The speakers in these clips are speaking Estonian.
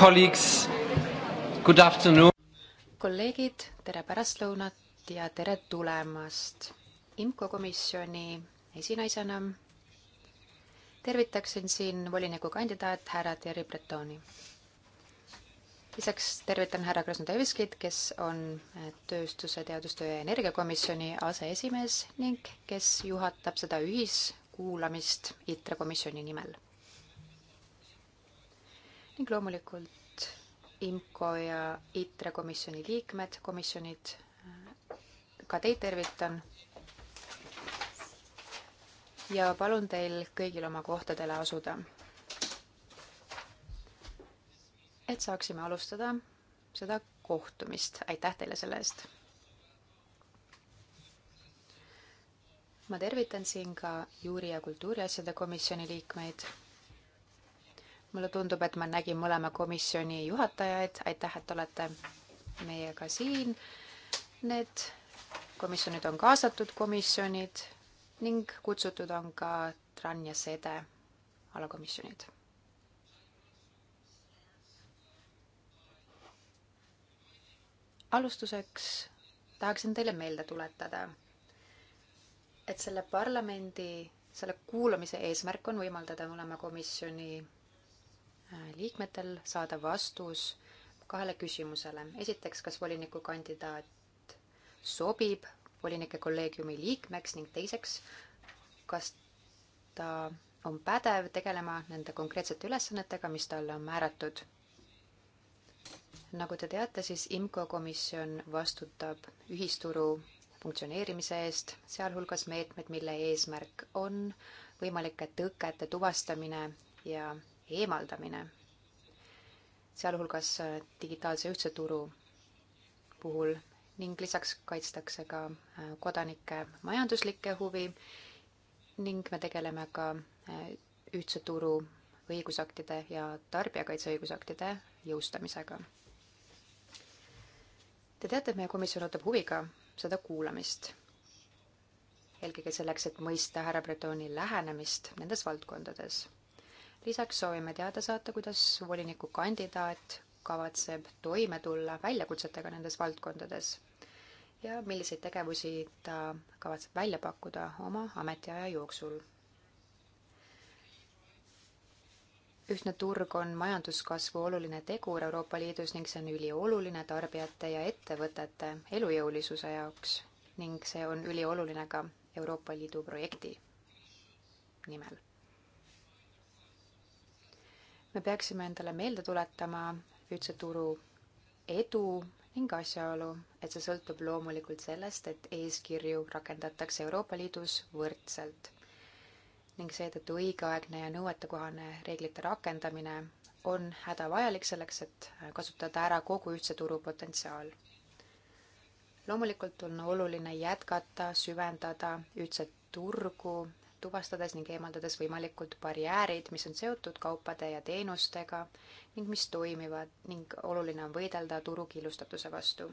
Colleagues, good afternoon. kolleegid, tere pärastlõunat ja tere tulemast. IMCO komisjoni esinaisena tervitaksin siin volinikukandidaat härra Thierry Bretoni. lisaks tervitan härra Krasnodevskit, kes on tööstuse, teadustöö ja energiakomisjoni aseesimees ning kes juhatab seda ühiskuulamist ITRE komisjoni nimel ning loomulikult IMCO ja ITRE komisjoni liikmed, komisjonid, äh, ka teid tervitan. ja palun teil kõigil oma kohtadele asuda. et saaksime alustada seda kohtumist, aitäh teile selle eest. ma tervitan siin ka juuri ja kultuuriasjade komisjoni liikmeid mulle tundub, et ma nägin mõlema komisjoni juhatajaid, aitäh, et olete meiega siin. Need komisjonid on kaasatud komisjonid ning kutsutud on ka TRAN ja SEDE alakomisjonid. alustuseks tahaksin teile meelde tuletada, et selle parlamendi, selle kuulamise eesmärk on võimaldada mõlema komisjoni liikmetel saada vastus kahele küsimusele. esiteks, kas volinikukandidaat sobib volinike kolleegiumi liikmeks ning teiseks, kas ta on pädev tegelema nende konkreetsete ülesannetega, mis talle on määratud. nagu te teate, siis IMCO komisjon vastutab ühisturu funktsioneerimise eest, sealhulgas meetmed, mille eesmärk on võimalike tõkete tuvastamine ja eemaldamine, sealhulgas digitaalse ühtse turu puhul ning lisaks kaitstakse ka äh, kodanike majanduslikke huvi ning me tegeleme ka äh, ühtse turu õigusaktide ja tarbijakaitseõigusaktide jõustamisega. Te teate, et meie komisjon ootab huviga seda kuulamist. eelkõige selleks, et mõista härra Bretoni lähenemist nendes valdkondades lisaks soovime teada saata, kuidas volinikukandidaat kavatseb toime tulla väljakutsetega nendes valdkondades ja milliseid tegevusi ta kavatseb välja pakkuda oma ametiaja jooksul. ühtne turg on majanduskasvu oluline tegur Euroopa Liidus ning see on ülioluline tarbijate ja ettevõtete elujõulisuse jaoks ning see on ülioluline ka Euroopa Liidu projekti nimel me peaksime endale meelde tuletama üldse turu edu ning asjaolu, et see sõltub loomulikult sellest, et eeskirju rakendatakse Euroopa Liidus võrdselt. ning seetõttu õigeaegne ja nõuetekohane reeglite rakendamine on hädavajalik selleks, et kasutada ära kogu ühtse turu potentsiaal. loomulikult on oluline jätkata, süvendada ühtset turgu tuvastades ning eemaldades võimalikult barjäärid, mis on seotud kaupade ja teenustega ning mis toimivad ning oluline on võidelda turu killustatuse vastu.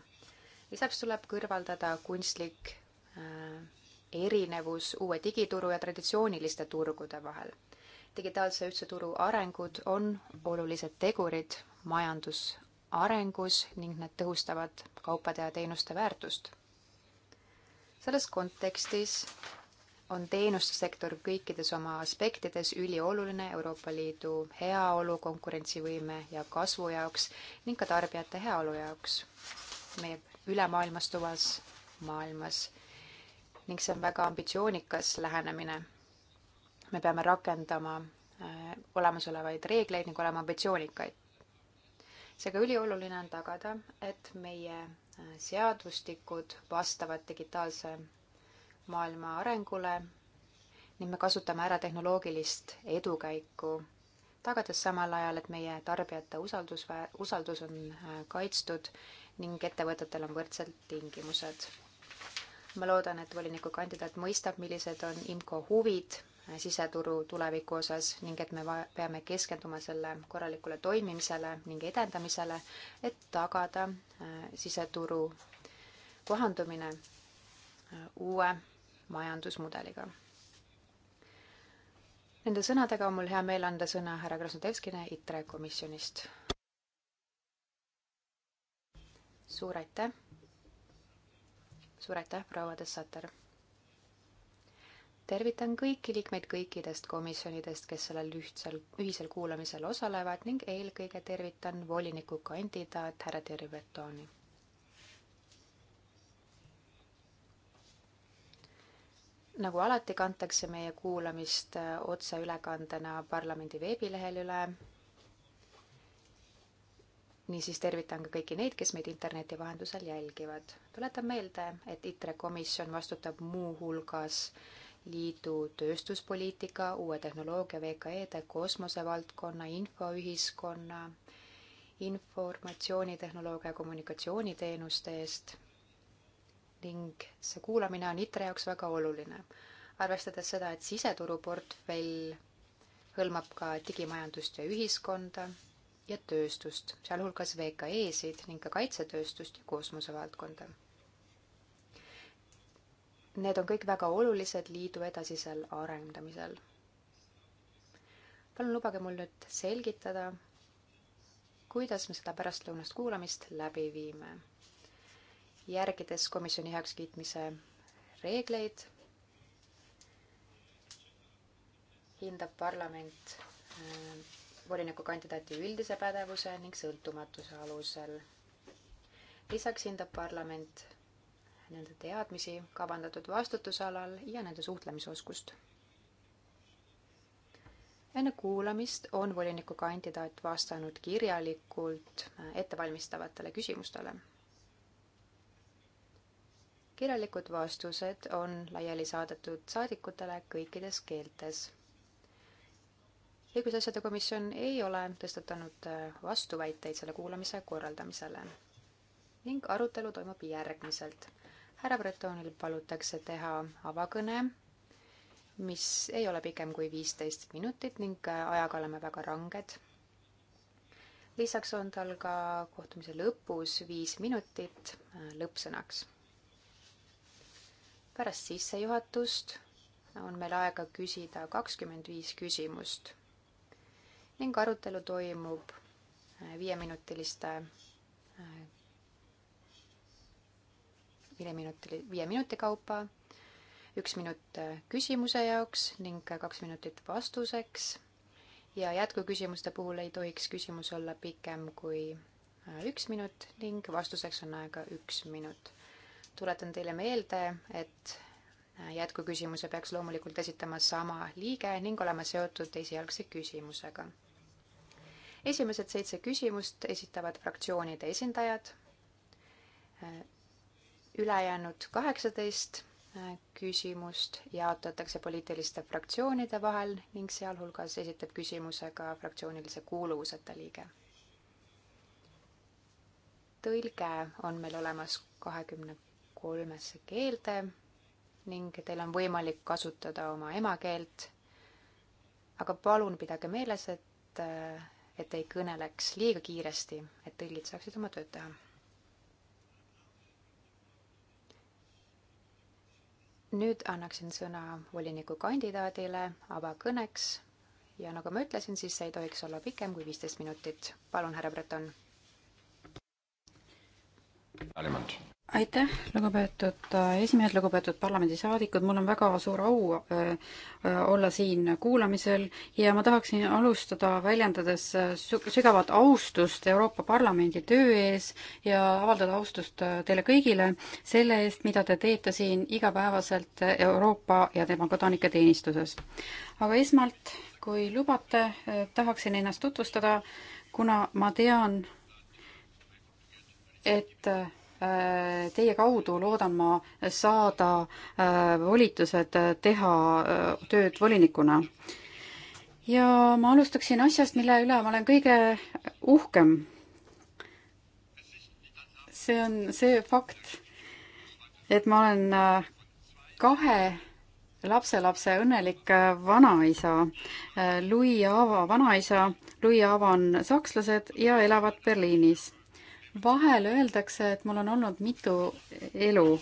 lisaks tuleb kõrvaldada kunstlik äh, erinevus uue digituru ja traditsiooniliste turgude vahel. digitaalse ühtse turu arengud on olulised tegurid majandusarengus ning need tõhustavad kaupade ja teenuste väärtust selles kontekstis on teenussektor kõikides oma aspektides ülioluline Euroopa Liidu heaolu, konkurentsivõime ja kasvu jaoks ning ka tarbijate heaolu jaoks meie ülemaailmastuvas maailmas. ning see on väga ambitsioonikas lähenemine. me peame rakendama äh, olemasolevaid reegleid ning olema ambitsioonikaid. seega ülioluline on tagada, et meie äh, seadustikud vastavad digitaalse maailma arengule ning me kasutame ära tehnoloogilist edukäiku, tagades samal ajal, et meie tarbijate usaldusväär-, usaldus on äh, kaitstud ning ettevõtetel on võrdsed tingimused. ma loodan, et volinikukandidaat mõistab, millised on IMCO huvid äh, siseturu tuleviku osas ning et me peame keskenduma selle korralikule toimimisele ning edendamisele, et tagada äh, siseturu kohandumine uue majandusmudeliga. Nende sõnadega on mul hea meel anda sõna härra Krasnodevskile ITRE komisjonist. suur aitäh. suur aitäh, proua Dessater. tervitan kõiki liikmeid kõikidest komisjonidest, kes sellel ühtsel, ühisel kuulamisel osalevad ning eelkõige tervitan volinikukandidaat härra Terri Betoni nagu alati, kantakse meie kuulamist äh, otseülekandena parlamendi veebilehel üle. niisiis tervitan ka kõiki neid, kes meid interneti vahendusel jälgivad. tuletan meelde, et ITRE komisjon vastutab muuhulgas liidu tööstuspoliitika, uue tehnoloogia VKE-de, kosmosevaldkonna, infoühiskonna, informatsioonitehnoloogia ja kommunikatsiooniteenuste eest ning see kuulamine on ITRE jaoks väga oluline. arvestades seda, et siseturuportfell hõlmab ka digimajandust ja ühiskonda ja tööstust, sealhulgas VKE-sid ning ka kaitsetööstust ja kosmosevaldkonda. Need on kõik väga olulised liidu edasisel arendamisel. palun lubage mul nüüd selgitada, kuidas me seda pärastlõunast kuulamist läbi viime järgides komisjoni heakskiitmise reegleid, hindab parlament äh, volinikukandidaati üldise pädevuse ning sõltumatuse alusel. lisaks hindab parlament nende teadmisi kavandatud vastutusalal ja nende suhtlemisoskust. enne kuulamist on volinikukandidaat vastanud kirjalikult äh, ettevalmistavatele küsimustele kirjalikud vastused on laiali saadetud saadikutele kõikides keeltes. õigusasjade komisjon ei ole tõstatanud äh, vastuväiteid selle kuulamise korraldamisele ning arutelu toimub järgmiselt. härra Bretonil palutakse teha avakõne, mis ei ole pikem kui viisteist minutit ning äh, ajaga oleme väga ranged. lisaks on tal ka kohtumise lõpus viis minutit äh, lõppsõnaks pärast sissejuhatust on meil aega küsida kakskümmend viis küsimust ning arutelu toimub äh, viieminutiliste, äh, viieminutil-, viie minuti kaupa, üks minut äh, küsimuse jaoks ning kaks minutit vastuseks ja jätkuküsimuste puhul ei tohiks küsimus olla pikem kui üks minut ning vastuseks on aega üks minut tuletan teile meelde, et jätkuküsimuse peaks loomulikult esitama sama liige ning olema seotud esialgse küsimusega. esimesed seitse küsimust esitavad fraktsioonide esindajad, ülejäänud kaheksateist küsimust jaotatakse poliitiliste fraktsioonide vahel ning sealhulgas esitab küsimuse ka fraktsioonilise kuuluvuseta liige. tõlge on meil olemas kahekümne kolmesse keelde ning teil on võimalik kasutada oma emakeelt. aga palun pidage meeles, et, et ei kõneleks liiga kiiresti, et tõlgid saaksid oma tööd teha. nüüd annaksin sõna volinikukandidaadile avakõneks ja nagu ma ütlesin, siis see ei tohiks olla pikem kui viisteist minutit. palun, härra Breton aitäh, lugupeetud äh, esimehed, lugupeetud parlamendisaadikud, mul on väga suur au äh, äh olla siin kuulamisel ja ma tahaksin alustada väljendades äh, sügavat austust Euroopa Parlamendi töö ees ja avaldada austust teile kõigile selle eest, mida te teete siin igapäevaselt Euroopa ja tema kodanike teenistuses. aga esmalt, kui lubate, tahaksin ennast tutvustada, kuna ma tean, et Äh, teie kaudu loodan ma saada äh, volitused äh, teha tööd volinikuna. ja ma alustaksin asjast, mille üle ma olen kõige uhkem. see on see fakt, et ma olen kahe lapselapse õnnelik vanaisa, Louis Aava vanaisa. Louis Aava on sakslased ja elavad Berliinis vahel öeldakse, et mul on olnud mitu elu.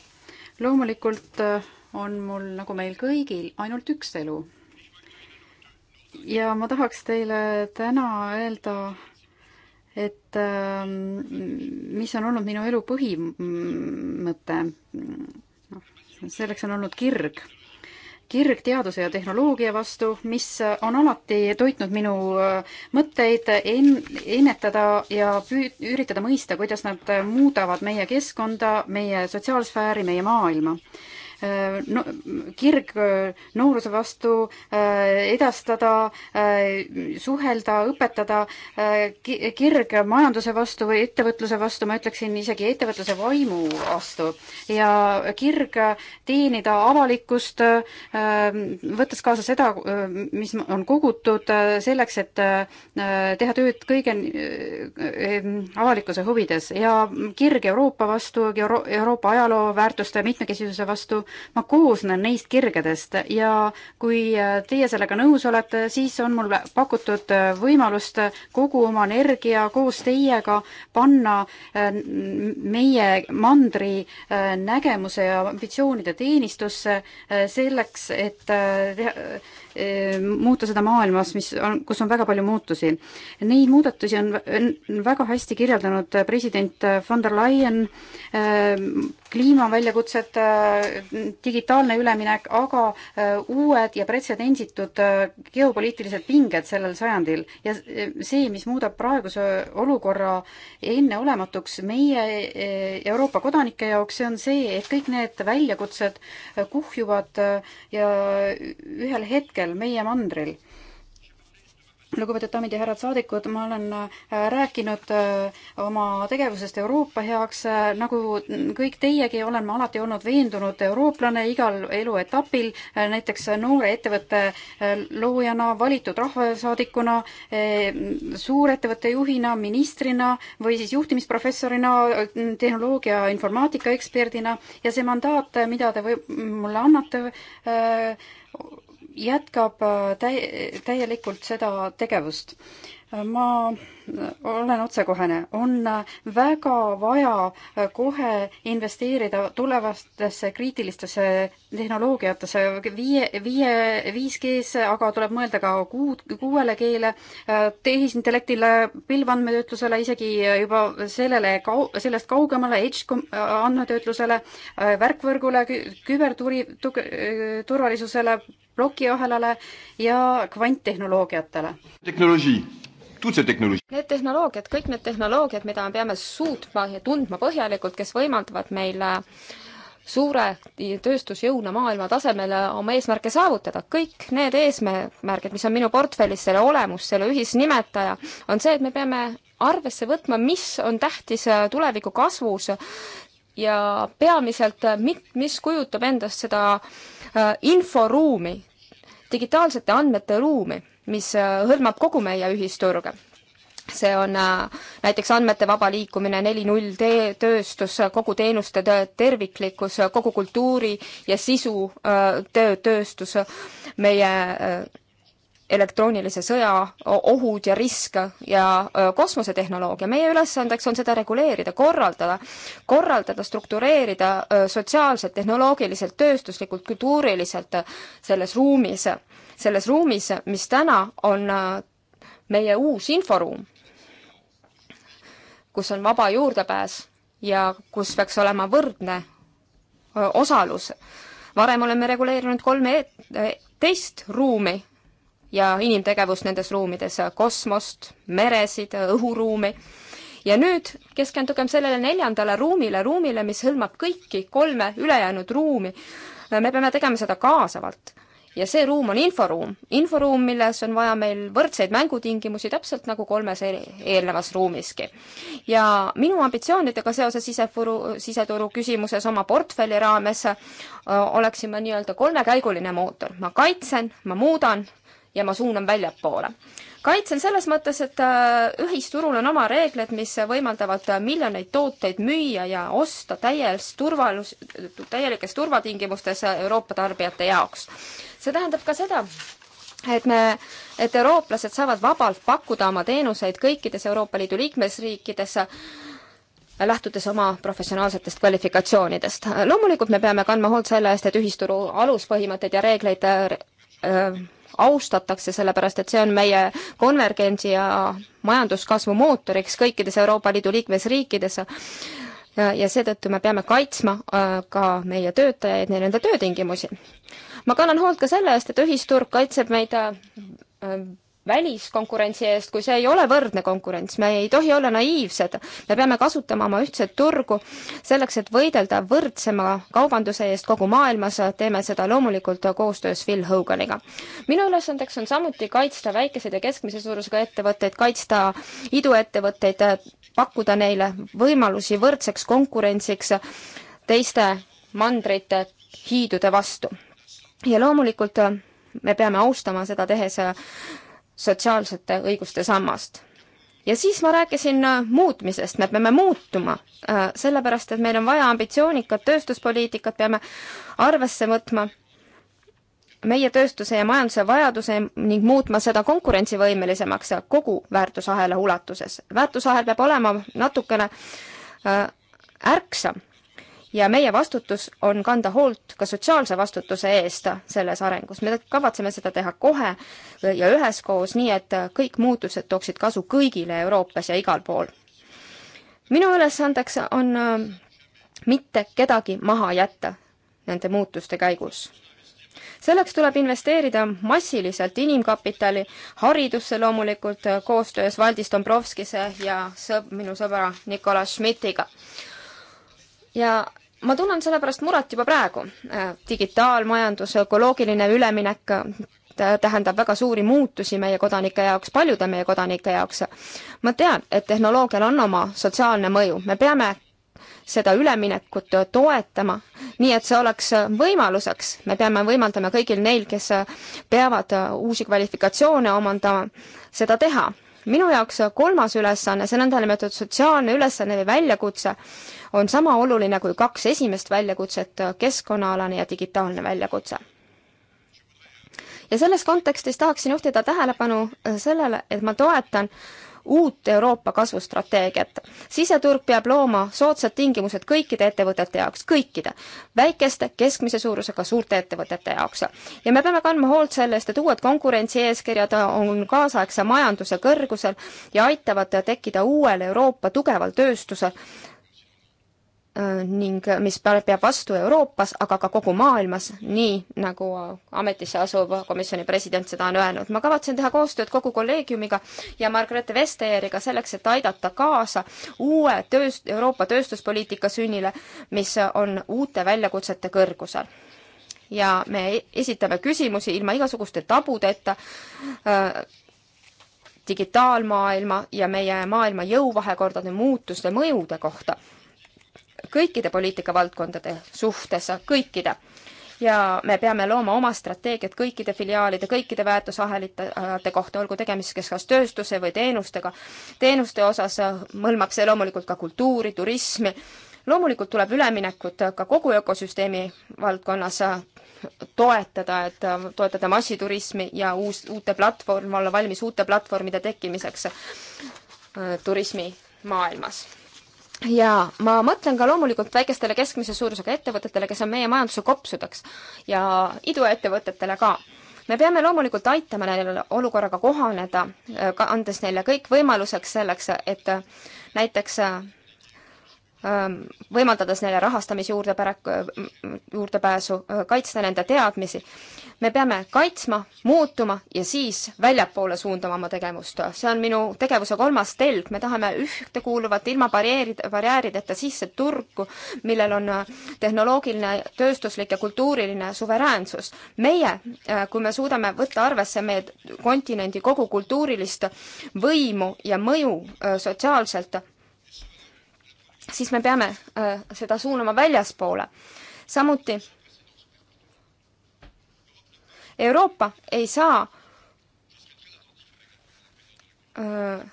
loomulikult äh, on mul, nagu meil kõigil, ainult üks elu. ja ma tahaks teile täna öelda, et ähm, mis on olnud minu elu põhimõte. noh, selleks on olnud kirg kirgteaduse ja tehnoloogia vastu, mis on alati toitnud minu äh, mõtteid en-, ennetada ja püü-, üritada mõista, kuidas nad muudavad meie keskkonda, meie sotsiaalsfääri, meie maailma. Äh, no, kirg äh, nooruse vastu äh, edastada, suhelda, õpetada, kirg majanduse vastu või ettevõtluse vastu, ma ütleksin isegi ettevõtluse vaimu vastu ja kirg teenida avalikkust, võttes kaasa seda, mis on kogutud selleks, et teha tööd kõige avalikkuse huvides ja kirg Euroopa vastu, Euroopa ajaloo väärtuste mitmekesisuse vastu ma koosnen neist kirgedest ja kui äh, teie sellega nõus olete, siis on mul pakutud äh, võimalust kogu oma energia koos teiega panna äh, meie mandri nägemuse ja ambitsioonide teenistusse selleks, et teha, muuta seda maailmas, mis on, kus on väga palju muutusi. Neid muudatusi on väga hästi kirjeldanud president von der Leyen, kliimaväljakutsed, digitaalne üleminek, aga äh, uued ja pretsedenditud äh, geopoliitilised pinged sellel sajandil ja äh, see, mis muudab praeguse olukorra enneolematuks meie Euroopa kodanike jaoks, see on see, et kõik need väljakutsed kuhjuvad ja ühel hetkel meie mandril lugupeetud daamid ja härrad saadikud, ma olen äh, rääkinud äh, oma tegevusest Euroopa heaks, äh, nagu kõik teiegi, olen ma alati olnud veendunud eurooplane igal eluetapil, näiteks noore ettevõtte loojana, valitud rahvasaadikuna, suurettevõtte juhina, ministrina või siis juhtimisprofessorina, tehnoloogia informaatika eksperdina ja see mandaat, mida te või mulle annate, jätkab äh, täi-, täielikult seda tegevust. Äh, ma äh, olen otsekohene, on väga vaja kohe investeerida tulevastesse kriitilistesse tehnoloogiatesse, viie, viie, 5G-sse, aga tuleb mõelda ka kuud, kuuele keele, tehisintellektile, pilvandmetöötlusele, isegi juba sellele kau-, sellest kaugemale, edge andmetöötlusele, värkvõrgule, küberturi-, turvalisusele, plokiahelale ja kvanttehnoloogiatele. tehnoloogia tutsed tehnoloogia. Need tehnoloogiad, kõik need tehnoloogiad, mida me peame suutma ja tundma põhjalikult, kes võimaldavad meil suure tööstusjõuna maailma tasemel oma eesmärke saavutada. kõik need eesmärgid, mis on minu portfellis, selle olemus, selle ühisnimetaja, on see, et me peame arvesse võtma, mis on tähtis tuleviku kasvus ja peamiselt, mis kujutab endast seda äh, Äh, inforuumi, digitaalsete andmete ruumi, mis äh, hõlmab kogu meie ühisturge see on äh, näiteks andmete vaba liikumine neli null tööstus, kogu teenuste terviklikkus, kogu kultuuri ja sisu töö, tööstus, meie elektroonilise sõja ohud ja risk ja kosmosetehnoloogia. meie ülesandeks on seda reguleerida, korraldada, korraldada, struktureerida sotsiaalselt, tehnoloogiliselt, tööstuslikult, kultuuriliselt selles ruumis, selles ruumis, mis täna on meie uus inforuum, kus on vaba juurdepääs ja kus peaks olema võrdne osalus. varem oleme reguleerinud kolme e-, teist ruumi ja inimtegevust nendes ruumides, kosmost, meresid, õhuruumi. ja nüüd keskendugem sellele neljandale ruumile, ruumile, mis hõlmab kõiki kolme ülejäänud ruumi. me peame tegema seda kaasavalt ja see ruum on inforuum. inforuum, milles on vaja meil võrdseid mängutingimusi, täpselt nagu kolmes e-, eelnevas ruumiski. ja minu ambitsioonidega seoses siseturu, siseturu küsimuses oma portfelli raames oleksin ma nii-öelda kolmekäiguline mootor. ma kaitsen, ma muudan ja ma suunan väljapoole. kaitsen selles mõttes, et äh, ühisturul on oma reeglid, mis võimaldavad äh, miljoneid tooteid müüa ja osta täies turvalus, täielikes turvatingimustes äh, Euroopa tarbijate jaoks. see tähendab ka seda, et me, et eurooplased saavad vabalt pakkuda oma teenuseid kõikides Euroopa Liidu liikmesriikides lähtudes oma professionaalsetest kvalifikatsioonidest. loomulikult me peame kandma hoolt selle eest, et ühisturu aluspõhimõtteid ja reegleid austatakse, sellepärast et see on meie konvergentsi ja majanduskasvu mootoriks kõikides Euroopa Liidu liikmesriikides ja seetõttu me peame kaitsma äh, ka meie töötajaid ja nende töötingimusi. ma kannan hoolt ka selle eest, et ühisturg kaitseb meid äh, väliskonkurentsi eest, kui see ei ole võrdne konkurents, me ei tohi olla naiivsed. me peame kasutama oma ühtset turgu selleks, et võidelda võrdsema kaubanduse eest kogu maailmas, teeme seda loomulikult koostöös Phil Hoganiga. minu ülesandeks on samuti kaitsta väikeseid ja keskmise suurusega ettevõtteid, kaitsta iduettevõtteid, pakkuda neile võimalusi võrdseks konkurentsiks teiste mandrite hiidude vastu. ja loomulikult me peame austama seda tehes sotsiaalsete õiguste sammast. ja siis ma rääkisin äh, muutmisest, me peame muutuma, äh, sellepärast et meil on vaja ambitsioonikat tööstuspoliitikat, peame arvesse võtma meie tööstuse ja majanduse vajaduse ning muutma seda konkurentsivõimelisemaks kogu väärtusahela ulatuses. väärtusahel peab olema natukene äh, ärksam ja meie vastutus on kanda hoolt ka sotsiaalse vastutuse eest selles arengus. me kavatseme seda teha kohe ja üheskoos, nii et kõik muutused tooksid kasu kõigile Euroopas ja igal pool. minu ülesandeks on äh, mitte kedagi maha jätta nende muutuste käigus selleks tuleb investeerida massiliselt inimkapitali, haridusse loomulikult äh, koostöös Valdis Dombrovskise ja sõb-, minu sõbra Nicolas Schmidtiga ja ma tunnen selle pärast muret juba praegu. Äh, digitaalmajandus, ökoloogiline üleminek äh, tähendab väga suuri muutusi meie kodanike jaoks, paljude meie kodanike jaoks. ma tean, et tehnoloogial on oma sotsiaalne mõju, me peame seda üleminekut toetama, nii et see oleks võimaluseks, me peame võimaldama kõigil neil, kes peavad uusi kvalifikatsioone omandama, seda teha minu jaoks kolmas ülesanne, see nõndanimetatud sotsiaalne ülesanne või väljakutse, on sama oluline kui kaks esimest väljakutset, keskkonnaalane ja digitaalne väljakutse. ja selles kontekstis tahaksin juhtida tähelepanu sellele, et ma toetan äh, uut Euroopa kasvustrateegiat. siseturg peab looma soodsad tingimused kõikide ettevõtete jaoks, kõikide, väikeste, keskmise suurusega, suurte ettevõtete jaoks. ja me peame kandma hoolt selle eest, et uued konkurentsieeskirjad on kaasaegse majanduse kõrgusel ja aitavad tekkida uuel Euroopa tugeval tööstusel, Äh, ning äh, mis peab vastu Euroopas, aga ka kogu maailmas, nii nagu äh, ametisse asuv komisjoni president seda on öelnud. ma kavatsen teha koostööd kogu kolleegiumiga ja Margrethe Vestaeriga selleks, et aidata kaasa uue tööst-, Euroopa tööstuspoliitika sünnile, mis on uute väljakutsete kõrgusel ja me e-, esitame küsimusi ilma igasuguste tabudeta äh, digitaalmaailma ja meie maailma jõuvahekordade muutuste mõjude kohta kõikide poliitikavaldkondade suhtes, kõikide. ja me peame looma oma strateegiat kõikide filiaalide, kõikide väärtusahelite kohta, olgu tegemist kes kas tööstuse või teenustega. teenuste osas hõlmab see loomulikult ka kultuuri, turismi, loomulikult tuleb üleminekut ka kogu ökosüsteemi valdkonnas toetada, et toetada massiturismi ja uus, uute platvorm, olla valmis uute platvormide tekkimiseks turismimaailmas ja ma mõtlen ka loomulikult väikestele keskmise suurusega ettevõtetele, kes on meie majanduse kopsudeks ja iduettevõtetele ka. me peame loomulikult aitama neil olukorraga kohaneda, andes neile kõik võimaluseks selleks, et näiteks Ähm, võimaldades neile rahastamise juurdepärak-, äh, juurdepääsu, äh, kaitsta nende teadmisi. me peame kaitsma, muutuma ja siis väljapoole suundama oma tegevust. see on minu tegevuse kolmas telg, me tahame ühtekuuluvat ilma barjäärid, barjäärideta sisse turgu, millel on äh, tehnoloogiline, tööstuslik ja kultuuriline suveräänsus. meie, kui me suudame võtta arvesse meie kontinendi kogu kultuurilist võimu ja mõju sotsiaalselt, siis me peame äh, seda suunama väljaspoole. samuti Euroopa ei saa äh,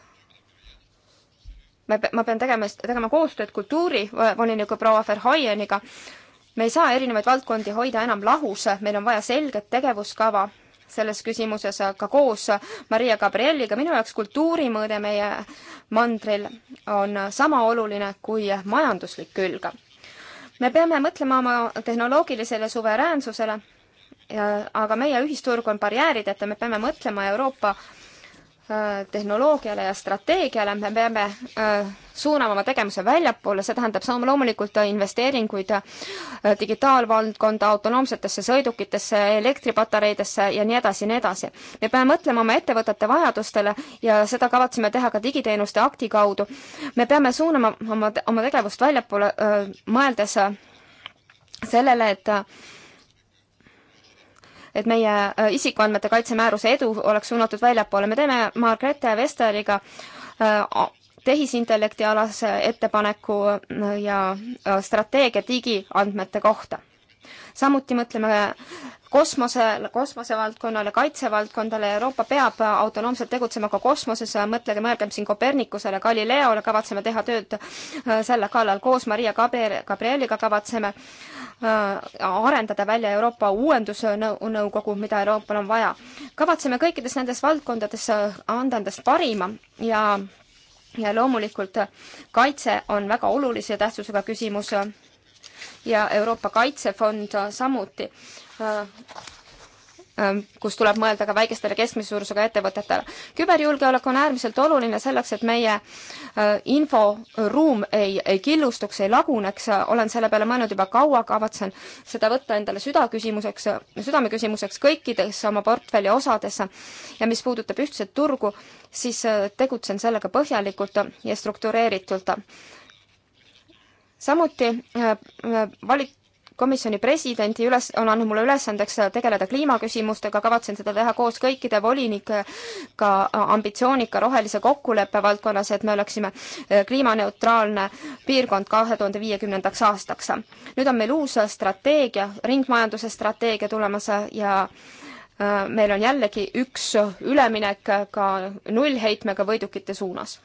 me, ma pean tegema, tegema koostööd kultuurivoliniku proua Verhoieniga. me ei saa erinevaid valdkondi hoida enam lahus, meil on vaja selget tegevuskava selles küsimuses ka koos Maria Gabrielliga. minu jaoks kultuurimõõde meie mandril on sama oluline kui majanduslik külg. me peame mõtlema oma tehnoloogilisele suveräänsusele, aga meie ühisturg on barjäärideta, me peame mõtlema Euroopa Äh, tehnoloogiale ja strateegiale, me peame äh, suunama oma tegevuse väljapoole, see tähendab saama loomulikult äh, investeeringuid digitaalvaldkonda, autonoomsetesse sõidukitesse, elektripatareidesse ja nii edasi ja nii edasi. me peame mõtlema oma ettevõtete vajadustele ja seda kavatseme teha ka digiteenuste akti kaudu. me peame suunama oma, oma tegevust väljapoole, mõeldes sellele, et et meie äh, isikuandmete kaitse määruse edu oleks suunatud väljapoole. me teeme Margrethe Vesteriga äh, tehisintellekti alase ettepaneku äh, ja strateegia digiandmete kohta samuti mõtleme kosmosele, kosmosevaldkonnale, kaitsevaldkondale, Euroopa peab autonoomselt tegutsema ka kosmoses, mõtlege, mõelgem siin Kopernikusele, Galileole, kavatseme teha tööd äh, selle kallal koos Maria Gabriel, Gabrieliga kavatseme äh, arendada välja Euroopa uuendusnõukogu, mida Euroopal on vaja. kavatseme kõikides nendes valdkondades äh, anda endast parima ja ja loomulikult kaitse on väga olulise tähtsusega küsimus ja Euroopa Kaitsefond samuti äh, äh, kus tuleb mõelda ka väikestele keskmise suurusega ettevõtetele. küberjulgeolek on äärmiselt oluline selleks, et meie äh, inforuum ei, ei killustuks, ei laguneks, olen selle peale mõelnud juba kaua, kavatsen seda võtta endale südaküsimuseks, südameküsimuseks kõikides oma portfelli osades ja mis puudutab ühtset turgu, siis tegutsen sellega põhjalikult ja struktureeritult samuti äh, äh, valik-, komisjoni presidendi üles, on andnud mulle ülesandeks äh, tegeleda kliimaküsimustega, kavatsen seda teha koos kõikide volinikega ambitsioonika rohelise kokkuleppe valdkonnas, et me oleksime kliimaneutraalne piirkond kahe tuhande viiekümnendaks aastaks. nüüd on meil uus strateegia, ringmajanduse strateegia tulemas ja meil on jällegi üks üleminek ka nullheitmega võidukite suunas,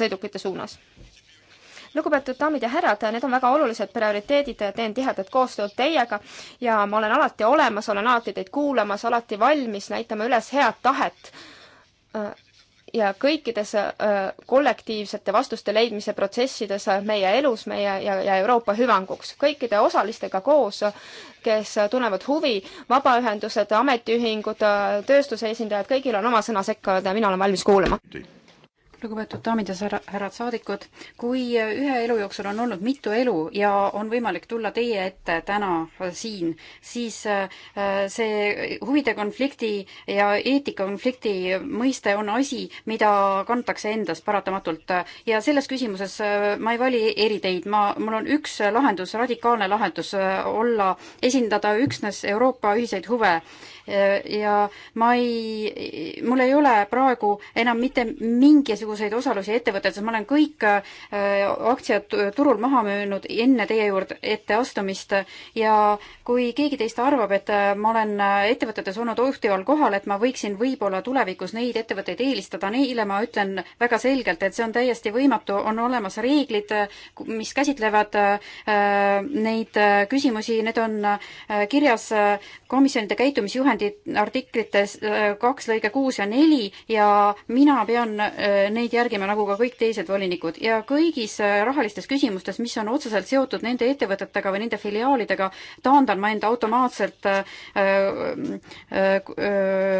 sõidukite suunas lugupeetud daamid ja härrad, need on väga olulised prioriteedid, teen tihedat koostööd teiega ja ma olen alati olemas, olen alati teid kuulamas, alati valmis näitama üles head tahet äh, ja kõikides äh, kollektiivsete vastuste leidmise protsessides äh, meie elus, meie ja, ja Euroopa hüvanguks. kõikide osalistega koos, kes tunnevad huvi, vabaühendused, ametiühingud, tööstuse esindajad, kõigil on oma sõna sekka öelda ja mina olen valmis kuulama lugupeetud daamid ja härrad saadikud, kui äh, ühe elu jooksul on olnud mitu elu ja on võimalik tulla teie ette täna siin, siis äh, see huvide konflikti ja eetikakonflikti mõiste on asi, mida kantakse endas paratamatult. ja selles küsimuses äh, ma ei vali eriteid, ma, mul on üks lahendus, radikaalne lahendus, olla, esindada üksnes Euroopa ühiseid huve. ja ma ei, mul ei ole praegu enam mitte mingisugust mingisuguseid osalusi ettevõtetes, ma olen kõik äh, aktsiad turul maha müünud enne teie juurde ette astumist ja kui keegi teist arvab, et äh, ma olen äh, ettevõtetes olnud juhtival kohal, et ma võiksin võib-olla tulevikus neid ettevõtteid eelistada, neile ma ütlen väga selgelt, et see on täiesti võimatu, on olemas reeglid, mis käsitlevad neid küsimusi, need on kirjas komisjonide käitumisjuhendi artiklites kaks lõige kuus ja neli ja mina pean need neid järgime nagu ka kõik teised volinikud ja kõigis äh, rahalistes küsimustes, mis on otseselt seotud nende ettevõtetega või nende filiaalidega, taandan ma end automaatselt äh, äh, äh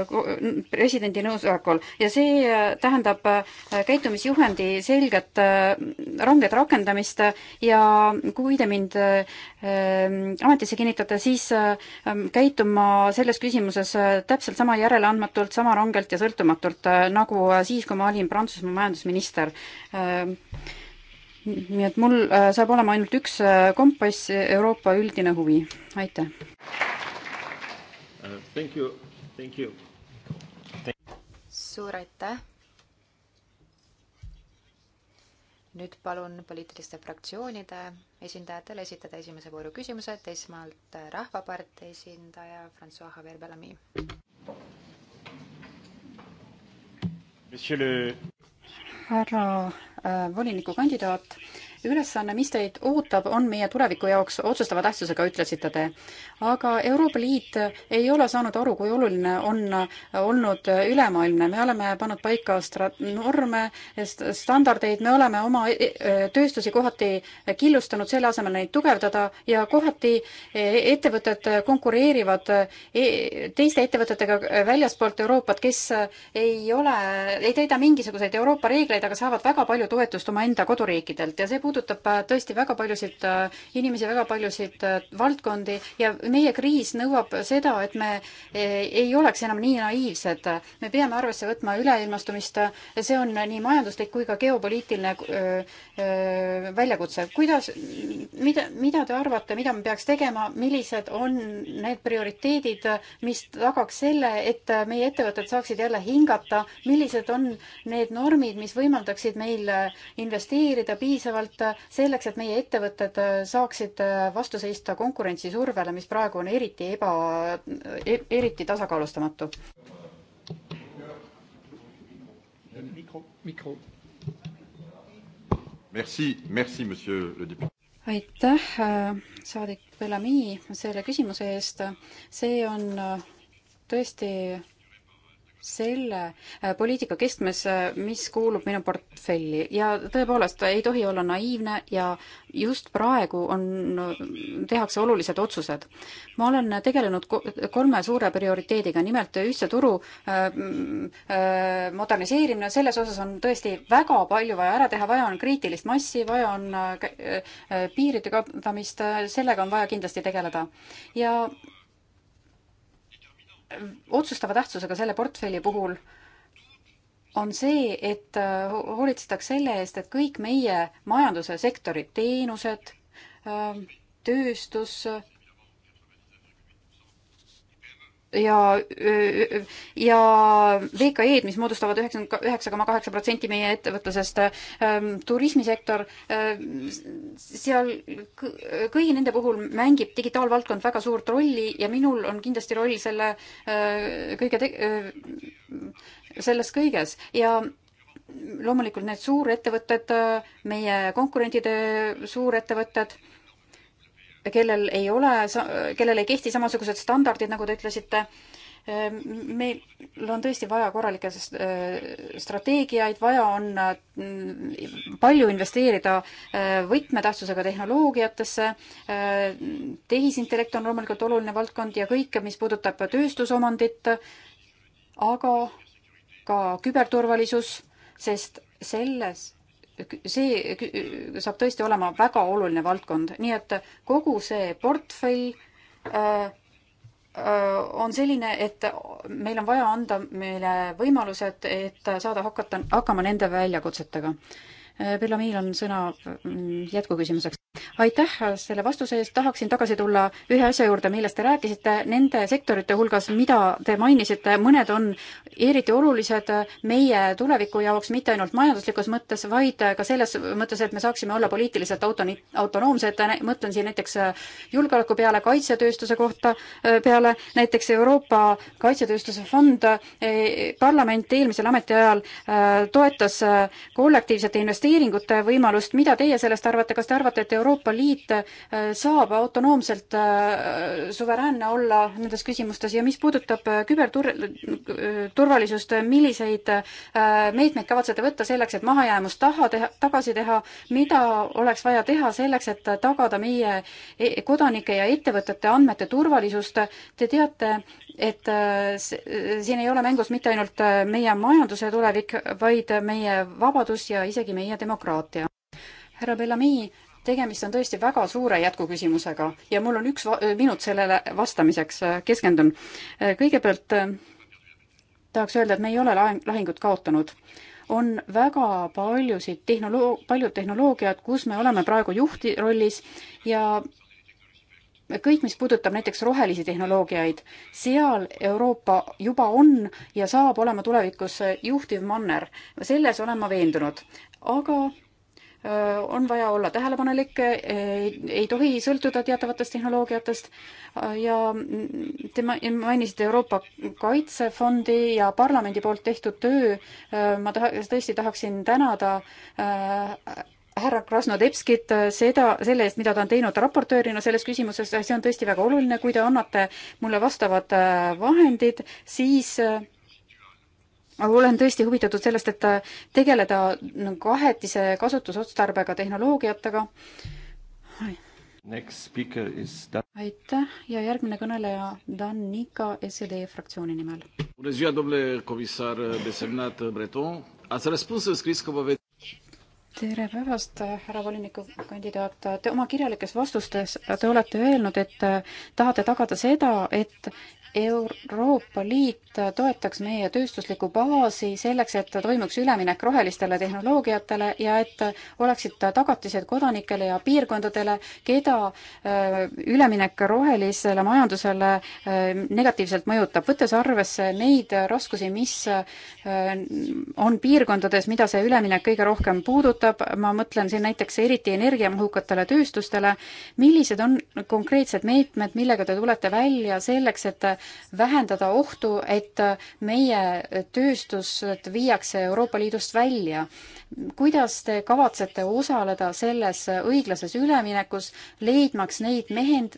presidendi nõusolekul ja see äh, tähendab käitumisjuhendi selget ranget rakendamist ja kui te mind Ehm, ametisse kinnitada, siis ehm, käituma selles küsimuses äh, täpselt sama järeleandmatult, sama rangelt ja sõltumatult, äh, nagu äh, siis, kui ma olin Prantsusmaa majandusminister. Ehm, nii et mul saab olema ainult üks kompass, Euroopa üldine huvi. aitäh! Uh, suur aitäh! nüüd palun poliitiliste fraktsioonide esindajatele esitada esimese vooru küsimused, esmalt Rahvapartei esindaja Francois Javier Bellami. härra äh, volinikukandidaat ülesanne, mis teid ootab, on meie tuleviku jaoks otsustava tähtsusega, ütlesite te. aga Euroopa Liit ei ole saanud aru, kui oluline on olnud ülemaailmne, me oleme pannud paika stra-, norme, standardeid, me oleme oma e, e, tööstusi kohati killustanud, selle asemel neid tugevdada ja kohati e, ettevõtted konkureerivad teiste ettevõtetega väljaspoolt Euroopat, kes ei ole, ei täida mingisuguseid Euroopa reegleid, aga saavad väga palju toetust omaenda koduriikidelt ja see puudutab puudutab äh, tõesti väga paljusid äh, inimesi, väga paljusid äh, valdkondi ja meie kriis nõuab seda, et me ei oleks enam nii naiivsed. me peame arvesse võtma üleilmastumist, see on nii majanduslik kui ka geopoliitiline väljakutse. kuidas, mida, mida te arvate, mida me peaks tegema, millised on need prioriteedid, mis tagaks selle, et meie ettevõtted saaksid jälle hingata, millised on need normid, mis võimaldaksid meil investeerida piisavalt et äh, selleks, et meie ettevõtted äh, saaksid äh, vastu seista konkurentsisurvele, mis praegu on eriti eba, e-, eriti tasakaalustamatu. mikro, mikro. Merci, merci, monsieur le député aitäh, saadik Bellami, selle küsimuse eest. see on tõesti selle äh, poliitika kestmes, äh, mis kuulub minu portfelli ja tõepoolest ei tohi olla naiivne ja just praegu on, tehakse olulised otsused. ma olen tegelenud kolme suure prioriteediga, nimelt ühtse turu äh, äh, moderniseerimine, selles osas on tõesti väga palju vaja ära teha, vaja on kriitilist massi, vaja on äh, äh piiride kaotamist, sellega on vaja kindlasti tegeleda. ja otsustava tähtsusega selle portfelli puhul on see, et äh, hoolitsetaks selle eest, et kõik meie majanduse sektorid, teenused, äh, tööstus, ja, ja VKE-d, mis moodustavad üheksakümmend üheksa koma kaheksa protsenti meie ettevõtlusest, ähm, turismisektor, ähm, seal kõigi nende puhul mängib digitaalvaldkond väga suurt rolli ja minul on kindlasti roll selle äh, kõige, äh, selles kõiges ja loomulikult need suurettevõtted, äh, meie konkurentide suurettevõtted kellel ei ole, kellel ei kehti samasugused standardid, nagu te ütlesite ehm, meil on tõesti vaja korralikke ehm, strateegiaid, vaja on mm, palju investeerida ehm, võtmetähtsusega tehnoloogiatesse, tehisintellekt on loomulikult oluline valdkond ja kõike, mis puudutab tööstusomandit, aga ka küberturvalisus, sest selles see saab tõesti olema väga oluline valdkond, nii et kogu see portfell äh, äh, on selline, et meil on vaja anda meile võimalused, et saada hakata, hakkama nende väljakutsetega. Äh, Bellamil on sõna mm, jätkuküsimuseks aitäh selle vastuse eest, tahaksin tagasi tulla ühe asja juurde, millest te rääkisite, nende sektorite hulgas, mida te mainisite, mõned on eriti olulised meie tuleviku jaoks, mitte ainult majanduslikus mõttes, vaid ka selles mõttes, et me saaksime olla poliitiliselt auto-, autonoomsed, mõtlen siin näiteks julgeoleku peale, kaitsetööstuse kohta peale, näiteks Euroopa Kaitsetööstuse Fond, e, parlament eelmisel ametiajal toetas kollektiivsete investeeringute võimalust, mida teie sellest arvate, kas te arvate, et Euroopa Liit äh, saab autonoomselt äh, suveräänne olla nendes küsimustes ja mis puudutab äh, küberturvalisust, milliseid meetmeid kavatsete võtta selleks, et mahajäämust taha teha, tagasi teha, mida oleks vaja teha selleks, et tagada meie e, kodanike ja ettevõtete andmete turvalisust, te teate, et siin ei ole mängus mitte ainult meie majanduse tulevik, vaid meie vabadus ja isegi meie demokraatia. härra Bellami, tegemist on tõesti väga suure jätkuküsimusega ja mul on üks minut sellele vastamiseks, äh, keskendun. Äh, kõigepealt äh, tahaks öelda, et me ei ole lahing, lahingut kaotanud. on väga paljusid tehnoloo-, paljud tehnoloogiad, kus me oleme praegu juhti rollis ja kõik, mis puudutab näiteks rohelisi tehnoloogiaid, seal Euroopa juba on ja saab olema tulevikus juhtiv manner. selles olen ma veendunud. aga on vaja olla tähelepanelik, ei tohi sõltuda teatavatest tehnoloogiatest ja te mainisite Euroopa Kaitsefondi ja parlamendi poolt tehtud töö. ma taha, tõesti tahaksin tänada härra Krasnodebskit seda, selle eest, mida ta on teinud raportöörina selles küsimuses, see on tõesti väga oluline, kui te annate mulle vastavad vahendid, siis äh, olen tõesti huvitatud sellest, et äh, tegeleda mm, kahetise kasutusotstarbega tehnoloogiatega. aitäh ja järgmine kõneleja Dan Nika SED fraktsiooni nimel. tere päevast, härra volinikukandidaat. Te oma kirjalikes vastustes, te olete öelnud, et äh, tahate tagada seda, et Euroopa Liit toetaks meie tööstuslikku baasi selleks, et toimuks üleminek rohelistele tehnoloogiatele ja et oleksid tagatised kodanikele ja piirkondadele, keda äh, üleminek rohelisele majandusele äh, negatiivselt mõjutab, võttes arvesse neid raskusi, mis äh, on piirkondades, mida see üleminek kõige rohkem puudutab, ma mõtlen siin näiteks eriti energiamahukatele tööstustele, millised on konkreetsed meetmed, millega te tulete välja selleks, et vähendada ohtu, et meie tööstused viiakse Euroopa Liidust välja. kuidas te kavatsete osaleda selles õiglases üleminekus, leidmaks neid mehend-,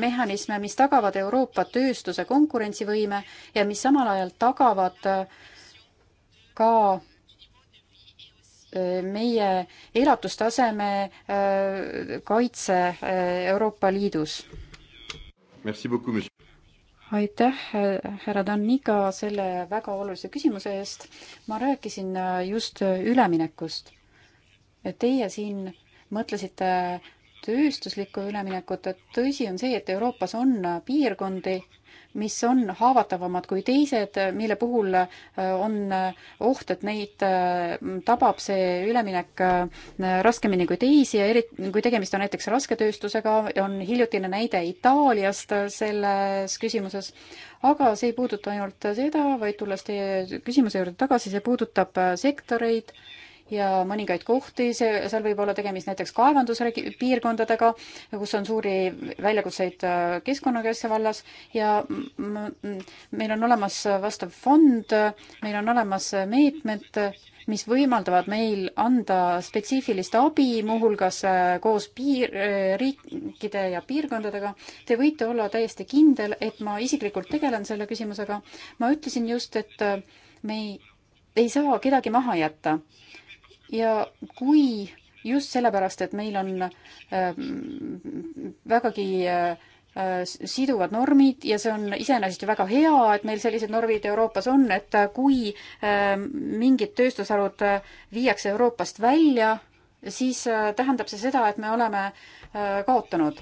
mehhanisme, mis tagavad Euroopa tööstuse konkurentsivõime ja mis samal ajal tagavad ka äh, meie elatustaseme äh, kaitse äh, Euroopa Liidus aitäh, härra Danniga selle väga olulise küsimuse eest. ma rääkisin äh, just üleminekust. Teie siin mõtlesite tööstuslikku üleminekut, et tõsi on see, et Euroopas on äh, piirkondi, mis on haavatavamad kui teised, mille puhul äh, on äh, oht, et neid äh, tabab see üleminek raskemini kui teisi ja eriti kui tegemist on näiteks rasketööstusega, on hiljutine näide Itaaliast selles küsimuses. aga see ei puuduta ainult seda, vaid tulles teie küsimuse juurde tagasi, see puudutab sektoreid ja mõningaid kohti, see, seal võib olla tegemist näiteks kaevanduspiirkondadega, kus on suuri väljakutseid äh, keskkonnakaitse vallas ja meil on olemas vastav fond, meil on olemas meetmed, mis võimaldavad meil anda spetsiifilist abi, muuhulgas äh, koos piir, riikide ja piirkondadega. Te võite olla täiesti kindel, et ma isiklikult tegelen selle küsimusega. ma ütlesin just, et äh, me ei, ei saa kedagi maha jätta ja kui just sellepärast, et meil on ähm, vägagi äh, siduvad normid ja see on iseenesest ju väga hea, et meil sellised normid Euroopas on, et kui äh, mingid tööstusharud äh, viiakse Euroopast välja, siis äh, tähendab see seda, et me oleme äh, kaotanud.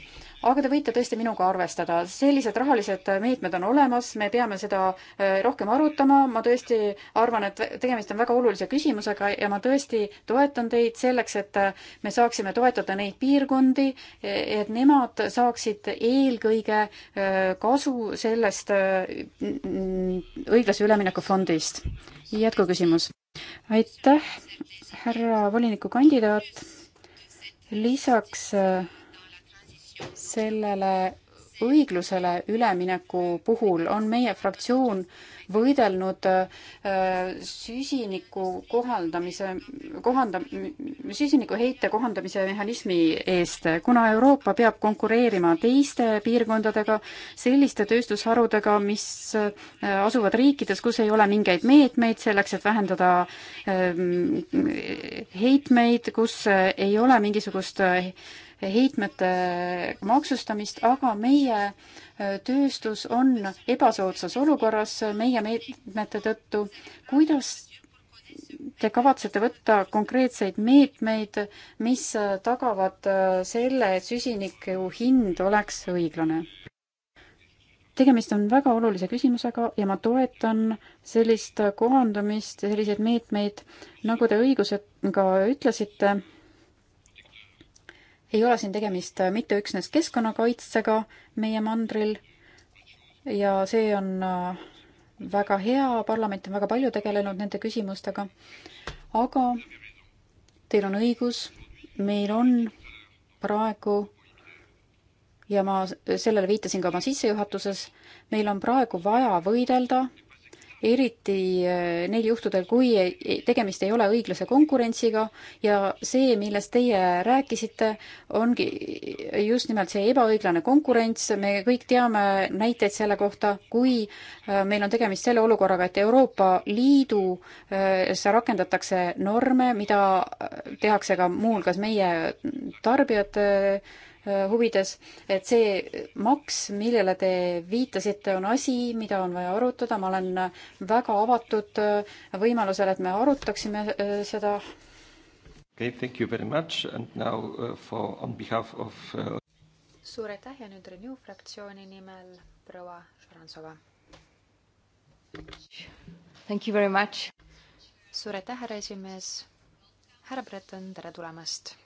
aga te võite tõesti minuga arvestada, sellised rahalised meetmed on olemas, me peame seda äh, rohkem arutama, ma tõesti arvan, et tegemist on väga olulise küsimusega ja ma tõesti toetan teid selleks, et me saaksime toetada neid piirkondi, e, et nemad saaksid eelkõige kasu sellest õiglase ülemineku fondist. jätkuküsimus aitäh, härra volinikukandidaat. lisaks äh, sellele õiglusele ülemineku puhul on meie fraktsioon võidelnud äh, süsiniku kohaldamise, kohanda-, süsinikuheite kohandamise mehhanismi eest, kuna Euroopa peab konkureerima teiste piirkondadega, selliste tööstusharudega, mis äh, asuvad riikides, kus ei ole mingeid meetmeid selleks, et vähendada ähm, heitmeid, kus äh, ei ole mingisugust heitmete maksustamist, aga meie äh, tööstus on ebasoodsas olukorras äh, meie meetmete tõttu. kuidas te kavatsete võtta konkreetseid meetmeid, mis äh, tagavad selle, et süsiniku hind oleks õiglane? tegemist on väga olulise küsimusega ja ma toetan sellist kohandumist, selliseid meetmeid, nagu te õigusega ütlesite ei ole siin tegemist äh, mitte üksnes keskkonnakaitsega meie mandril ja see on äh, väga hea, parlament on väga palju tegelenud nende küsimustega, aga teil on õigus, meil on praegu ja ma sellele viitasin ka oma sissejuhatuses, meil on praegu vaja võidelda eriti äh, neil juhtudel, kui tegemist ei ole õiglase konkurentsiga ja see, millest teie rääkisite, ongi just nimelt see ebaõiglane konkurents, me kõik teame näiteid selle kohta, kui äh, meil on tegemist selle olukorraga, et Euroopa Liidus äh, rakendatakse norme, mida tehakse ka muuhulgas meie tarbijate Äh, huvides, et see maks, millele te viitasite, on asi, mida on vaja arutada, ma olen väga avatud äh, võimalusele, et me arutaksime äh, seda. Okay, thank you very much and now uh, for on behalf of uh.... suur aitäh ja nüüd Renew fraktsiooni nimel proua Šaransova. Thank you very much. suur aitäh, härra esimees. härra Breton, tere tulemast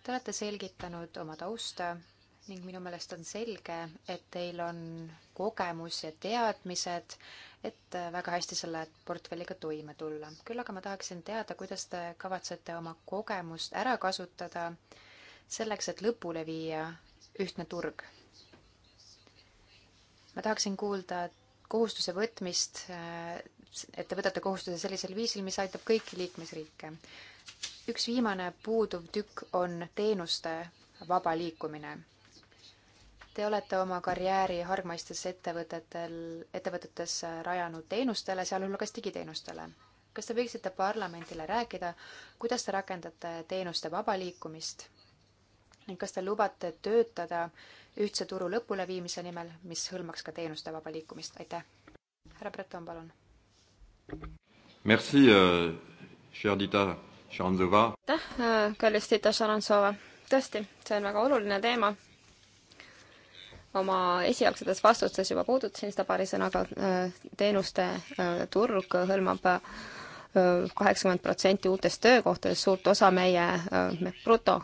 Te olete selgitanud oma tausta ning minu meelest on selge, et teil on kogemus ja teadmised, et väga hästi selle portfelliga toime tulla. küll aga ma tahaksin teada, kuidas te kavatsete oma kogemust ära kasutada selleks, et lõpule viia ühtne turg. ma tahaksin kuulda kohustuse võtmist, et te võtate kohustuse sellisel viisil, mis aitab kõiki liikmesriike üks viimane puuduv tükk on teenuste vaba liikumine. Te olete oma karjääri hargmaistes ettevõtetel, ettevõtetes rajanud teenustele, sealhulgas digiteenustele. kas te võiksite parlamendile rääkida, kuidas te rakendate teenuste vaba liikumist ning kas te lubate töötada ühtse turu lõpuleviimise nimel, mis hõlmaks ka teenuste vaba liikumist, aitäh. härra Breton, palun. Merci uh,, cher Dita aitäh, kallis Tito Šarantsova. tõesti, see on väga oluline teema. oma esialgsetes vastustes juba puudutasin seda paari sõnaga, teenuste äh, turg hõlmab äh, kaheksakümmend protsenti uutest töökohtadest, suurt osa meie, äh, meie bruto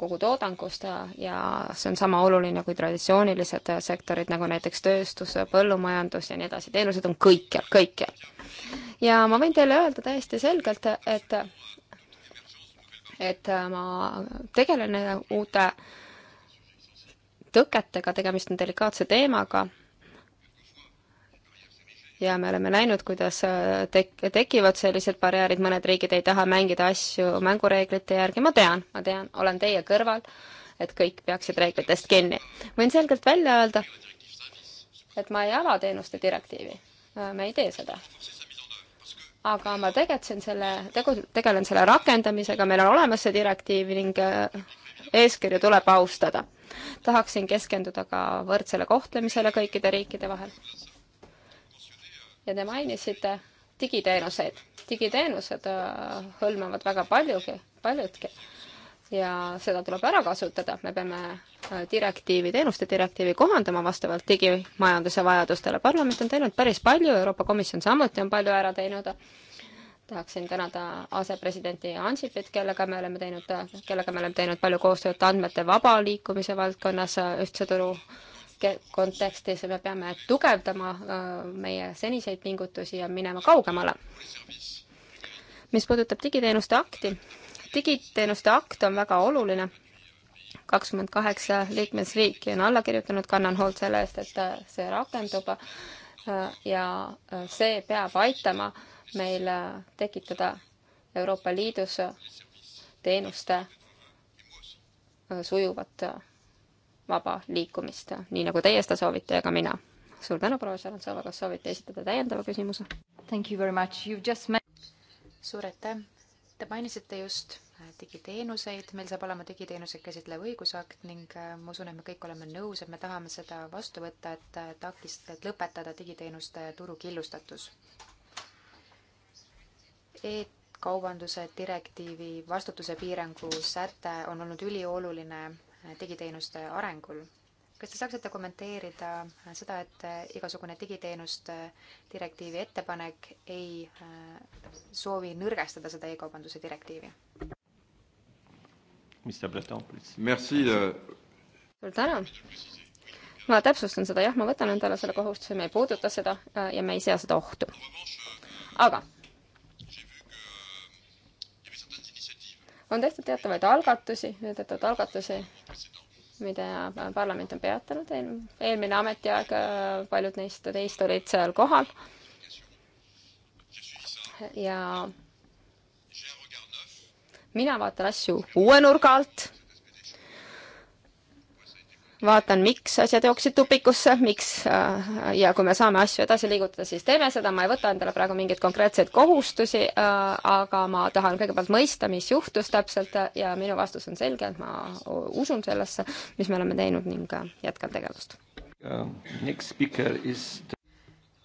kogu toodangust ja see on sama oluline kui traditsioonilised sektorid, nagu näiteks tööstus, põllumajandus ja nii edasi, teenused on kõikjal, kõikjal ja ma võin teile öelda täiesti selgelt, et, et ma tegelen uute tõketega, tegemist on delikaatse teemaga ja me oleme näinud, kuidas tek-, tekivad sellised barjäärid, mõned riigid ei taha mängida asju mängureeglite järgi, ma tean, ma tean, olen teie kõrval, et kõik peaksid reeglitest kinni. võin selgelt välja öelda, et ma ei alateenuste direktiivi, me ei tee seda aga ma tegutsen selle, tegu, tegelen selle rakendamisega, meil on olemas see direktiiv ning äh, eeskirju tuleb austada. tahaksin keskenduda ka võrdsele kohtlemisele kõikide riikide vahel. ja te mainisite digiteenuseid. digiteenused äh, hõlmavad väga paljugi, paljudki ja seda tuleb ära kasutada, me peame äh, direktiivi, teenuste direktiivi kohandama vastavalt digimajanduse vajadustele. parlament on teinud päris palju, Euroopa Komisjon samuti on palju ära teinud. tahaksin tänada asepresidenti Ansipit, kellega me oleme teinud, kellega me oleme teinud palju koostööd andmete vaba liikumise valdkonnas, ühtse turu kontekstis me peame tugevdama äh, meie seniseid pingutusi ja minema kaugemale. mis puudutab digiteenuste akti, digiteenuste akt on väga oluline, kakskümmend kaheksa liikmesriiki on alla kirjutanud, kannan hoolt selle eest, et äh, see rakendub äh, ja äh, see peab aitama meil tekitada Euroopa Liidus teenuste sujuvat vaba liikumist, nii nagu teie seda soovite ja ka mina. suur tänu, proua Šarantsova, kas soovite esitada täiendava küsimuse? suur aitäh, Te mainisite just äh, digiteenuseid, meil saab olema digiteenuse käsitlev õigusakt ning äh, ma usun, et me kõik oleme nõus, et me tahame seda vastu võtta, et äh, takist-, et lõpetada digiteenuste turu killustatus e. e-kaubanduse direktiivi vastutuse piirangu säte on olnud ülioluline digiteenuste arengul kas te saaksite kommenteerida äh, seda, et äh, igasugune digiteenuste äh, direktiivi ettepanek ei soovi nõrgestada seda e-kaubanduse direktiivi? suur tänu! ma täpsustan seda, jah, ma võtan endale selle kohustuse, me ei puuduta seda ja me ei sea seda ohtu. aga on tehtud teatavaid algatusi, teatavaid algatusi mida parlament on peatanud Eel,, eelmine ametiaeg, äh, paljud neist teist olid seal kohal. ja mina vaatan asju uue nurga alt vaatan, miks asjad jooksid tupikusse, miks äh, ja kui me saame asju edasi liigutada, siis teeme seda, ma ei võta endale praegu mingeid konkreetseid kohustusi, äh, aga ma tahan kõigepealt mõista, mis juhtus täpselt äh, ja minu vastus on selge, et ma usun sellesse, mis me oleme teinud ning jätkan tegevust. Um,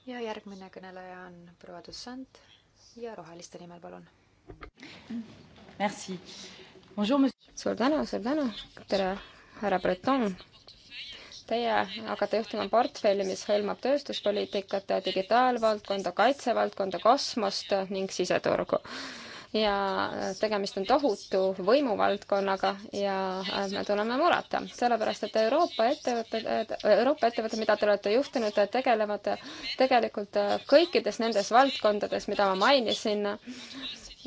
ja järgmine kõneleja on proua Dussant ja Roheliste nimel, palun. Merci. suur tänu, suur tänu, tere härra Breton Teie hakkate juhtima portfelli, mis hõlmab tööstuspoliitikat, digitaalvaldkonda, kaitsevaldkonda, kosmost ning siseturgu. ja tegemist on tohutu võimuvaldkonnaga ja me tunneme muret, sellepärast et Euroopa ettevõtted, Euroopa ettevõtted, mida te olete juhtinud, tegelevad tegelikult kõikides nendes valdkondades, mida ma mainisin.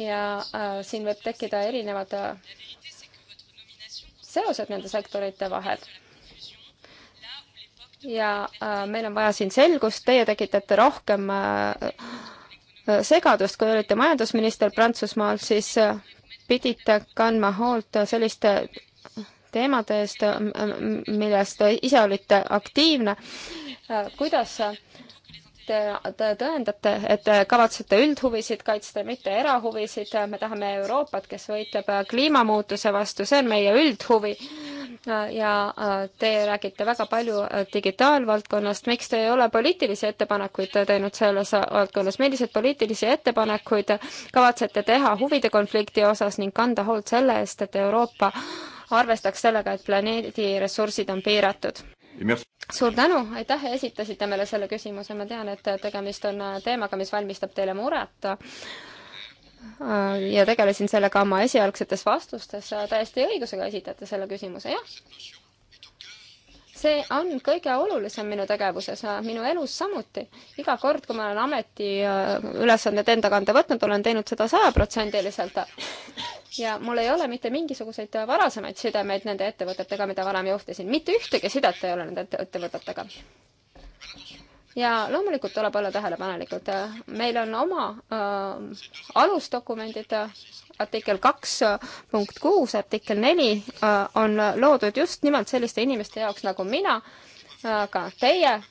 ja äh, siin võib tekkida erinevad seosed nende sektorite vahel ja äh, meil on vaja siin selgust, teie tekitate rohkem äh, äh, segadust, kui olite majandusminister Prantsusmaal, siis pidite kandma hoolt selliste teemade eest, milles te ise olite aktiivne. kuidas te, te tõendate, et te kavatsete üldhuvisid kaitsta, mitte erahuvisid, me tahame Euroopat, kes võitleb kliimamuutuse vastu, see on meie üldhuvi ja äh, te räägite väga palju äh, digitaalvaldkonnast, miks te ei ole poliitilisi ettepanekuid äh, teinud selles valdkonnas, milliseid poliitilisi ettepanekuid kavatsete teha huvide konflikti osas ning kanda hoolt selle eest, et Euroopa arvestaks sellega, et planeedi ressursid on piiratud? suur tänu, aitäh, esitasite meile selle küsimuse, ma tean, et tegemist on teemaga, mis valmistab teile muret Äh, ja tegelesin sellega oma esialgsetes vastustes, äh, täiesti õigusega esitate selle küsimuse, jah. see on kõige olulisem minu tegevuses, äh, minu elus samuti. iga kord, kui ma olen ametiülesanded enda kanda võtnud, olen teinud seda sajaprotsendiliselt. ja mul ei ole mitte mingisuguseid varasemaid sidemeid nende ettevõtetega, mida varem juhtisin, mitte ühtegi sidet ei ole nende ettevõtetega ja loomulikult tuleb olla tähelepanelikud. meil on oma äh, alusdokumendid, artikkel kaks äh, punkt kuus, artikkel neli äh, on loodud just nimelt selliste inimeste jaoks nagu mina äh,, ka teie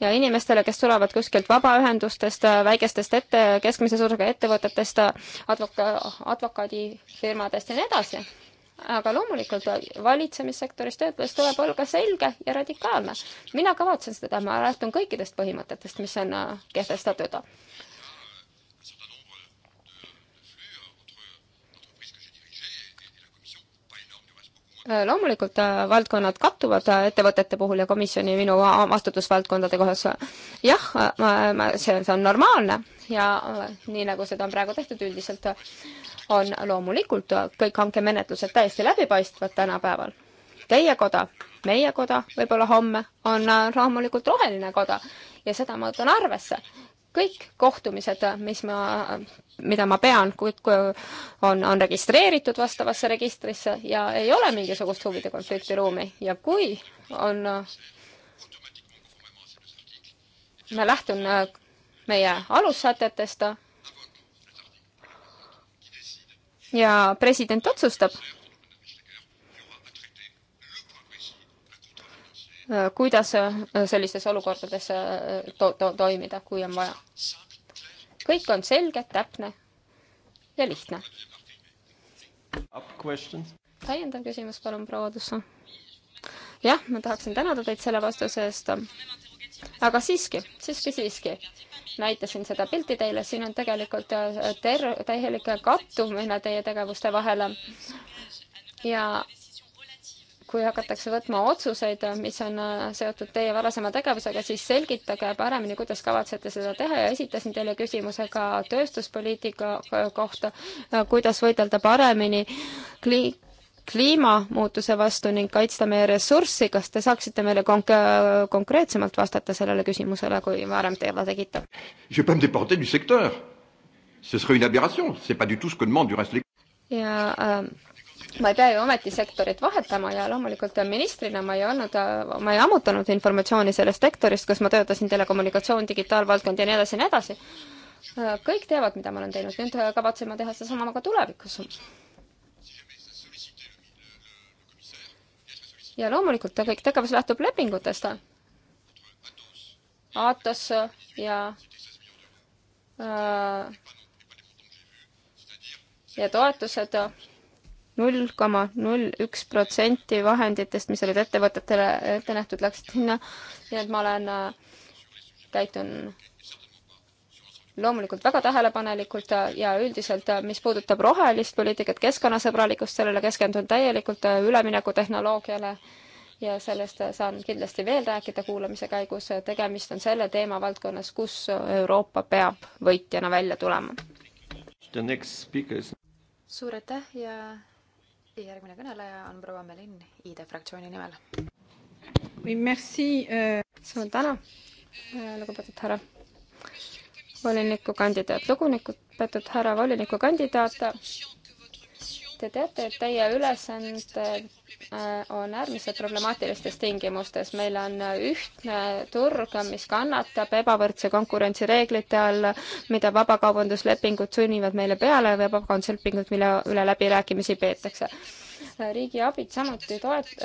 ja inimestele, kes tulevad kuskilt vabaühendustest, äh, väikestest ette, keskmise suurusega ettevõtetest, äh, advoka-, advokaadifirmadest ja nii edasi aga loomulikult valitsemissektoris töötades tuleb olla selge ja radikaalne. mina kavatsen seda, ma lähtun kõikidest põhimõtetest, mis on äh, kehtestatud. loomulikult äh, valdkonnad kattuvad äh, ettevõtete puhul ja komisjoni minu vastutusvaldkondade kohas. jah, ma, ma, see, see on normaalne ja nii, nagu seda on praegu tehtud üldiselt on loomulikult kõik hankemenetlused täiesti läbipaistvad tänapäeval. Teie koda, meie koda, võib-olla homme, on loomulikult roheline koda ja seda ma võtan arvesse. kõik kohtumised, mis ma, mida ma pean, on, on registreeritud vastavasse registrisse ja ei ole mingisugust huvide konflikti ruumi ja kui on ma lähtun meie alussätetest ja president otsustab, äh, kuidas äh, sellistes olukordades äh, to to toimida, kui on vaja. kõik on selge, täpne ja lihtne. täiendav küsimus, palun, proua Tussa. jah, ma tahaksin tänada teid selle vastuse eest. aga siiski, siiski, siiski näitasin seda pilti teile, siin on tegelikult äh, ter-, täielik kattumine teie tegevuste vahele. ja kui hakatakse võtma otsuseid, mis on äh, seotud teie varasema tegevusega, siis selgitage paremini, kuidas kavatsete seda teha ja esitasin teile küsimuse ka tööstuspoliitika äh, kohta, kuidas võidelda paremini kli-, kliimamuutuse vastu ning kaitsta meie ressurssi, kas te saaksite meile konk-, konkreetsemalt vastata sellele küsimusele, kui varem te juba tegite? ja äh, ma ei pea ju ometi sektorit vahetama ja loomulikult ministrina ma ei olnud, äh, ma ei ammutanud informatsiooni sellest sektorist, kus ma töötasin, telekommunikatsioon, digitaalvaldkond ja nii edasi ja nii edasi. Äh, kõik teavad, mida ma olen teinud, nüüd äh, kavatsen ma teha sedasama ka tulevikus ja loomulikult kõik tegevus lähtub lepingutest. Atos ja äh, ja toetused null koma null üks protsenti vahenditest, mis olid ettevõtetele ette nähtud, läksid sinna. nii et ma olen, äh, käitun loomulikult väga tähelepanelikult ja üldiselt, äh, mis puudutab rohelist poliitikat, keskkonnasõbralikkust, sellele keskendun täielikult äh, üleminekutehnoloogiale ja sellest äh, saan kindlasti veel rääkida kuulamise käigus. tegemist on selle teemavaldkonnas, kus Euroopa peab võitjana välja tulema. Is... suur aitäh ja järgmine kõneleja on proua Melin ID e fraktsiooni nimel. Oui, merci. Euh, suur tänu, lugupeetud härra volinikukandidaat, lugupeetud härra volinikukandidaat. Te teate, et teie ülesande äh, on äärmiselt problemaatilistes tingimustes. meil on ühtne turg, mis kannatab ebavõrdse konkurentsi reeglite all, mida vabakaubanduslepingud sunnivad meile peale, vabakaubanduslepingud, mille üle läbirääkimisi peetakse. riigiabid samuti toet-,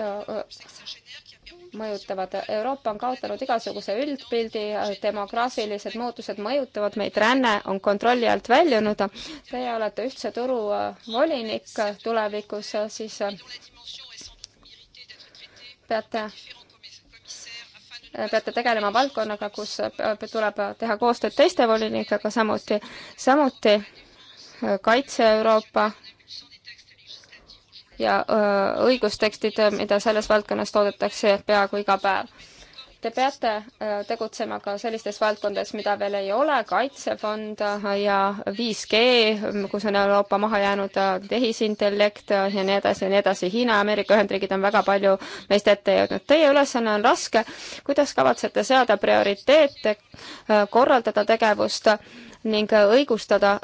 mõjutavad. Euroopa on kaotanud igasuguse üldpildi, demograafilised muutused mõjutavad meid, ränne on kontrolli alt väljunud. Teie olete ühtse turu äh, volinik tulevikus, äh, siis äh, peate peate tegelema valdkonnaga, kus tuleb teha koostööd teiste volinikega samuti, samuti kaitse Euroopa ja öö, õigustekstid, mida selles valdkonnas toodetakse peaaegu iga päev. Te peate tegutsema ka sellistes valdkondades, mida veel ei ole, kaitsefond äh, ja 5G, kus on Euroopa maha jäänud äh, tehisintellekt äh, ja nii edasi ja nii edasi. Hiina, Ameerika Ühendriigid on väga palju meist ette jõudnud. Teie ülesanne on raske. kuidas kavatsete seada prioriteete, korraldada tegevust ning õigustada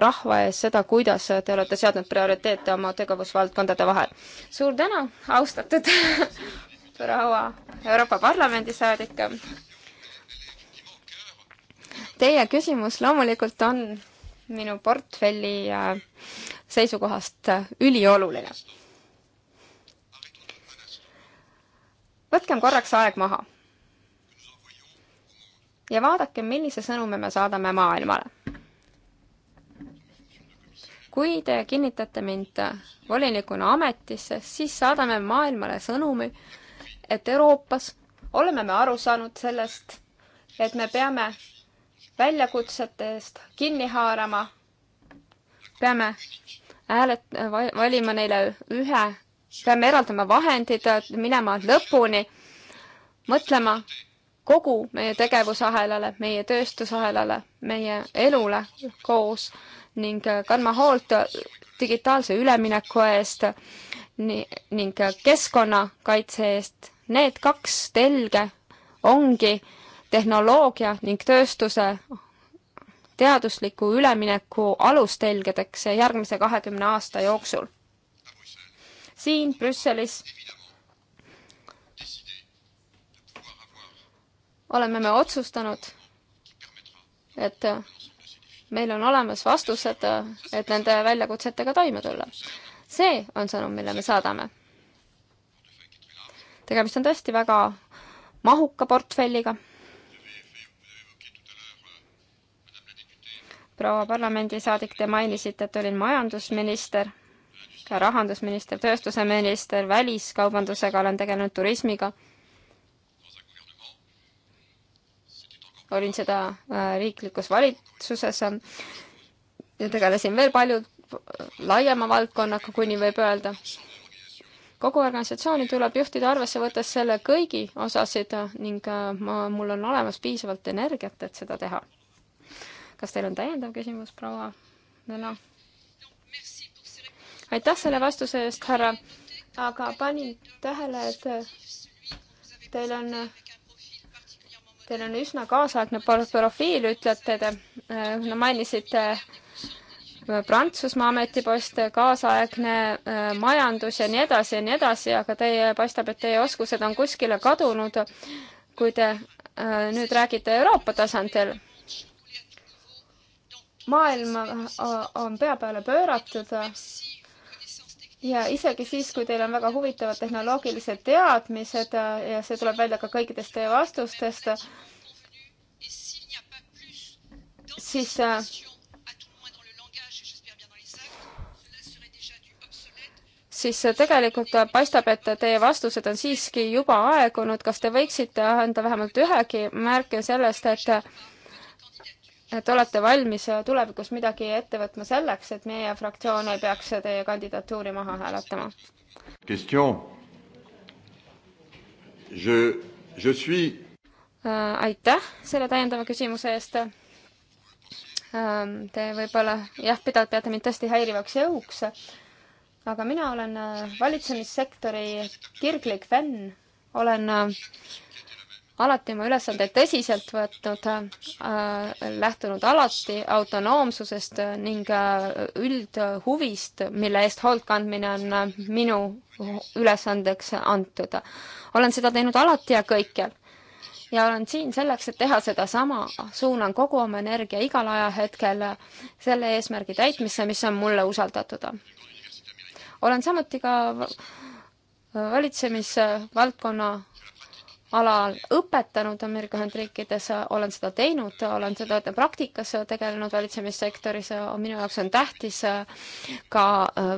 rahva ees seda, kuidas te olete seadnud prioriteete oma tegevusvaldkondade vahel. suur tänu, austatud proua Euroopa Parlamendi saadik. Teie küsimus loomulikult on minu portfelli äh, seisukohast äh, ülioluline. võtkem korraks aeg maha ja vaadakem, millise sõnumi me saadame maailmale kui te kinnitate mind volinikuna ametisse, siis saadame maailmale sõnumi, et Euroopas oleme me aru saanud sellest, et me peame väljakutsete eest kinni haarama, peame häälet-, valima neile ühe, peame eraldama vahendid, minema lõpuni, mõtlema kogu meie tegevusahelale, meie tööstusahelale, meie elule koos ning kandma hoolt digitaalse ülemineku eest ning keskkonnakaitse eest. Need kaks telge ongi tehnoloogia ning tööstuse teadusliku ülemineku alustelgedeks järgmise kahekümne aasta jooksul. siin Brüsselis oleme me otsustanud, et meil on olemas vastused, et nende väljakutsetega toime tulla. see on sõnum, mille me saadame. tegemist on tõesti väga mahuka portfelliga. proua parlamendisaadik, te mainisite, et olin majandusminister, ka rahandusminister, tööstuse minister, väliskaubandusega olen tegelenud, turismiga olin seda äh, riiklikus valitsuses ähm, ja tegelesin veel palju äh, laiema valdkonnaga, kuni võib öelda. kogu organisatsiooni tuleb juhtida arvesse võttes selle kõigi osasid äh, ning ma, mul on olemas piisavalt energiat, et seda teha. kas teil on täiendav küsimus, proua Nõla? aitäh selle vastuse eest, härra, aga panin tähele, et teil on Teil on üsna kaasaegne profiil, ütlete te. Äh, no mainisite äh, Prantsusmaa ametiposte, äh, kaasaegne majandus ja nii edasi ja nii edasi, aga teie, paistab, et teie oskused on kuskile kadunud, kui te nüüd räägite Euroopa tasandil maailm on pea peale pööratud ja isegi siis, kui teil on väga huvitavad tehnoloogilised teadmised äh, ja see tuleb välja ka kõikidest teie vastustest, siis äh, siis äh, tegelikult paistab, et teie vastused on siiski juba aegunud. kas te võiksite anda vähemalt ühegi märke sellest, et et olete valmis äh, tulevikus midagi ette võtma selleks, et meie fraktsioon ei peaks teie kandidatuuri maha hääletama? Suis... Äh, aitäh selle täiendava küsimuse eest. Ähm, te võib-olla jah, pida-, peate mind tõesti häirivaks jõuks, aga mina olen äh, valitsemissektori kirglik fänn, olen alati oma ülesandeid tõsiselt võtnud äh,, lähtunud alati autonoomsusest ning äh, üldhuvist, mille eest hoolt kandmine on äh, minu ülesandeks antud. olen seda teinud alati ja kõikjal. ja olen siin selleks, et teha sedasama, suunan kogu oma energia igal ajahetkel selle eesmärgi täitmisse, mis on mulle usaldatud. olen samuti ka valitsemisvaldkonna alal õpetanud Ameerika Ühendriikides, olen seda teinud, olen seda praktikas tegelenud valitsemissektoris, minu jaoks on tähtis ka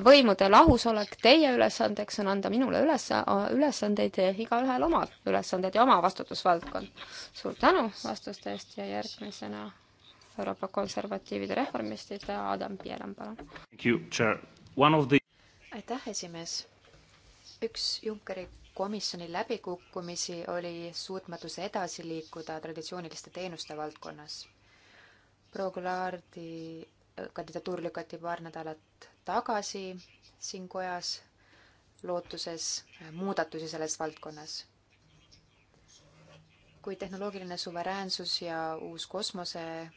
võimude lahusolek, teie ülesandeks on anda minule üles, ülesandeid, igaühel omad ülesanded ja oma vastutusvaldkond. suur tänu vastuste eest ja järgmisena Euroopa konservatiivide reformistid, Adam Pielam, palun. aitäh, esimees. üks Junckeri komisjoni läbikukkumisi oli suutmatus edasi liikuda traditsiooniliste teenuste valdkonnas. proua Goulardi kandidatuur lükati paar nädalat tagasi siin kojas, lootuses muudatusi selles valdkonnas. kui tehnoloogiline suveräänsus ja uus kosmose äh,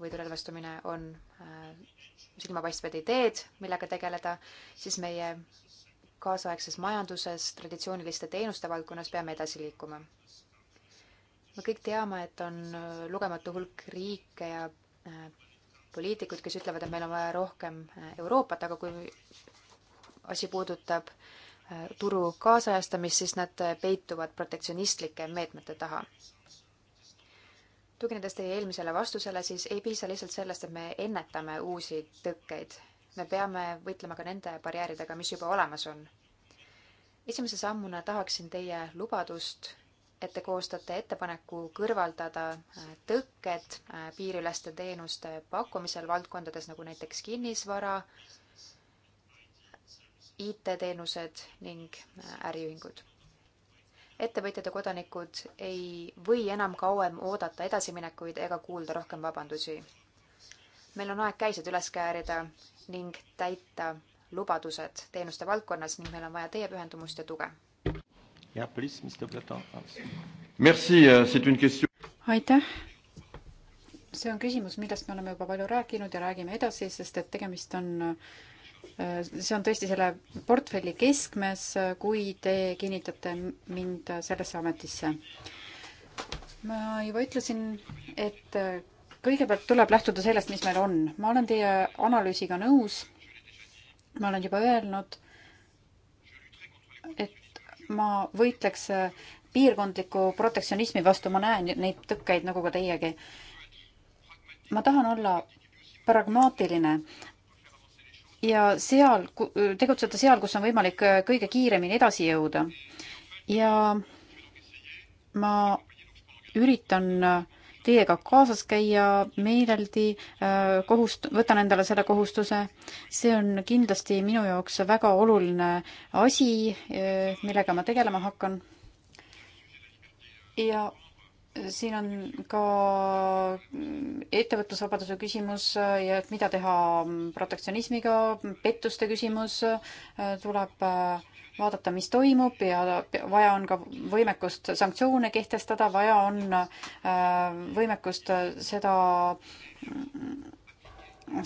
võidurelvastumine on äh, silmapaistvad ideed, millega tegeleda, siis meie kaasaegses majanduses, traditsiooniliste teenuste valdkonnas peame edasi liikuma. me kõik teame, et on äh, lugematu hulk riike ja äh, poliitikuid, kes ütlevad, et meil on vaja rohkem äh, Euroopat, aga kui asi puudutab turu kaasajastamist, siis nad peituvad protektsionistlike meetmete taha. tuginedes teie eelmisele vastusele, siis ei piisa lihtsalt sellest, et me ennetame uusi tõkkeid me peame võitlema ka nende barjääridega, mis juba olemas on. esimese sammuna tahaksin teie lubadust, et te koostate ettepaneku kõrvaldada äh, tõkked äh, piiriüleste teenuste pakkumisel valdkondades, nagu näiteks kinnisvara, IT-teenused ning äh, äriühingud. ettevõtjad ja kodanikud ei või enam kauem oodata edasiminekuid ega kuulda rohkem vabandusi. meil on aeg käised üles käärida ning täita lubadused teenuste valdkonnas ning meil on vaja teie pühendumust ja tuge. Euh, aitäh. see on küsimus, millest me oleme juba palju rääkinud ja räägime edasi, sest et tegemist on äh, see on tõesti selle portfelli keskmes, kui te kinnitate mind sellesse ametisse. ma juba ütlesin, et kõigepealt tuleb lähtuda sellest, mis meil on. ma olen teie analüüsiga nõus. ma olen juba öelnud, et ma võitleks äh, piirkondliku protektsionismi vastu, ma näen neid tõkkeid nagu ka teiegi. ma tahan olla pragmaatiline ja seal, tegutseda seal, kus on võimalik äh, kõige kiiremini edasi jõuda. ja ma üritan äh, teiega kaasas käia, meeleldi äh, kohust-, võtan endale selle kohustuse. see on kindlasti minu jaoks väga oluline asi, äh, millega ma tegelema hakkan. ja siin on ka mm, ettevõtlusvabaduse küsimus äh, ja et mida teha protektsionismiga, pettuste küsimus tuleb äh, vaadata, mis toimub ja vaja on ka võimekust sanktsioone kehtestada, vaja on äh, võimekust seda,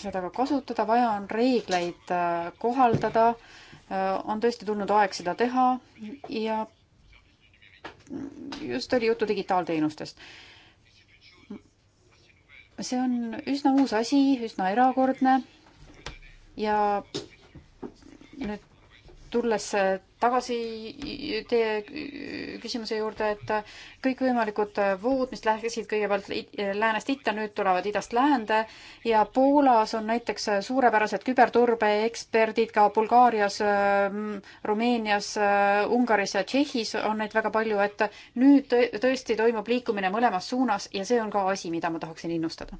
seda ka kasutada, vaja on reegleid äh, kohaldada. Äh, on tõesti tulnud aeg seda teha ja just oli juttu digitaalteenustest. see on üsna uus asi, üsna erakordne ja nüüd tulles tagasi teie küsimuse juurde, et kõikvõimalikud vood, mis läksid kõigepealt läänest itta, nüüd tulevad idast läände ja Poolas on näiteks suurepärased küberturbeeksperdid, ka Bulgaarias, mm, Rumeenias, Ungaris ja Tšehhis on neid väga palju, et nüüd tõesti toimub liikumine mõlemas suunas ja see on ka asi, mida ma tahaksin innustada.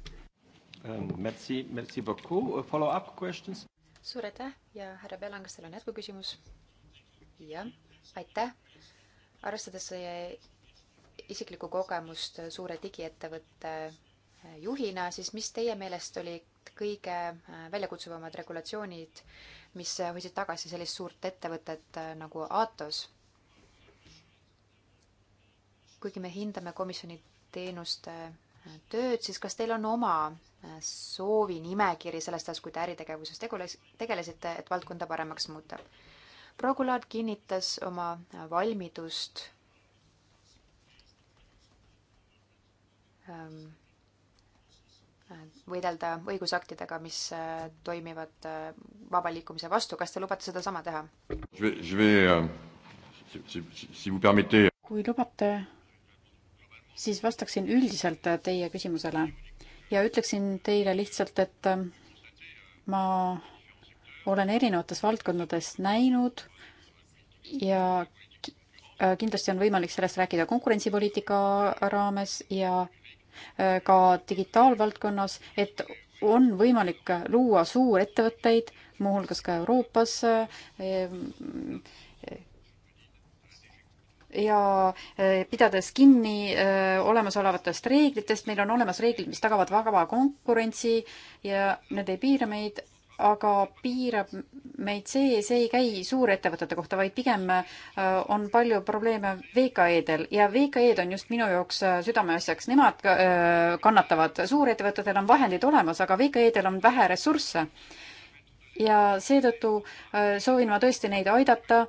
Ähm, merci, merci beaucoup. Follow-up questions? suur aitäh ja härra Pelang, kas teil on jätkuküsimus? jah, aitäh. arvestades isiklikku kogemust suure digiettevõtte äh, juhina, siis mis teie meelest olid kõige äh, väljakutsuvamad regulatsioonid, mis äh, hoidsid tagasi sellist suurt ettevõtet nagu Atos? kuigi me hindame komisjoni teenuste tööd, siis kas teil on oma äh, soovinimekiri sellest ajast, kui te äritegevuses tegules, tegelesite, et valdkonda paremaks muuta? Progulaat kinnitas oma äh, valmidust ähm, äh, võidelda õigusaktidega, mis toimivad vaba liikumise vastu, kas te lubate sedasama teha? Euh, kui lubate, siis vastaksin üldiselt teie küsimusele ja ütleksin teile lihtsalt, et äh, ma olen erinevates valdkondades näinud ja äh, kindlasti on võimalik sellest rääkida konkurentsipoliitika raames ja äh, ka digitaalvaldkonnas, et on võimalik luua suurettevõtteid, muuhulgas ka Euroopas, ja äh, pidades kinni äh, olemasolevatest reeglitest, meil on olemas reeglid, mis tagavad vaba konkurentsi ja need ei piira meid, aga piirab meid see, see ei käi suurettevõtete kohta, vaid pigem äh, on palju probleeme VKE-del ja VKE-d on just minu jaoks südameasjaks, nemad kannatavad, suurettevõtetel on vahendid olemas, aga VKE-del on vähe ressursse. ja seetõttu soovin ma tõesti neid aidata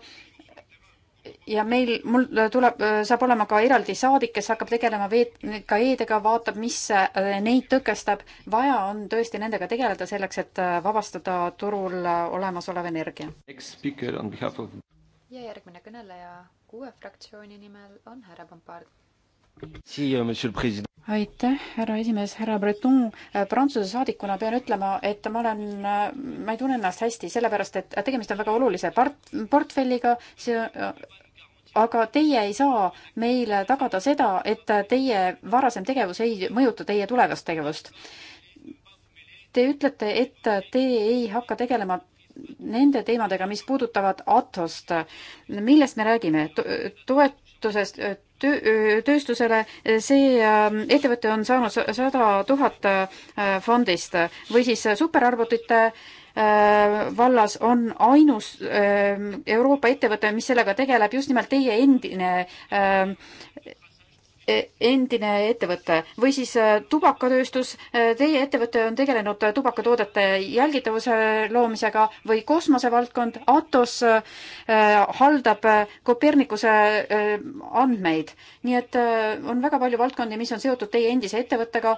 ja meil, mul tuleb, saab olema ka eraldi saadik, kes hakkab tegelema VKE-dega, vaatab, mis äh, neid tõkestab. vaja on tõesti nendega tegeleda selleks, et äh, vabastada turul olemasolev energia. ja järgmine kõneleja kuue fraktsiooni nimel on härra Pompard Euh, aitäh, härra esimees, härra Breton. Äh, Prantsuse saadikuna pean ütlema, et ma olen, äh, ma ei tunne ennast hästi, sellepärast et äh, tegemist on väga olulise part-, portfelliga, see aga teie ei saa meile tagada seda, et teie varasem tegevus ei mõjuta teie tulevast tegevust. Te ütlete, et te ei hakka tegelema nende teemadega, mis puudutavad ATOst. millest me räägime? toet-, töötusest tööstusele, see ähm, ettevõte on saanud sada tuhat äh, fondist või siis superarvutite äh, vallas on ainus ähm, Euroopa ettevõte, mis sellega tegeleb, just nimelt teie endine ähm, E, endine ettevõte või siis e, tubakatööstus, e, teie ettevõte on tegelenud tubakatoodete jälgitavuse loomisega või kosmosevaldkond, Atos haldab Kopernikuse andmeid. nii et on väga palju valdkondi, mis on seotud teie endise ettevõttega,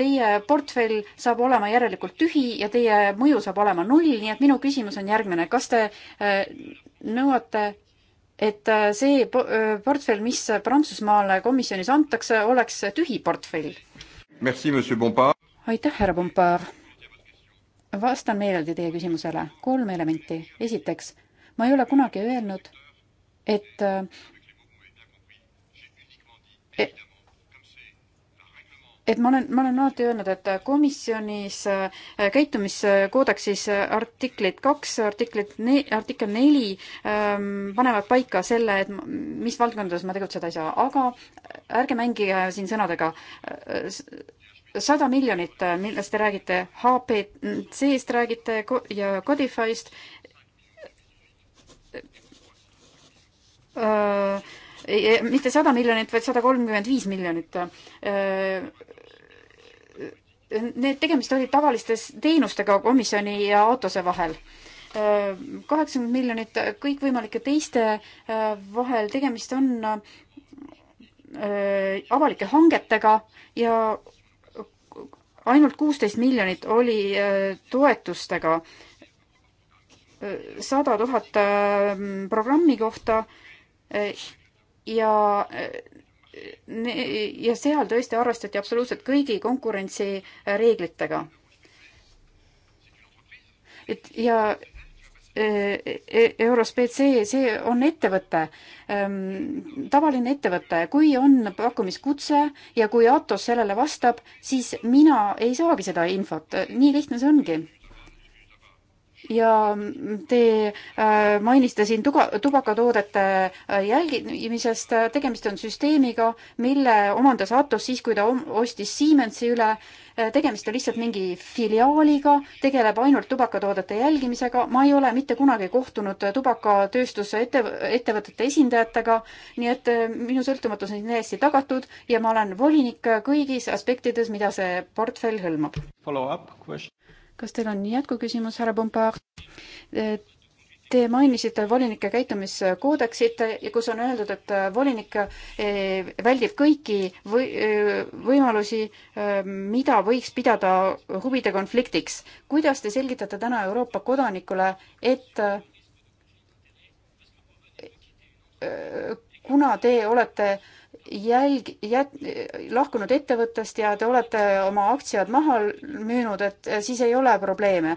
teie portfell saab olema järelikult tühi ja teie mõju saab olema null, nii et minu küsimus on järgmine, kas te nõuate et äh, see äh, portfell, mis Prantsusmaale komisjonis antakse, oleks tühi portfell. aitäh, härra Pompar. vastan meeleldi teie küsimusele. kolm elementi. esiteks, ma ei ole kunagi öelnud, et, äh, et et ma olen, ma olen alati öelnud, et komisjonis äh, käitumiskoodeksis artiklid kaks, artiklid ne-, artikkel neli ähm, panevad paika selle, et mis valdkondades ma tegutseda ei saa, aga ärge mängige siin sõnadega. Äh, sada miljonit, äh, millest te räägite, HPC-st räägite ja Codify'st äh,, mitte sada miljonit, vaid sada kolmkümmend viis miljonit äh, need, tegemist oli tavaliste teenustega komisjoni ja autose vahel. kaheksakümmend miljonit kõikvõimalike teiste äh, vahel, tegemist on äh, avalike hangetega ja ainult kuusteist miljonit oli äh, toetustega, sada tuhat programmi kohta ja ja seal tõesti arvestati absoluutselt kõigi konkurentsireeglitega. et ja e, e, Eurospeed, see, see on ettevõte, ehm, tavaline ettevõte, kui on pakkumiskutse ja kui Atos sellele vastab, siis mina ei saagi seda infot, nii lihtne see ongi ja te äh, mainisite siin tuga, tubakatoodete äh, jälgimisest, tegemist on süsteemiga, mille omandas Atos siis, kui ta ostis Siemensi üle. Äh, tegemist on lihtsalt mingi filiaaliga, tegeleb ainult tubakatoodete jälgimisega. ma ei ole mitte kunagi kohtunud tubakatööstuse ette, ettevõtete esindajatega, nii et minu sõltumatus on täiesti tagatud ja ma olen volinik kõigis aspektides, mida see portfell hõlmab. Follow-up question kas teil on jätkuküsimus, härra Pompar? Äh, te mainisite volinike käitumiskoodeksit ja kus on öeldud, et volinik äh, väldib kõiki või, äh, võimalusi, mida võiks pidada huvide konfliktiks. kuidas te selgitate täna Euroopa kodanikule, et kuna te olete äh, jälg-, jät-, lahkunud ettevõttest ja te olete oma aktsiad maha müünud, et eh, siis ei ole probleeme.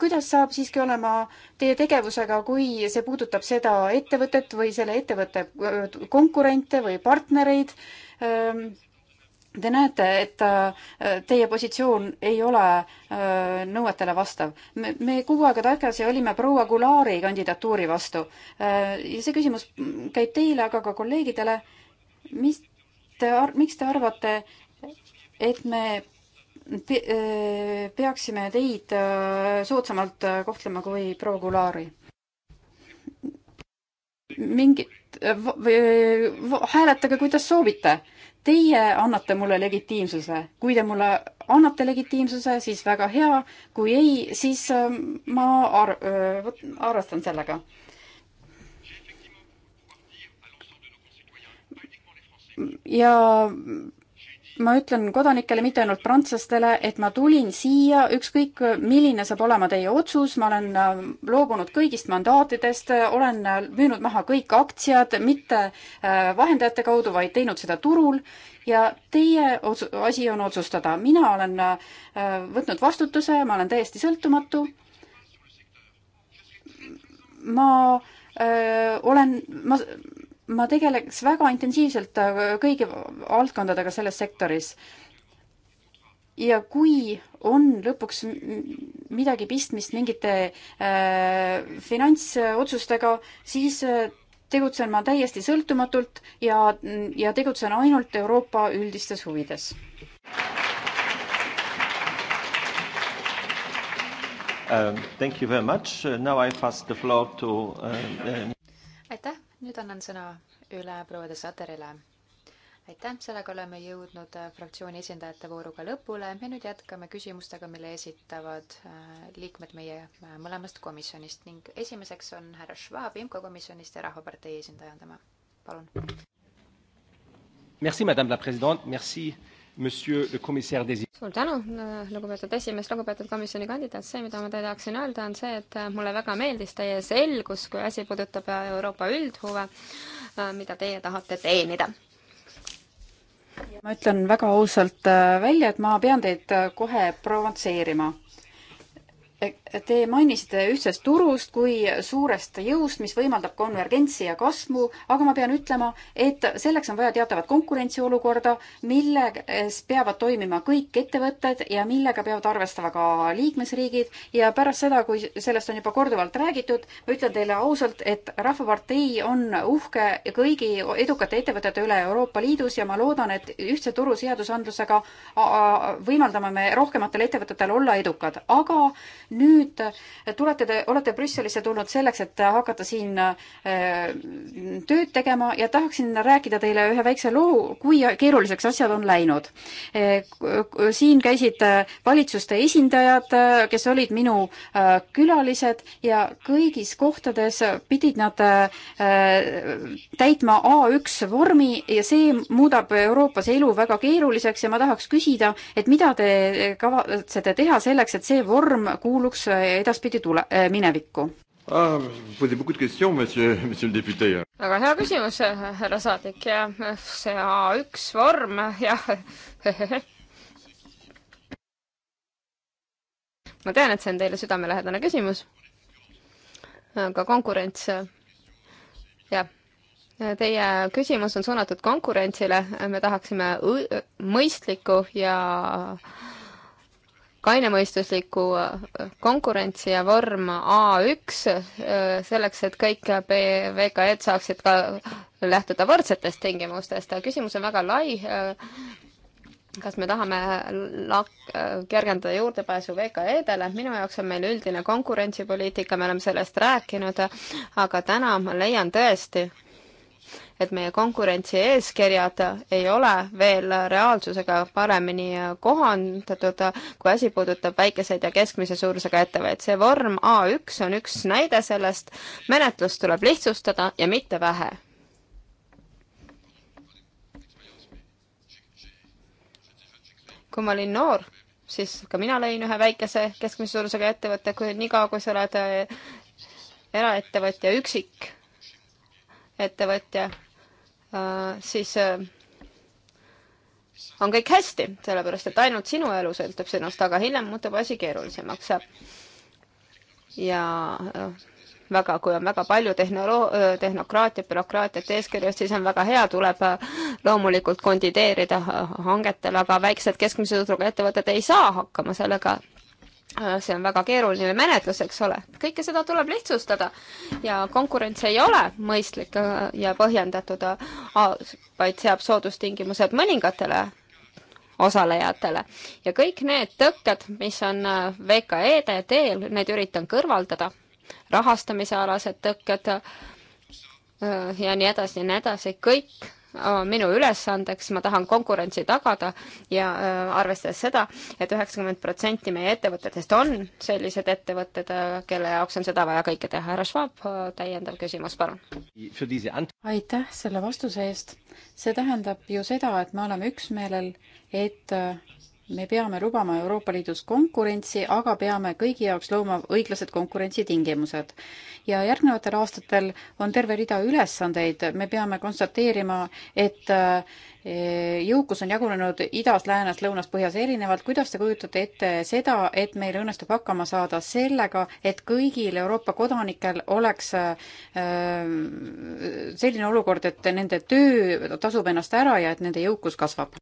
kuidas saab siiski olema teie tegevusega, kui see puudutab seda ettevõtet või selle ettevõtte eh, konkurente või partnereid? Ehm, te näete, et eh, teie positsioon ei ole nõuetele vastav. me, me kuu aega tagasi olime proua Gulaari kandidatuuri vastu. ja see küsimus käib teile, aga ka kolleegidele mis te, miks te arvate, et me pe äh, peaksime teid äh, soodsamalt äh, kohtlema kui proua Gulaari? mingit, hääletage, kuidas soovite. Teie annate mulle legitiimsuse, kui te mulle annate legitiimsuse, siis väga hea, kui ei, siis ma ar-, arvestan sellega ja ma ütlen kodanikele, mitte ainult prantslastele, et ma tulin siia, ükskõik milline saab olema teie otsus, ma olen äh, loobunud kõigist mandaatidest, olen äh, müünud maha kõik aktsiad, mitte äh, vahendajate kaudu, vaid teinud seda turul ja teie otsu-, asi on otsustada. mina olen võtnud vastutuse, ma olen täiesti sõltumatu. ma öö, olen, ma ma tegeleks väga intensiivselt äh, kõigi valdkondadega selles sektoris. ja kui on lõpuks midagi pistmist mingite äh, finantsotsustega, siis äh, tegutsen ma täiesti sõltumatult ja, ja tegutsen ainult Euroopa üldistes huvides. Um, thank you very much. Uh, now I pass the floor to uh, uh... aitäh nüüd annan sõna üle proua de Saterile aitäh, sellega oleme jõudnud äh, fraktsiooni esindajate vooruga lõpule ja nüüd jätkame küsimustega, mille esitavad äh, liikmed meie äh, mõlemast komisjonist ning esimeseks on härra Schwab IMCO komisjonist ja Rahvapartei esindaja on tema. palun. Merci, madame la president, merci suur tänu, äh, lugupeetud esimees, lugupeetud komisjoni kandidaat, see, mida ma teile tahaksin öelda, on see, et äh, mulle väga meeldis teie selgus, kui asi puudutab äh, Euroopa üldhuve, mida teie tahate teenida. ma ütlen väga ausalt välja, et ma pean teid kohe provotseerima Te mainisite ühtsest turust kui suurest jõust, mis võimaldab konvergentsi ja kasvu, aga ma pean ütlema, et selleks on vaja teatavat konkurentsiolukorda, milles peavad toimima kõik ettevõtted ja millega peavad arvestama ka liikmesriigid ja pärast seda, kui sellest on juba korduvalt räägitud, ma ütlen teile ausalt, et Rahvapartei on uhke kõigi edukate ettevõtete üle Euroopa Liidus ja ma loodan, et ühtse turu seadusandlusega võimaldame me rohkematel ettevõtetel olla edukad, aga nüüd tulete te, olete Brüsselisse tulnud selleks, et hakata siin äh, tööd tegema ja tahaksin rääkida teile ühe väikse loo, kui keeruliseks asjad on läinud. Äh, siin käisid äh, valitsuste esindajad, kes olid minu külalised ja kõigis kohtades pidid nad täitma A1 vormi ja see muudab Euroopas elu väga keeruliseks ja ma tahaks küsida, et mida te kavatsete teha selleks, et see vorm kuuluks kuuluks äh, edaspidi tule-, äh, minevikku? Ah, väga hea küsimus, äh, härra saadik ja see A1 vorm, jah ma tean, et see on teile südamelähedane küsimus. aga konkurents, jah. Teie küsimus on suunatud konkurentsile, me tahaksime mõistlikku ja äh, kainemõistusliku äh, konkurentsi ja vorm A1, äh, selleks, et kõik VKE-d saaksid ka lähtuda võrdsetest tingimustest. küsimus on väga lai. Äh, kas me tahame kergendada juurdepääsu VKE-dele? minu jaoks on meil üldine konkurentsipoliitika, me oleme sellest rääkinud, aga täna ma leian tõesti, et meie konkurentsieeskirjad ei ole veel reaalsusega paremini kohandatud, kui asi puudutab väikeseid ja keskmise suurusega ettevõtteid. see vorm A1 on üks näide sellest, menetlust tuleb lihtsustada ja mitte vähe. kui ma olin noor, siis ka mina lõin ühe väikese keskmise suurusega ettevõtte, kui niikaua, kui sa oled eraettevõtja üksik ettevõtja, äh, siis äh, on kõik hästi, sellepärast et ainult sinu elu sõltub sinust, aga hiljem muutub asi keerulisemaks. ja äh, väga, kui on väga palju tehnolo-, tehnokraatiat, bürokraatiat, eeskirjast, siis on väga hea, tuleb loomulikult kandideerida hangetel, aga väiksed keskmise suurusega ettevõtted ei saa hakkama sellega Äh, see on väga keeruline menetlus, eks ole. kõike seda tuleb lihtsustada ja konkurents ei ole mõistlik äh, ja põhjendatud, äh, vaid seab soodustingimused mõningatele osalejatele. ja kõik need tõkked, mis on VKE-de teel, need üritan kõrvaldada, rahastamise alased tõkked ja nii edasi ja nii edasi, kõik minu ülesandeks, ma tahan konkurentsi tagada ja äh, arvestades seda et, et üheksakümmend protsenti meie ettevõtetest on sellised ettevõtted, äh, kelle jaoks on seda vaja kõike teha. härra Schwab, äh, täiendav küsimus, palun. aitäh selle vastuse eest. see tähendab ju seda, et me oleme üksmeelel, et me peame lubama Euroopa Liidus konkurentsi, aga peame kõigi jaoks looma õiglased konkurentsitingimused. ja järgnevatel aastatel on terve rida ülesandeid, me peame konstateerima, et äh, jõukus on jagunenud idas, läänes, lõunas, põhjas erinevalt, kuidas te kujutate ette seda, et meil õnnestub hakkama saada sellega, et kõigil Euroopa kodanikel oleks äh, selline olukord, et nende töö tasub ennast ära ja et nende jõukus kasvab?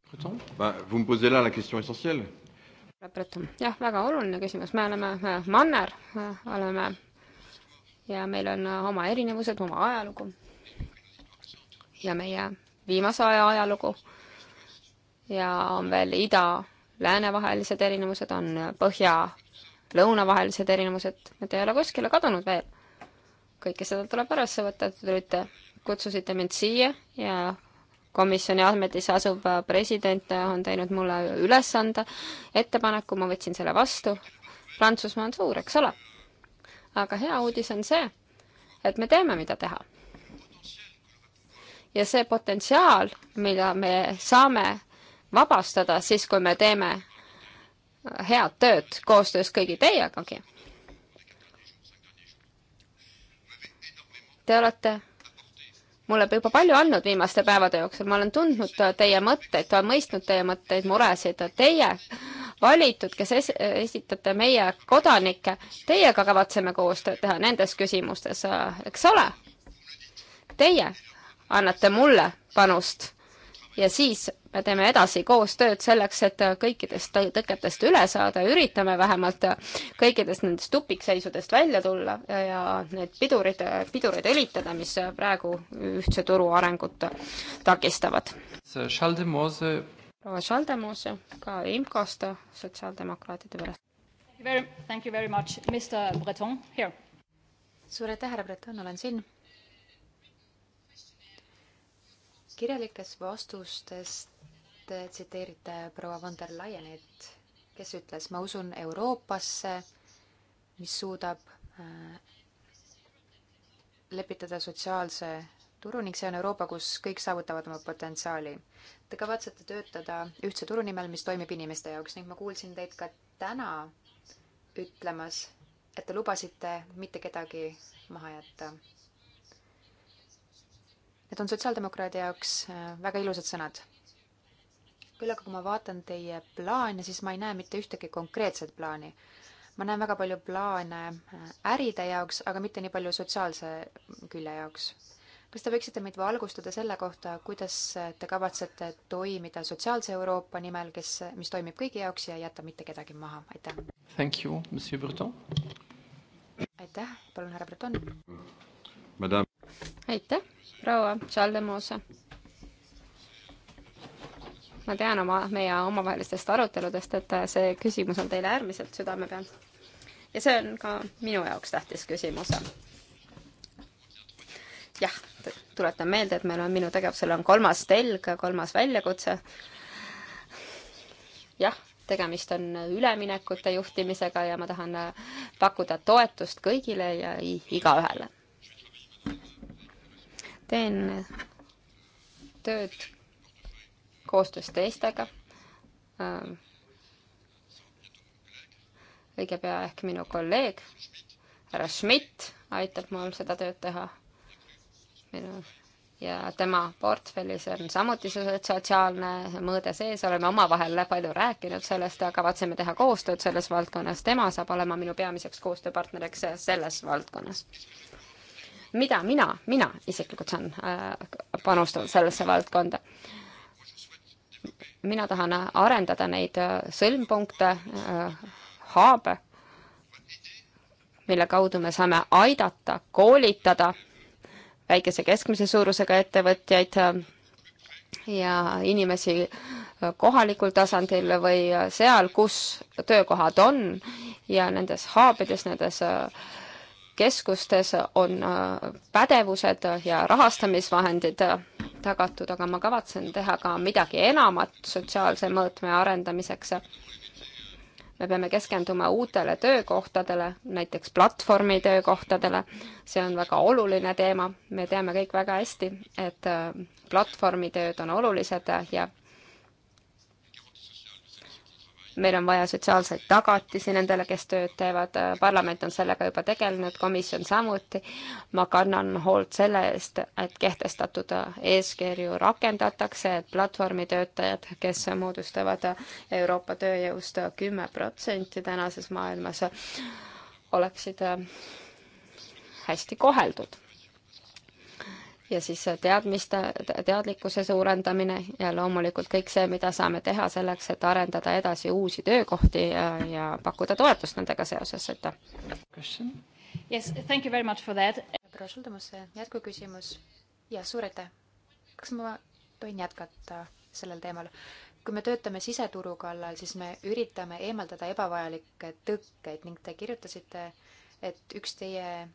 jah, väga oluline küsimus, me oleme manner, oleme ja meil on oma erinevused, oma ajalugu. ja meie viimase aja ajalugu ja on veel ida-lääne vahelised erinevused, on põhja-lõuna vahelised erinevused, need ei ole kuskile kadunud veel. kõike seda tuleb arvesse võtta, te tulite, kutsusite mind siia ja komisjoni ametisse asuv president on teinud mulle ülesande, ettepaneku, ma võtsin selle vastu. Prantsusmaa on suur, eks ole. aga hea uudis on see, et me teame, mida teha ja see potentsiaal, mida me saame vabastada siis, kui me teeme head tööd koostöös kõigi teiegagi. Te olete mulle juba palju andnud viimaste päevade jooksul, ma olen tundnud teie mõtteid, mõistnud teie mõtteid, muresid, teie valitud, kes es esitate meie kodanikke, teiega kavatseme koostööd teha nendes küsimustes, eks ole? Teie annate mulle panust ja siis me teeme edasi koostööd selleks, et kõikidest tõketest üle saada, üritame vähemalt kõikidest nendest tupikseisudest välja tulla ja need pidurid, pidureid õlitada, mis praegu ühtse turu arengut takistavad. proua Schaldemose ka IMCO-st sotsiaaldemokraatide pärast. Thank you very much, Mr Breton, here. suur aitäh, härra Breton, olen siin kirjalikes vastustes te tsiteerite proua von der Leyenit, kes ütles, ma usun Euroopasse, mis suudab äh, lepitada sotsiaalse turu ning see on Euroopa, kus kõik saavutavad oma potentsiaali. Te kavatsete töötada ühtse turu nimel, mis toimib inimeste jaoks ning ma kuulsin teid ka täna ütlemas, et te lubasite mitte kedagi maha jätta. Need on sotsiaaldemokraadi jaoks äh, väga ilusad sõnad. küll aga, kui ma vaatan teie plaane, siis ma ei näe mitte ühtegi konkreetset plaani. ma näen väga palju plaane äh, äride jaoks, aga mitte nii palju sotsiaalse külje jaoks. kas te võiksite meid valgustada selle kohta, kuidas äh, te kavatsete toimida sotsiaalse Euroopa nimel, kes, mis toimib kõigi jaoks ja ei jäta mitte kedagi maha, aitäh! Thank you, monsieur Breton! aitäh, palun, härra Breton! Madame aitäh, proua Schaldemose. ma tean oma, meie omavahelistest aruteludest, et see küsimus on teile äärmiselt südame peal. ja see on ka minu jaoks tähtis küsimus. jah, tuletan meelde, et meil on, minu tegevusel on kolmas telg, kolmas väljakutse. jah tegemist on üleminekute juhtimisega ja ma tahan pakkuda toetust kõigile ja igaühele teen tööd koostöös teistega. Ähm, õige pea ehk minu kolleeg härra Schmidt aitab mul seda tööd teha. minu ja tema portfellis on samuti see sotsiaalne mõõde sees, oleme omavahel palju rääkinud sellest ja kavatseme teha koostööd selles valdkonnas. tema saab olema minu peamiseks koostööpartneriks selles valdkonnas mida mina, mina isiklikult saan äh, panustada sellesse valdkonda. mina tahan arendada neid äh, sõlmpunkte, äh, haabe, mille kaudu me saame aidata, koolitada väikese keskmise suurusega ettevõtjaid ja inimesi kohalikul tasandil või seal, kus töökohad on ja nendes haabides, nendes keskustes on äh, pädevused ja rahastamisvahendid äh, tagatud, aga ma kavatsen teha ka midagi enamat sotsiaalse mõõtme arendamiseks. me peame keskenduma uutele töökohtadele, näiteks platvormi töökohtadele. see on väga oluline teema, me teame kõik väga hästi, et äh, platvormitööd on olulised ja meil on vaja sotsiaalseid tagatisi nendele, kes tööd teevad, parlament on sellega juba tegelenud, komisjon samuti. ma kannan hoolt selle eest, et kehtestatud eeskirju rakendatakse, et platvormitöötajad, kes moodustavad Euroopa tööjõust kümme protsenti tänases maailmas, oleksid hästi koheldud ja siis teadmiste, teadlikkuse suurendamine ja loomulikult kõik see, mida saame teha selleks, et arendada edasi uusi töökohti ja, ja pakkuda toetust nendega seoses, et. Yes, thank you very much for that. proua Šuldemusse, jätkuküsimus ja suur aitäh. kas ma tohin jätkata sellel teemal? kui me töötame siseturu kallal, siis me üritame eemaldada ebavajalikke tõkkeid ning te kirjutasite, et üks teie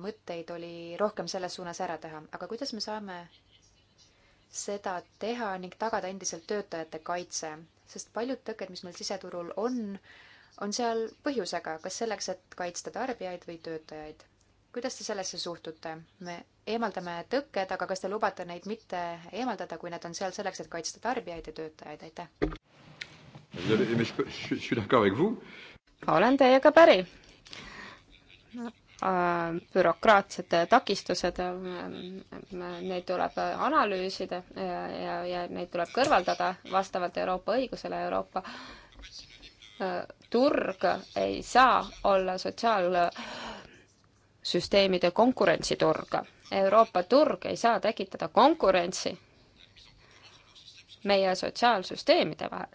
mõtteid oli rohkem selles suunas ära teha, aga kuidas me saame seda teha ning tagada endiselt töötajate kaitse, sest paljud tõkked, mis meil siseturul on, on seal põhjusega, kas selleks, et kaitsta tarbijaid või töötajaid. kuidas te sellesse suhtute? me eemaldame tõkked, aga kas te lubate neid mitte eemaldada, kui need on seal selleks, et kaitsta tarbijaid ja töötajaid, aitäh! olen teiega päri no bürokraatiad, takistused, neid tuleb analüüsida ja, ja, ja neid tuleb kõrvaldada vastavalt Euroopa õigusele, Euroopa äh, turg ei saa olla sotsiaalsüsteemide konkurentsiturg. Euroopa turg ei saa tekitada konkurentsi meie sotsiaalsüsteemide vahel.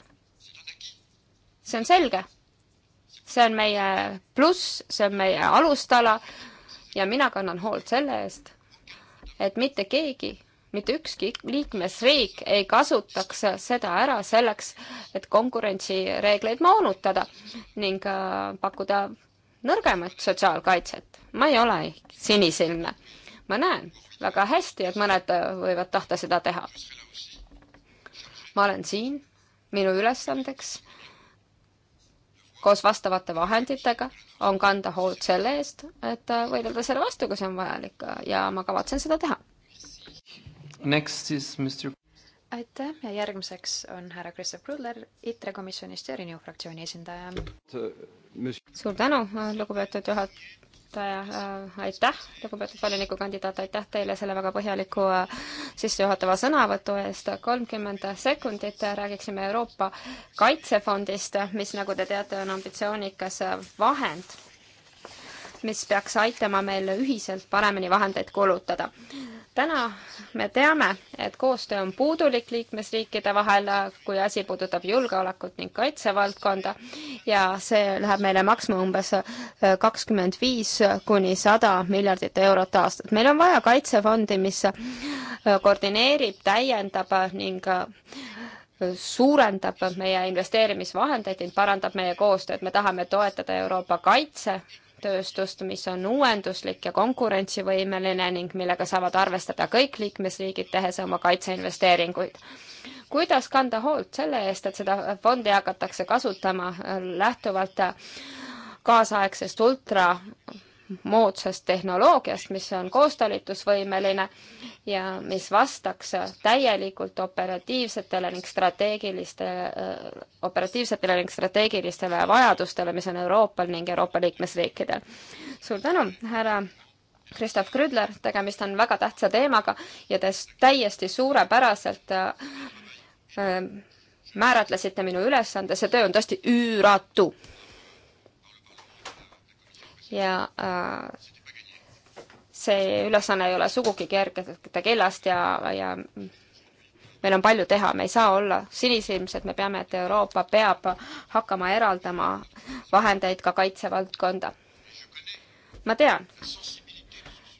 see on selge see on meie pluss, see on meie alustala ja mina kannan hoolt selle eest, et mitte keegi, mitte ükski liikmesriik ei kasutaks seda ära selleks, et konkurentsireegleid moonutada ning äh, pakkuda nõrgemat sotsiaalkaitset. ma ei ole sinisilmne. ma näen väga hästi, et mõned võivad tahta seda teha. ma olen siin, minu ülesandeks koos vastavate vahenditega on kanda hoolt selle eest, et äh, võidelda selle vastu, kui see on vajalik äh, ja ma kavatsen seda teha. Next is Mr. aitäh ja järgmiseks on härra Kristjan Krudler ITRE komisjonist ja Renew fraktsiooni esindaja. Äh, suur tänu, lugupeetud juhataja juhataja, äh, aitäh, lugupeetud volinikukandidaat, aitäh teile selle väga põhjaliku äh, sissejuhatava sõnavõtu eest. kolmkümmend sekundit äh, räägiksime Euroopa Kaitsefondist, mis, nagu te teate, on ambitsioonikas vahend, mis peaks aitama meil ühiselt paremini vahendeid kulutada täna me teame, et koostöö on puudulik liikmesriikide vahel, kui asi puudutab julgeolekut ning kaitsevaldkonda ja see läheb meile maksma umbes äh, kakskümmend viis kuni sada miljardit eurot aastat. meil on vaja kaitsefondi, mis äh, koordineerib, täiendab ning äh, suurendab meie investeerimisvahendeid ning parandab meie koostööd. me tahame toetada Euroopa kaitse tööstust, mis on uuenduslik ja konkurentsivõimeline ning millega saavad arvestada kõik liikmesriigid, tehes oma kaitseinvesteeringuid. kuidas kanda hoolt selle eest, et seda fondi hakatakse kasutama lähtuvalt kaasaegsest ultra moodsast tehnoloogiast, mis on koostalitusvõimeline ja mis vastaks täielikult operatiivsetele ning strateegiliste, äh, operatiivsetele ning strateegilistele vajadustele, mis on Euroopal ning Euroopa liikmesriikidel. suur tänu, härra Kristof Krüdler, tegemist on väga tähtsa teemaga ja te täiesti suurepäraselt äh, äh määratlesite minu ülesande, see töö on tõesti üüratu ja äh, see ülesanne ei ole sugugi kergete kellast ja, ja meil on palju teha, me ei saa olla sinisilmsed, me peame, et Euroopa peab hakkama eraldama vahendeid ka kaitsevaldkonda. ma tean,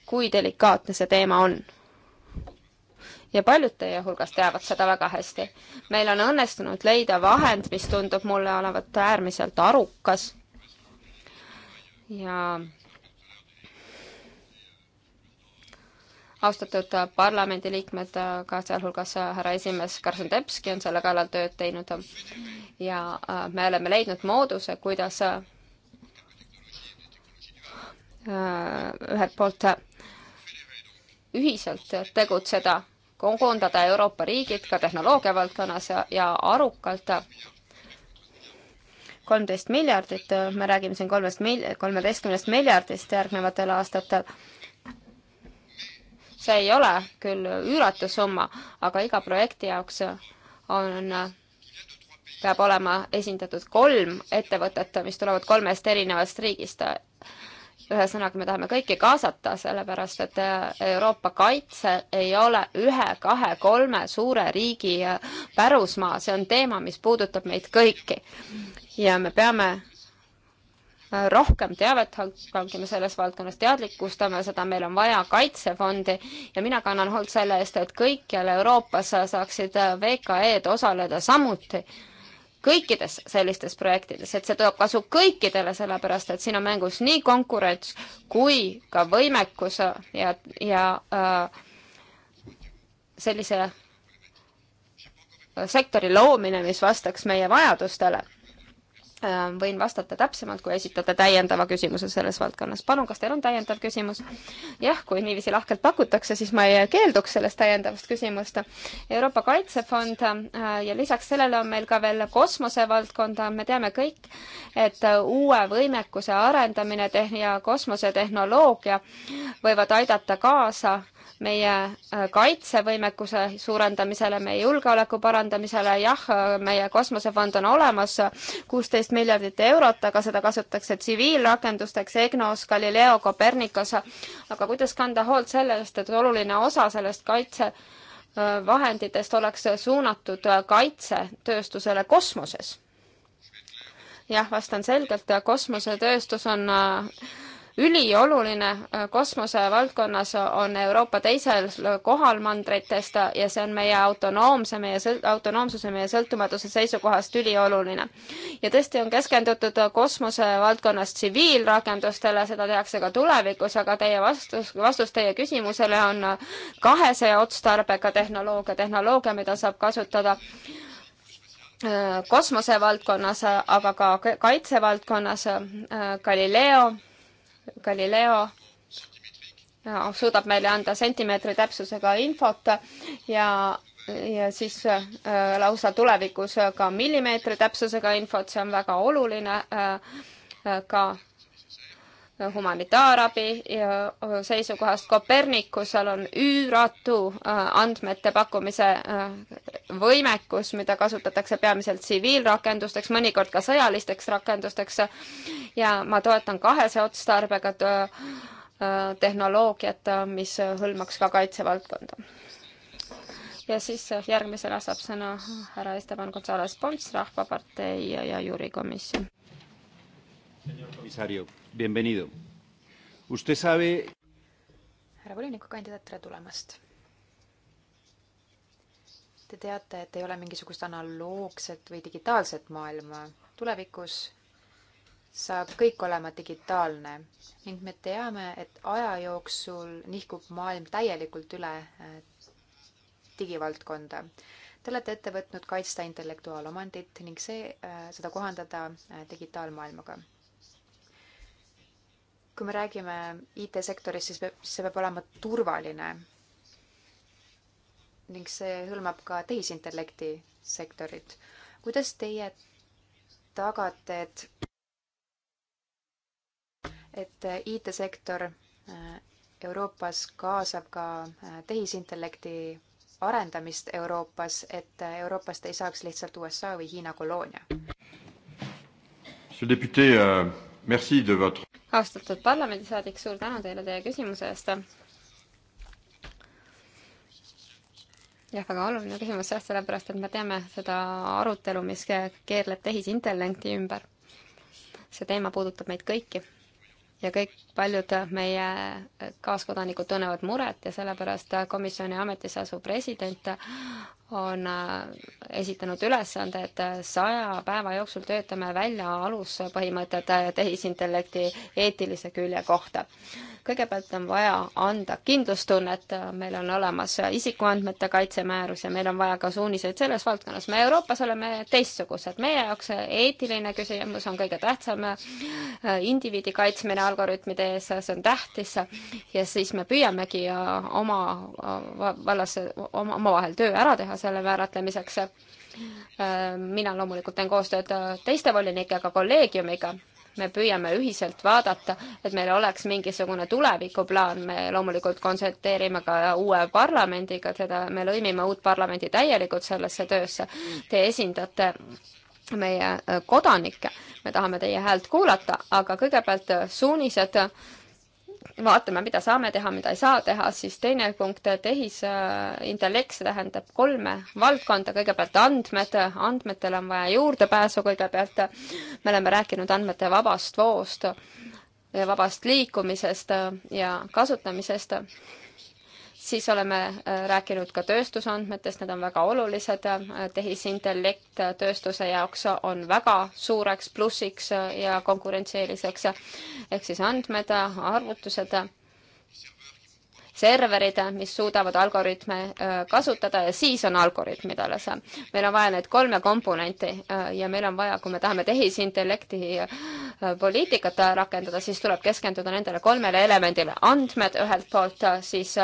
kui delikaatne see teema on. ja paljud teie hulgas teavad seda väga hästi. meil on õnnestunud leida vahend, mis tundub mulle olevat äärmiselt arukas ja austatud parlamendiliikmed, ka sealhulgas härra esimees Karsten Tepski on selle kallal tööd teinud ja äh, me oleme leidnud mooduse, kuidas äh, ühelt poolt ühiselt tegutseda, koondada Euroopa riigid ka tehnoloogia valdkonnas ja arukalt kolmteist miljardit, me räägime siin kolmest mil-, kolmeteistkümnest miljardist järgnevatel aastatel. see ei ole küll üüratu summa, aga iga projekti jaoks on, peab olema esindatud kolm ettevõtet, mis tulevad kolmest erinevast riigist. ühesõnaga, me tahame kõiki kaasata, sellepärast et Euroopa kaitse ei ole ühe, kahe, kolme suure riigi pärusmaa, see on teema, mis puudutab meid kõiki ja me peame äh, rohkem teavet hankima selles valdkonnas, teadlikustame seda, meil on vaja kaitsefondi ja mina kannan hoolt selle eest, et kõikjal Euroopas saaksid äh, VKE-d osaleda samuti kõikides sellistes projektides, et see toob kasu kõikidele, sellepärast et siin on mängus nii konkurents kui ka võimekus ja, ja äh, sellise äh, sektori loomine, mis vastaks meie vajadustele Äh, võin vastata täpsemalt, kui esitate täiendava küsimuse selles valdkonnas. palun, kas teil on täiendav küsimus? jah, kui niiviisi lahkelt pakutakse, siis ma ei keelduks sellest täiendavast küsimust. Euroopa Kaitsefond äh, ja lisaks sellele on meil ka veel kosmosevaldkonda, me teame kõik, et uue võimekuse arendamine ja kosmosetehnoloogia võivad aidata kaasa meie äh, kaitsevõimekuse suurendamisele, meie julgeoleku parandamisele, jah, meie kosmosefond on olemas, kuusteist miljardit eurot, aga seda kasutatakse tsiviilrakendusteks, EGNOS, Galileo, Copernicus, aga kuidas kanda hoolt selle eest, et oluline osa sellest kaitsevahenditest äh, oleks suunatud kaitsetööstusele kosmoses? jah, vastan selgelt, kosmosetööstus on äh, ülioluline äh, kosmosevaldkonnas on Euroopa teisel kohal mandritest ja see on meie autonoomse, meie sõlt-, autonoomsuse, meie sõltumatuse seisukohast ülioluline. ja tõesti on keskendutud kosmosevaldkonnas tsiviilrakendustele, seda tehakse ka tulevikus, aga teie vastus, vastus teie küsimusele on kahese otstarbega tehnoloogia, tehnoloogia, mida saab kasutada äh, kosmosevaldkonnas, aga ka kaitsevaldkonnas äh, Galileo Galileo äh, suudab meile anda sentimeetri täpsusega infot ja, ja siis äh, lausa tulevikus ka millimeetri täpsusega infot, see on väga oluline äh, äh ka humanitaarabi seisukohast. Kopernikusel on üüratu andmete pakkumise võimekus, mida kasutatakse peamiselt tsiviilrakendusteks, mõnikord ka sõjalisteks rakendusteks. ja ma toetan kahese otstarbega tehnoloogiat, mis hõlmaks ka kaitsevaldkonda. ja siis järgmisena saab sõna härra Esteban Gonzalez Pons, Rahvapartei ja, ja juurikomisjon. Senor komissario, bienvenido. Usted sabe... härra volinikukandidaat, tere tulemast. Te teate, et ei ole mingisugust analoogset või digitaalset maailma. tulevikus saab kõik olema digitaalne ning me teame, et aja jooksul nihkub maailm täielikult üle äh, digivaldkonda. Te olete ette võtnud kaitsta intellektuaalomandit ning see, äh, seda kohandada äh, digitaalmaailmaga kui me räägime IT-sektorist, siis peab, see peab olema turvaline. ning see hõlmab ka tehisintellekti sektorit. kuidas teie tagate, et, et IT-sektor äh, Euroopas kaasab ka äh, tehisintellekti arendamist Euroopas, et äh, Euroopast ei saaks lihtsalt USA või Hiina koloonia? Monsieur le député, euh, merci de votre austatud parlamendisaadik, suur tänu teile teie küsimuse eest. jah, väga oluline küsimus jah, sellepärast et me teame seda arutelu, mis keerleb tehisintellekti ümber. see teema puudutab meid kõiki ja kõik paljud meie kaaskodanikud tunnevad muret ja sellepärast komisjoni ametisse asuv president on äh, esitanud ülesande, et äh, saja päeva jooksul töötame välja aluspõhimõtted äh, tehisintellekti eetilise külje kohta. kõigepealt on vaja anda kindlustunnet, meil on olemas isikuandmete kaitsemäärus ja meil on vaja ka suuniseid selles valdkonnas. me Euroopas oleme teistsugused, meie jaoks eetiline küsimus on kõige tähtsam, indiviidi kaitsmine algoritmide ees, see on tähtis ja siis me püüamegi oma vallas, oma, omavahel töö ära teha, selle määratlemiseks. mina loomulikult teen koostööd teiste volinikega, kolleegiumiga me püüame ühiselt vaadata, et meil oleks mingisugune tulevikuplaan, me loomulikult konsulteerime ka uue parlamendiga, seda, me lõimime uut parlamendi täielikult sellesse töösse. Te esindate meie kodanikke, me tahame teie häält kuulata, aga kõigepealt suunised vaatame, mida saame teha, mida ei saa teha, siis teine punkt, tehisintellekt, äh, see tähendab kolme valdkonda, kõigepealt andmed, andmetel on vaja juurdepääsu kõigepealt, me oleme rääkinud andmete vabast voost, vabast liikumisest ja kasutamisest siis oleme äh, rääkinud ka tööstusandmetest, need on väga olulised, äh, tehisintellekt äh, tööstuse jaoks on väga suureks plussiks ja konkurentsieeliseks, ehk siis andmed, arvutused serverid, mis suudavad algoritme äh, kasutada ja siis on algoritmid alles. meil on vaja neid kolme komponenti äh, ja meil on vaja, kui me tahame tehisintellekti äh, poliitikat rakendada, siis tuleb keskenduda nendele kolmele elemendile. andmed ühelt poolt, siis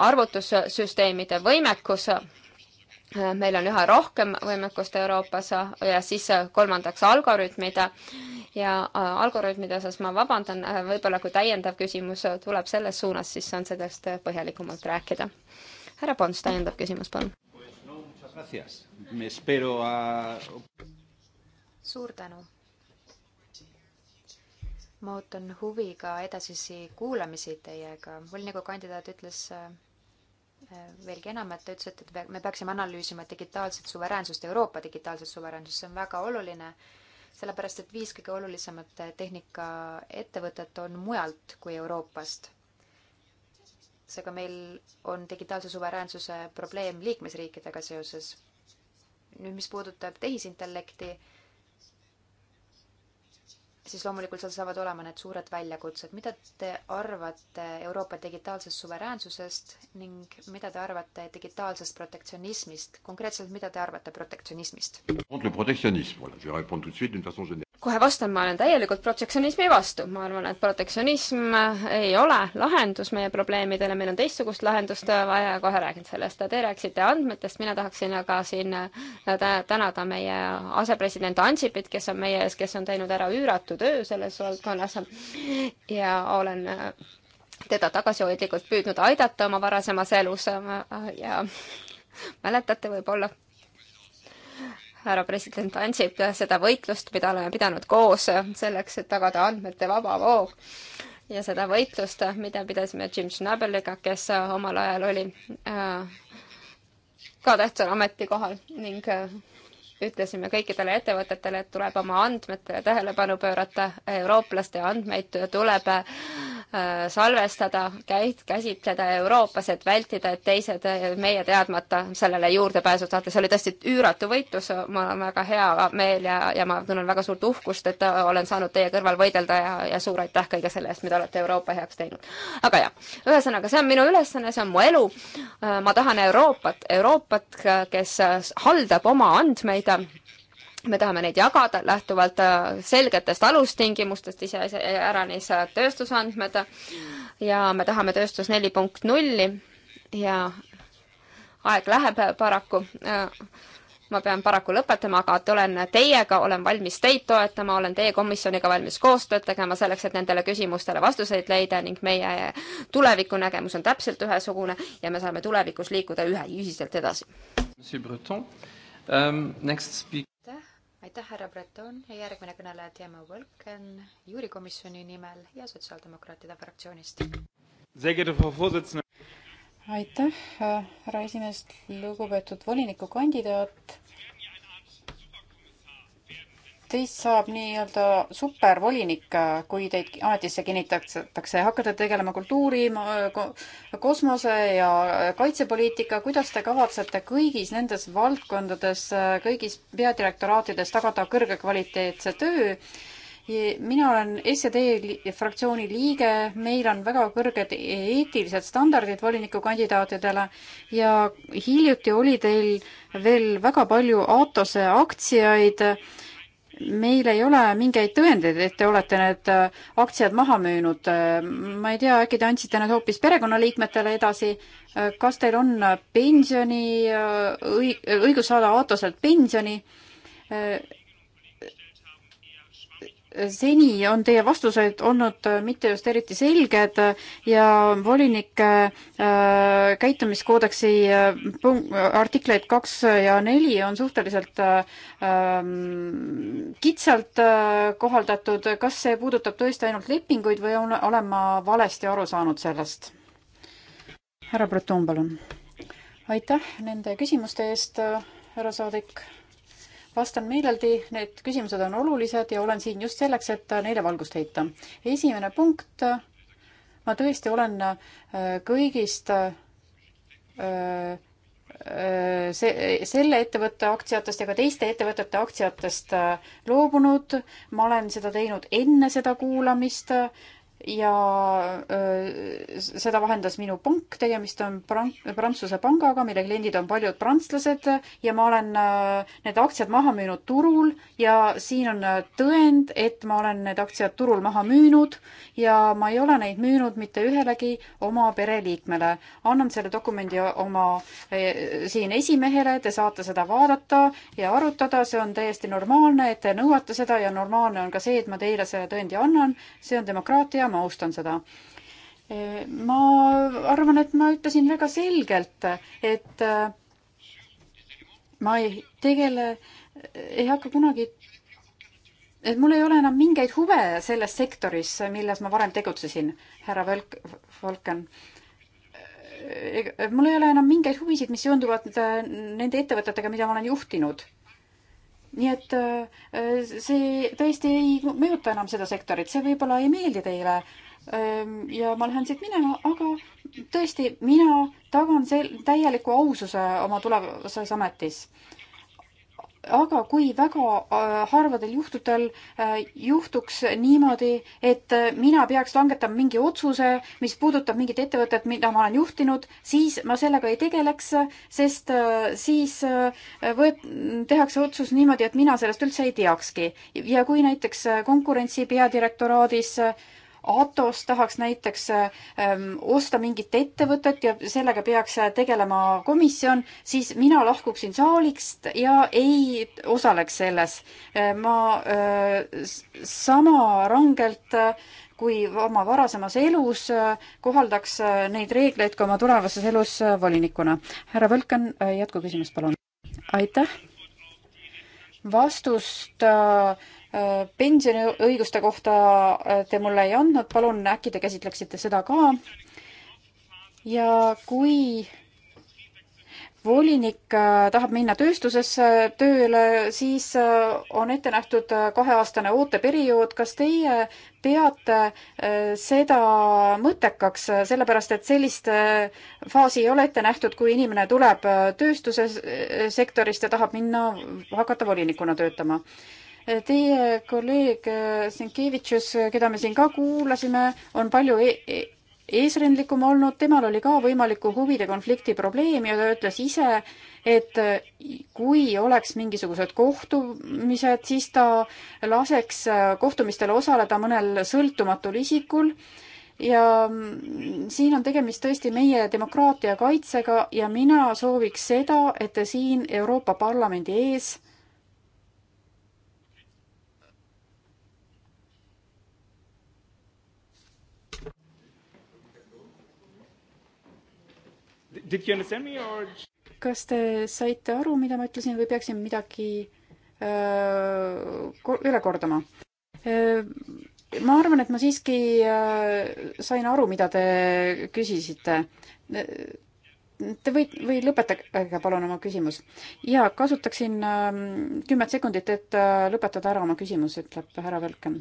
arvutussüsteemide võimekus meil on üha rohkem võimekust Euroopas ja siis äh, kolmandaks algoritmid ja äh, algoritmide osas ma vabandan, äh, võib-olla kui täiendav küsimus tuleb selles suunas, siis saan sellest põhjalikumalt rääkida. härra Pons, täiendav küsimus, palun. suur tänu. ma ootan huviga edasisi kuulamisi teiega, voliniku nagu kandidaat ütles veelgi enam, et te ütlesite, et me peaksime analüüsima digitaalset suveräänsust, Euroopa digitaalset suveräänsust, see on väga oluline, sellepärast et viis kõige olulisemat tehnikaettevõtet on mujalt kui Euroopast. seega meil on digitaalse suveräänsuse probleem liikmesriikidega seoses. nüüd, mis puudutab tehisintellekti, siis loomulikult seal saavad olema need suured väljakutsed. mida te arvate Euroopa digitaalsest suveräänsusest ning mida te arvate digitaalsest protektsionismist? konkreetselt, mida te arvate protektsionismist? kohe vastan, ma olen täielikult protektsionismi vastu, ma arvan, et protektsionism ei ole lahendus meie probleemidele, meil on teistsugust lahendust vaja ja kohe räägin sellest. Te rääkisite andmetest, mina tahaksin aga siin tänada meie asepresident Ansipit, kes on meie ees, kes on teinud ära üüratu töö selles valdkonnas ja olen teda tagasihoidlikult püüdnud aidata oma varasemas elus ja mäletate võib-olla härra president Ansip seda võitlust, mida oleme pidanud koos selleks, et tagada andmete vaba voog ja seda võitlust, mida pidasime Jim Schnabeliga, kes omal ajal oli äh, ka tähtsal ametikohal ning äh, ütlesime kõikidele ettevõtetele, et tuleb oma andmetele tähelepanu pöörata, eurooplaste andmeid tuleb äh, Äh, salvestada, käit-, käsitleda Euroopas, et vältida, et teised äh, meie teadmata sellele juurdepääsu saate, see oli tõesti üüratu võitlus, mul on väga hea meel ja, ja ma tunnen väga suurt uhkust, et äh, olen saanud teie kõrval võidelda ja, ja suur aitäh kõige selle eest, mida olete Euroopa heaks teinud. aga jah, ühesõnaga, see on minu ülesanne, see on mu elu, ma tahan Euroopat, Euroopat, kes haldab oma andmeid, me tahame neid jagada lähtuvalt äh, selgetest alustingimustest, iseäranis äh, tööstusandmed ja me tahame tööstus neli punkt nulli ja aeg läheb paraku. Äh, ma pean paraku lõpetama, aga olen teiega, olen valmis teid toetama, olen teie komisjoniga valmis koostööd tegema selleks, et nendele küsimustele vastuseid leida ning meie tulevikunägemus on täpselt ühesugune ja me saame tulevikus liikuda ühe, ühiselt edasi. Monsieur Breton. Um, next speak aitäh, härra Breton ja järgmine kõneleja Timo Võlken juurikomisjoni nimel ja Sotsiaaldemokraatide fraktsioonist. aitäh, äh, härra esimees, lugupeetud volinikukandidaat Teist saab nii-öelda supervolinik, kui teid ametisse kinnitatakse, hakkate tegelema kultuuri, kosmose ja kaitsepoliitika, kuidas te kavatsete kõigis nendes valdkondades, kõigis peadirektoraatides tagada kõrgekvaliteetse töö? mina olen SED fraktsiooni liige, meil on väga kõrged eetilised standardid volinikukandidaatidele ja hiljuti oli teil veel väga palju Atose aktsiaid meil ei ole mingeid tõendeid, et te olete need äh, aktsiad maha müünud. ma ei tea, äkki te andsite need hoopis perekonnaliikmetele edasi. Äh, kas teil on äh, pensioni, õigus saada Aatoselt pensioni? seni on teie vastused olnud äh, mitte just eriti selged äh, ja volinike äh, käitumiskoodeksi artikleid kaks ja neli on suhteliselt ähm, kitsalt kohaldatud. kas see puudutab tõesti ainult lepinguid või on, olen ma valesti aru saanud sellest? härra Breton, palun. aitäh nende küsimuste eest, härra saadik vastan meeleldi, need küsimused on olulised ja olen siin just selleks, et neile valgust heita. esimene punkt, ma tõesti olen äh, kõigist äh, äh, see, selle ettevõtte aktsiatest ja ka teiste ettevõtete aktsiatest loobunud. ma olen seda teinud enne seda kuulamist ja öö, seda vahendas minu pank, tegemist on Prantsuse pangaga, mille kliendid on paljud prantslased ja ma olen öö, need aktsiad maha müünud turul ja siin on tõend, et ma olen need aktsiad turul maha müünud ja ma ei ole neid müünud mitte ühelegi oma pereliikmele. annan selle dokumendi oma öö, e, siin esimehele, te saate seda vaadata ja arutada, see on täiesti normaalne, et te nõuate seda ja normaalne on ka see, et ma teile selle tõendi annan, see on demokraatia ma austan seda. ma arvan, et ma ütlesin väga selgelt, et ma ei tegele, ei hakka kunagi et mul ei ole enam mingeid huve selles sektoris, milles ma varem tegutsesin, härra Völk-, Volken. mul ei ole enam mingeid huvisid, mis seonduvad äh, nende ettevõtetega, mida ma olen juhtinud nii et äh, see tõesti ei mõjuta enam seda sektorit, see võib-olla ei meeldi teile. Ähm, ja ma lähen siit minema, aga tõesti, mina tagan sel-, täieliku aususe oma tulevases ametis aga kui väga äh, harvadel juhtudel äh, juhtuks niimoodi, et äh, mina peaks langetama mingi otsuse, mis puudutab mingit ettevõtet, mida ma olen juhtinud, siis ma sellega ei tegeleks, sest siis võet-, tehakse otsus niimoodi, et mina sellest üldse ei teakski. ja kui näiteks konkurentsi peadirektoraadis äh, Atos tahaks näiteks ähm, osta mingit ettevõtet ja sellega peaks tegelema komisjon, siis mina lahkuksin saalist ja ei osaleks selles. Äh, ma äh, sama rangelt äh, kui oma varasemas elus kohaldaks neid reegleid ka oma tulevases elus volinikuna. härra Võlken, jätkuküsimus palun. aitäh. vastust äh, pensioniõiguste kohta äh, te mulle ei andnud, palun äkki te käsitleksite seda ka. ja kui volinik äh, tahab minna tööstusesse tööle, siis äh, on ette nähtud kaheaastane ooteperiood. kas teie peate seda mõttekaks, sellepärast et sellist faasi ei ole ette nähtud, kui inimene tuleb tööstuse sektorist ja tahab minna, hakata volinikuna töötama? Teie kolleeg äh, Sinkevitšus, keda me siin ka kuulasime, on palju e e eesrindlikum olnud, temal oli ka võimaliku huvide konflikti probleem ja ta ütles ise, et äh, kui oleks mingisugused kohtumised, siis ta laseks äh, kohtumistel osaleda mõnel sõltumatul isikul ja mm, siin on tegemist tõesti meie demokraatia kaitsega ja mina sooviks seda, et te siin Euroopa Parlamendi ees Did you understand me or? kas te saite aru, mida ma ütlesin või peaksin midagi öö, äh, üle kordama? Äh, ma arvan, et ma siiski öö, äh, sain aru, mida te küsisite. Te või, või lõpetage palun oma küsimus. ja kasutaksin kümmet sekundit, et öö, lõpetada ära oma küsimus, ütleb härra Võlken.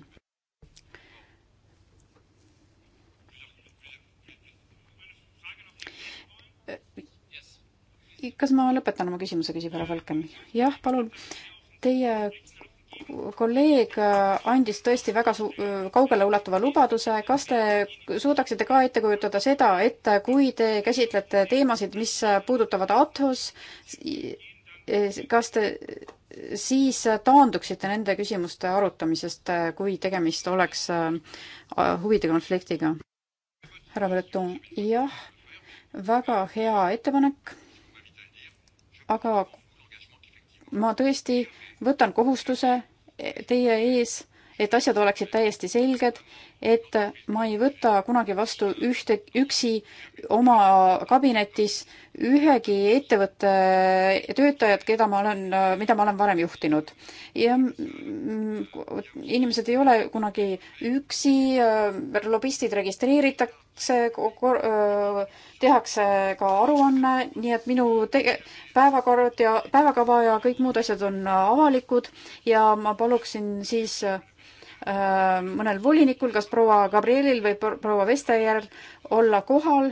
kas ma lõpetan oma küsimuse, küsib härra Falken? jah, palun. Teie kolleeg andis tõesti väga su-, kaugeleulatuva lubaduse, kas te suudaksite ka ette kujutada seda, et kui te käsitlete teemasid, mis puudutavad ATHOS, kas te siis taanduksite nende küsimuste arutamisest, kui tegemist oleks äh, huvide konfliktiga? härra Breton, jah, väga hea ettepanek aga ma tõesti võtan kohustuse teie ees, et asjad oleksid täiesti selged et ma ei võta kunagi vastu ühte, üksi oma kabinetis ühegi ettevõtte töötajat, keda ma olen, mida ma olen varem juhtinud. ja inimesed ei ole kunagi üksi, lobistid registreeritakse, tehakse ka aruanne, nii et minu tege-, päevakord ja päevakava ja kõik muud asjad on avalikud ja ma paluksin siis Äh, mõnel volinikul, kas proua Gabrielil või proua Vestager olla kohal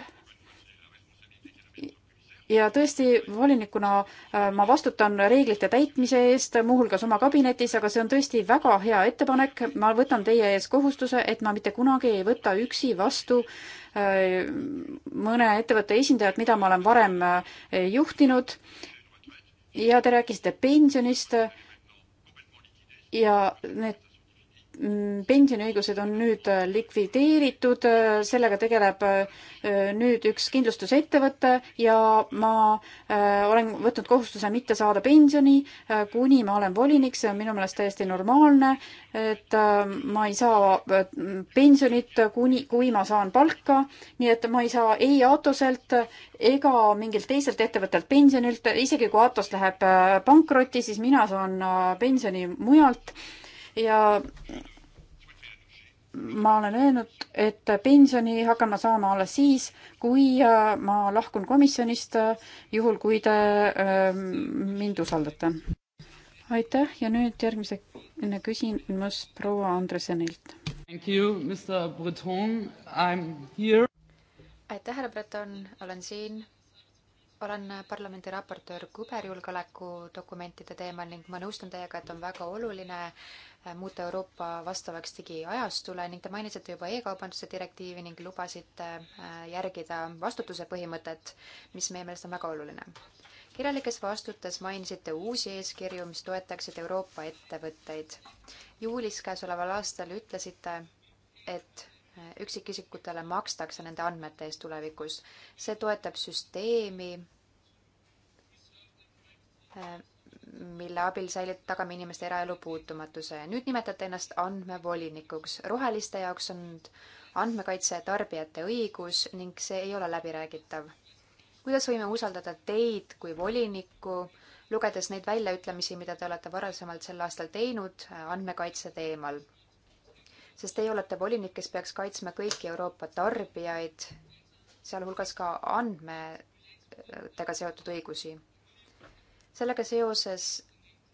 ja tõesti, volinikuna äh, ma vastutan reeglite täitmise eest, muuhulgas oma kabinetis, aga see on tõesti väga hea ettepanek. ma võtan teie ees kohustuse, et ma mitte kunagi ei võta üksi vastu äh, mõne ettevõtte esindajat, mida ma olen varem juhtinud. ja te rääkisite pensionist ja need Mm, pensioniõigused on nüüd äh, likvideeritud, äh, sellega tegeleb äh, nüüd üks kindlustusettevõte ja ma olen võtnud kohustuse mitte saada pensioni, kuni ma olen volinik, see on minu meelest täiesti normaalne, et ma ei saa pensionit, kuni, kui ma saan palka, nii et ma ei saa ei Atoselt ega mingilt teiselt ettevõttelt pensionilt, isegi kui Atos läheb pankrotti, siis mina saan pensioni mujalt ja ma olen öelnud, et pensioni hakkan ma saama alles siis, kui äh, ma lahkun komisjonist, äh, juhul kui te äh, mind usaldate. aitäh ja nüüd järgmise küsimus proua Andresenilt. aitäh, härra Breton, olen siin. olen parlamendi raportöör küberjulgeoleku dokumentide teemal ning ma nõustun teiega, et on väga oluline äh, Äh, muuta Euroopa vastavaks digiajastule ning te mainisite juba e-kaubanduse direktiivi ning lubasite äh, järgida vastutuse põhimõtet, mis meie meelest on väga oluline. kirjalikes vastutes mainisite uusi eeskirju, mis toetaksid Euroopa ettevõtteid. juulis käesoleval aastal ütlesite, et äh, üksikisikutele makstakse nende andmete eest tulevikus. see toetab süsteemi mille abil säilit-, tagame inimeste eraelu puutumatuse. nüüd nimetate ennast andmevolinikuks. roheliste jaoks on andmekaitse tarbijate õigus ning see ei ole läbiräägitav. kuidas võime usaldada teid kui volinikku, lugedes neid väljaütlemisi, mida te olete varasemalt sel aastal teinud äh, andmekaitse teemal? sest teie olete volinik, kes peaks kaitsma kõiki Euroopa tarbijaid, sealhulgas ka andmetega seotud õigusi sellega seoses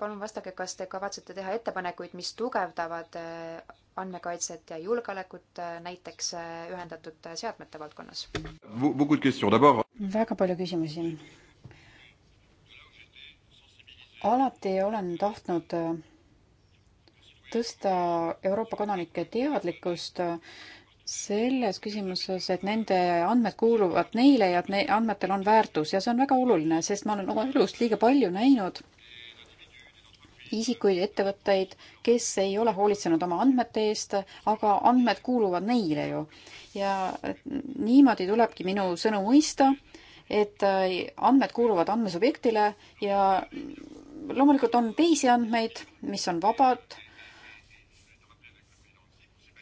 palun vastake, kas te kavatsete teha ettepanekuid, mis tugevdavad äh, andmekaitset ja julgeolekut äh, näiteks äh, ühendatud seadmete valdkonnas? väga palju küsimusi. alati olen tahtnud tõsta Euroopa kodanike teadlikkust selles küsimuses, et nende andmed kuuluvad neile ja et ne-, andmetel on väärtus ja see on väga oluline, sest ma olen oma elust liiga palju näinud isikuid, ettevõtteid, kes ei ole hoolitsenud oma andmete eest, aga andmed kuuluvad neile ju. ja niimoodi tulebki minu sõnu mõista, et äh, andmed kuuluvad andmesubjektile ja loomulikult on teisi andmeid, mis on vabad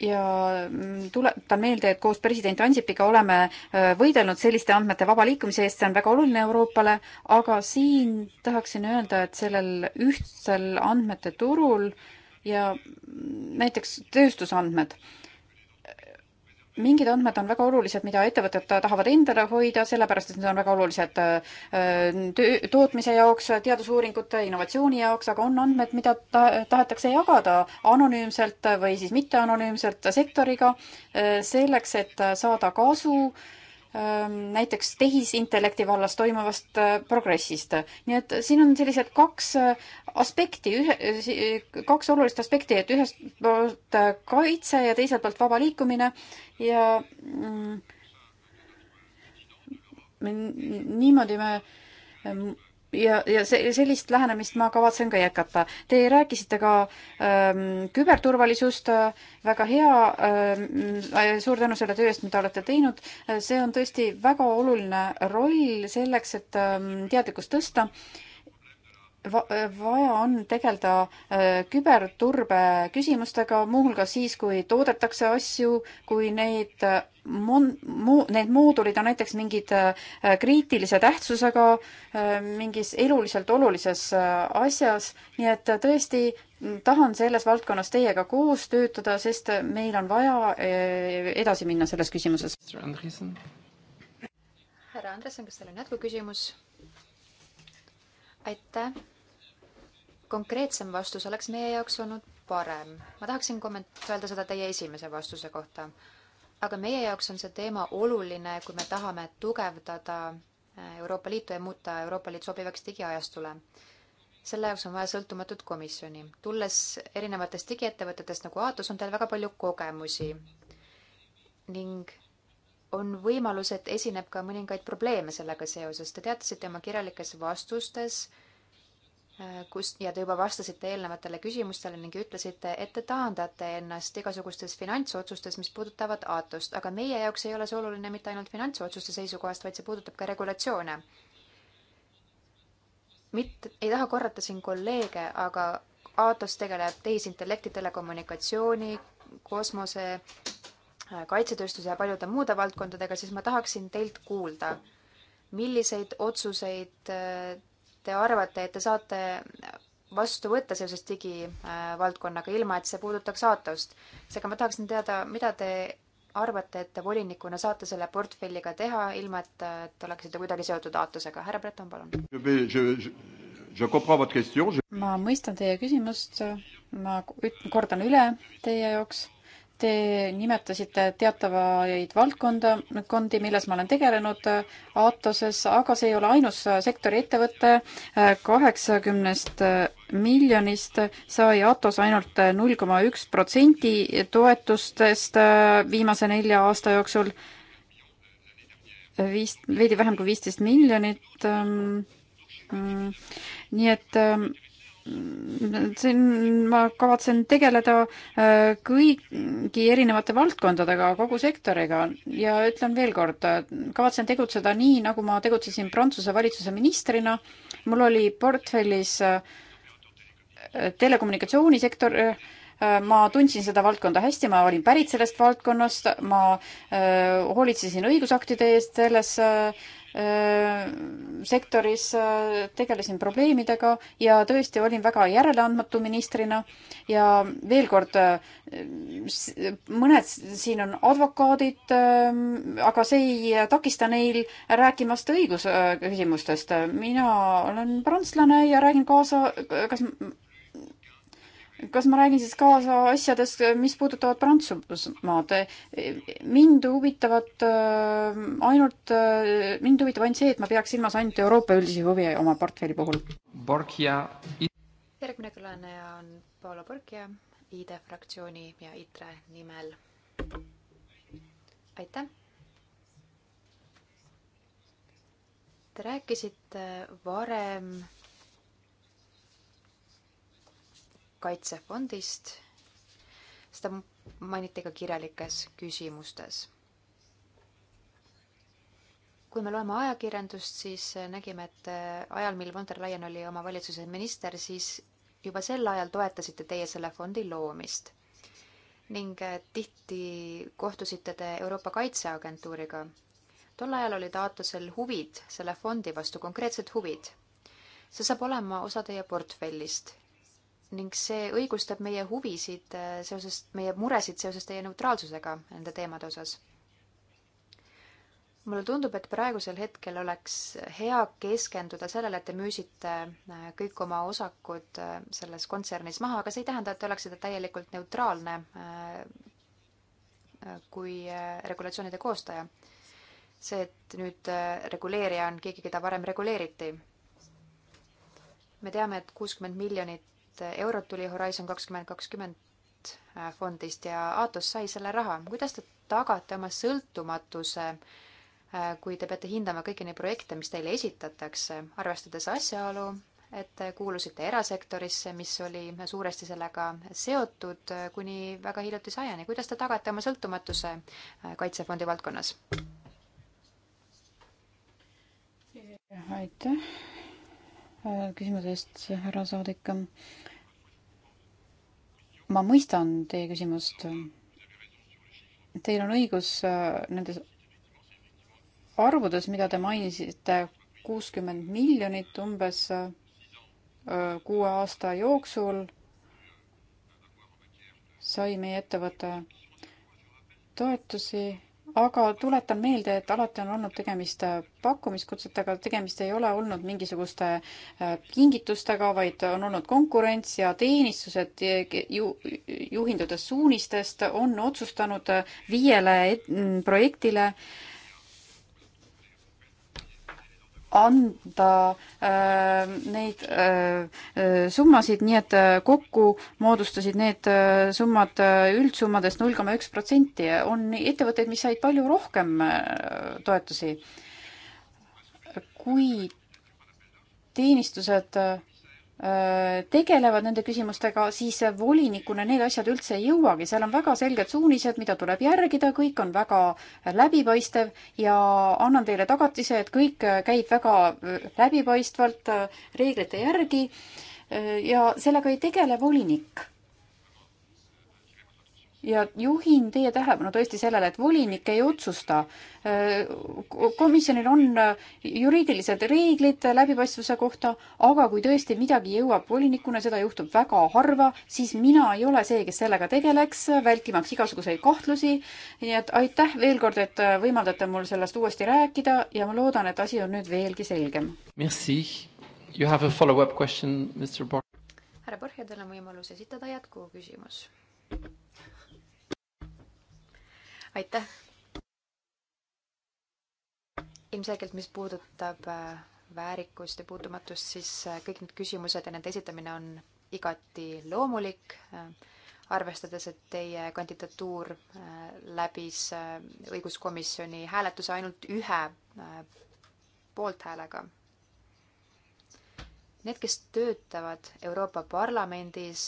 ja mm, tuletan meelde, et koos president Ansipiga oleme äh, võidelnud selliste andmete vaba liikumise eest, see on väga oluline Euroopale, aga siin tahaksin öelda, et sellel ühtsel andmete turul ja näiteks tööstusandmed mingid andmed on väga olulised, mida ettevõtted tahavad endale hoida, sellepärast et need on väga olulised äh, töö, tootmise jaoks, teadusuuringute, innovatsiooni jaoks, aga on andmed, mida ta, tahetakse jagada anonüümselt või siis mitteanonüümselt sektoriga, äh, selleks et saada kasu äh, Ehm, näiteks tehisintellekti vallas toimuvast äh, progressist. nii et siin on sellised kaks äh, aspekti, ühe, äh, kaks olulist aspekti, et ühest poolt kaitse ja teiselt poolt vaba liikumine ja mm, niimoodi me ja, ja see, sellist lähenemist ma kavatsen ka jätkata. Te rääkisite ka ähm, küberturvalisust äh,, väga hea ähm, äh,, suur tänu selle töö eest, mida olete teinud. Äh, see on tõesti väga oluline roll selleks, et ähm, teadlikkust tõsta äh, va-, vaja on tegeleda äh, küberturbe küsimustega, muuhulgas siis, kui toodetakse asju, kui neid äh, mon-, mo-, need moodulid on näiteks mingid äh, kriitilise tähtsusega mingis eluliselt olulises asjas, nii et tõesti tahan selles valdkonnas teiega koos töötada, sest meil on vaja edasi minna selles küsimuses. härra Andreson, kas teil on jätkuküsimus? aitäh. konkreetsem vastus oleks meie jaoks olnud parem. ma tahaksin komment-, öelda seda teie esimese vastuse kohta. aga meie jaoks on see teema oluline, kui me tahame tugevdada äh, Euroopa Liitu ja muuta Euroopa Liit sobivaks digiajastule. selle jaoks on vaja sõltumatut komisjoni. tulles erinevatest digiettevõtetest nagu Aatos, on teil väga palju kogemusi ning on võimalus, et esineb ka mõningaid probleeme sellega seoses. Te teatasite oma kirjalikes vastustes, äh, kus, ja te juba vastasite eelnevatele küsimustele ning ütlesite, et te taandate ennast igasugustes finantsotsustes, mis puudutavad Aatust, aga meie jaoks ei ole see oluline mitte ainult finantsotsuste seisukohast, vaid see puudutab ka regulatsioone. mitte, ei taha korrata siin kolleege, aga Aatos tegeleb tehisintellekti, telekommunikatsiooni, kosmose kaitsetööstuse ja paljude muude valdkondadega, siis ma tahaksin teilt kuulda, milliseid otsuseid äh, te arvate, et te saate vastu võtta seoses digivaldkonnaga, ilma et see puudutaks Aatost. seega ma tahaksin teada, mida te arvate, et te volinikuna saate selle portfelliga teha, ilma et äh, te oleksite kuidagi seotud Aatosega? härra Breton, palun. ma mõistan teie küsimust, ma kordan üle teie jaoks Te nimetasite teatavaid valdkondi, milles ma olen tegelenud Atoses, aga see ei ole ainus sektori ettevõte. kaheksakümnest miljonist sai Atos ainult null koma üks protsenti toetustest viimase nelja aasta jooksul. viis, veidi vähem kui viisteist miljonit. nii et siin ma kavatsen tegeleda äh, kõigi erinevate valdkondadega, kogu sektoriga ja ütlen veel kord, äh, kavatsen tegutseda nii, nagu ma tegutsesin Prantsuse valitsuse ministrina. mul oli portfellis äh, telekommunikatsioonisektor, ma tundsin seda valdkonda hästi, ma olin pärit sellest valdkonnast, ma hoolitsesin õigusaktide eest selles äh, Äh, sektoris äh, tegelesin probleemidega ja tõesti olin väga järeleandmatu ministrina ja veel kord, äh, mõned siin on advokaadid, aga see ei takista neil rääkimast õigusküsimustest. mina olen prantslane ja räägin kaasa, kas kas ma räägin siis kaasa asjadest, mis puudutavad Prantsusmaad? mind huvitavad äh, ainult, äh, mind huvitab ainult see, et ma peaks silmas ainult Euroopa üldisi huvi oma portfelli puhul. Borgia. järgmine kõneleja on Paolo Borgia, IDE fraktsiooni ja ITRE nimel. aitäh. Te rääkisite varem kaitsefondist. seda mainiti ka kirjalikes küsimustes. kui me loeme ajakirjandust, siis nägime, et ajal, mil von der Leyen oli oma valitsuse minister, siis juba sel ajal toetasite teie selle fondi loomist ning tihti kohtusite te Euroopa Kaitseagentuuriga. tol ajal olid Aatusel huvid selle fondi vastu, konkreetsed huvid. see saab olema osa teie portfellist ning see õigustab meie huvisid äh, seoses, meie muresid seoses teie neutraalsusega nende teemade osas. mulle tundub, et praegusel hetkel oleks hea keskenduda sellele, et te müüsite äh, kõik oma osakud äh, selles kontsernis maha, aga see ei tähenda, et te oleksite täielikult neutraalne kui regulatsioonide koostaja. see, et nüüd reguleerija on keegi, keda varem reguleeriti. me teame, et kuuskümmend miljonit miljonit eurot tuli Horizon kakskümmend kakskümmend äh, fondist ja Atos sai selle raha. kuidas te tagate oma sõltumatuse, äh, kui te peate hindama kõiki neid projekte, mis teile esitatakse, arvestades asjaolu, et te kuulusite erasektorisse, mis oli suuresti sellega seotud äh, kuni väga hiljutise ajani. kuidas te tagate oma sõltumatuse Kaitsefondi valdkonnas? aitäh küsimuse eest, härra saadik. ma mõistan teie küsimust. Teil on õigus äh, nendes arvudes, mida te mainisite, kuuskümmend miljonit umbes äh, kuue aasta jooksul sai meie ettevõte toetusi aga tuletan meelde, et alati on olnud tegemist äh, pakkumiskutsetega, tegemist ei ole olnud mingisuguste äh, kingitustega, vaid on olnud konkurents ja teenistused äh, ju, juhindudes suunistest on otsustanud viiele mm, projektile äh, anda äh, neid äh, äh summasid, nii et äh, kokku moodustasid need äh, summad äh, üldsummadest null koma üks protsenti. on ettevõtteid, mis said palju rohkem toetusi. kui teenistused äh, Äh, tegelevad nende küsimustega, siis volinikuna need asjad üldse ei jõuagi, seal on väga selged suunised, mida tuleb järgida, kõik on väga läbipaistev ja annan teile tagatise, et kõik käib väga äh, läbipaistvalt äh, reeglite järgi ja sellega ei tegele volinik ja juhin teie tähelepanu tõesti sellele, et volinik ei otsusta. komisjonil on äh, juriidilised reeglid läbipaistvuse kohta, aga kui tõesti midagi jõuab volinikuna, seda juhtub väga harva, siis mina ei ole see, kes sellega tegeleks, vältimaks igasuguseid kahtlusi. nii et aitäh veel kord, et äh, võimaldate mul sellest uuesti rääkida ja ma loodan, et asi on nüüd veelgi selgem. Merci. You have a follow-up question, Mr Borg? härra Borg, teil on võimalus esitada jätkuküsimus aitäh! ilmselgelt, mis puudutab äh, väärikust ja puutumatust, siis äh, kõik need küsimused ja nende esitamine on igati loomulik, äh, arvestades, et teie kandidatuur läbis õiguskomisjoni hääletuse ainult ühe poolthäälega. Need, kes töötavad Euroopa Parlamendis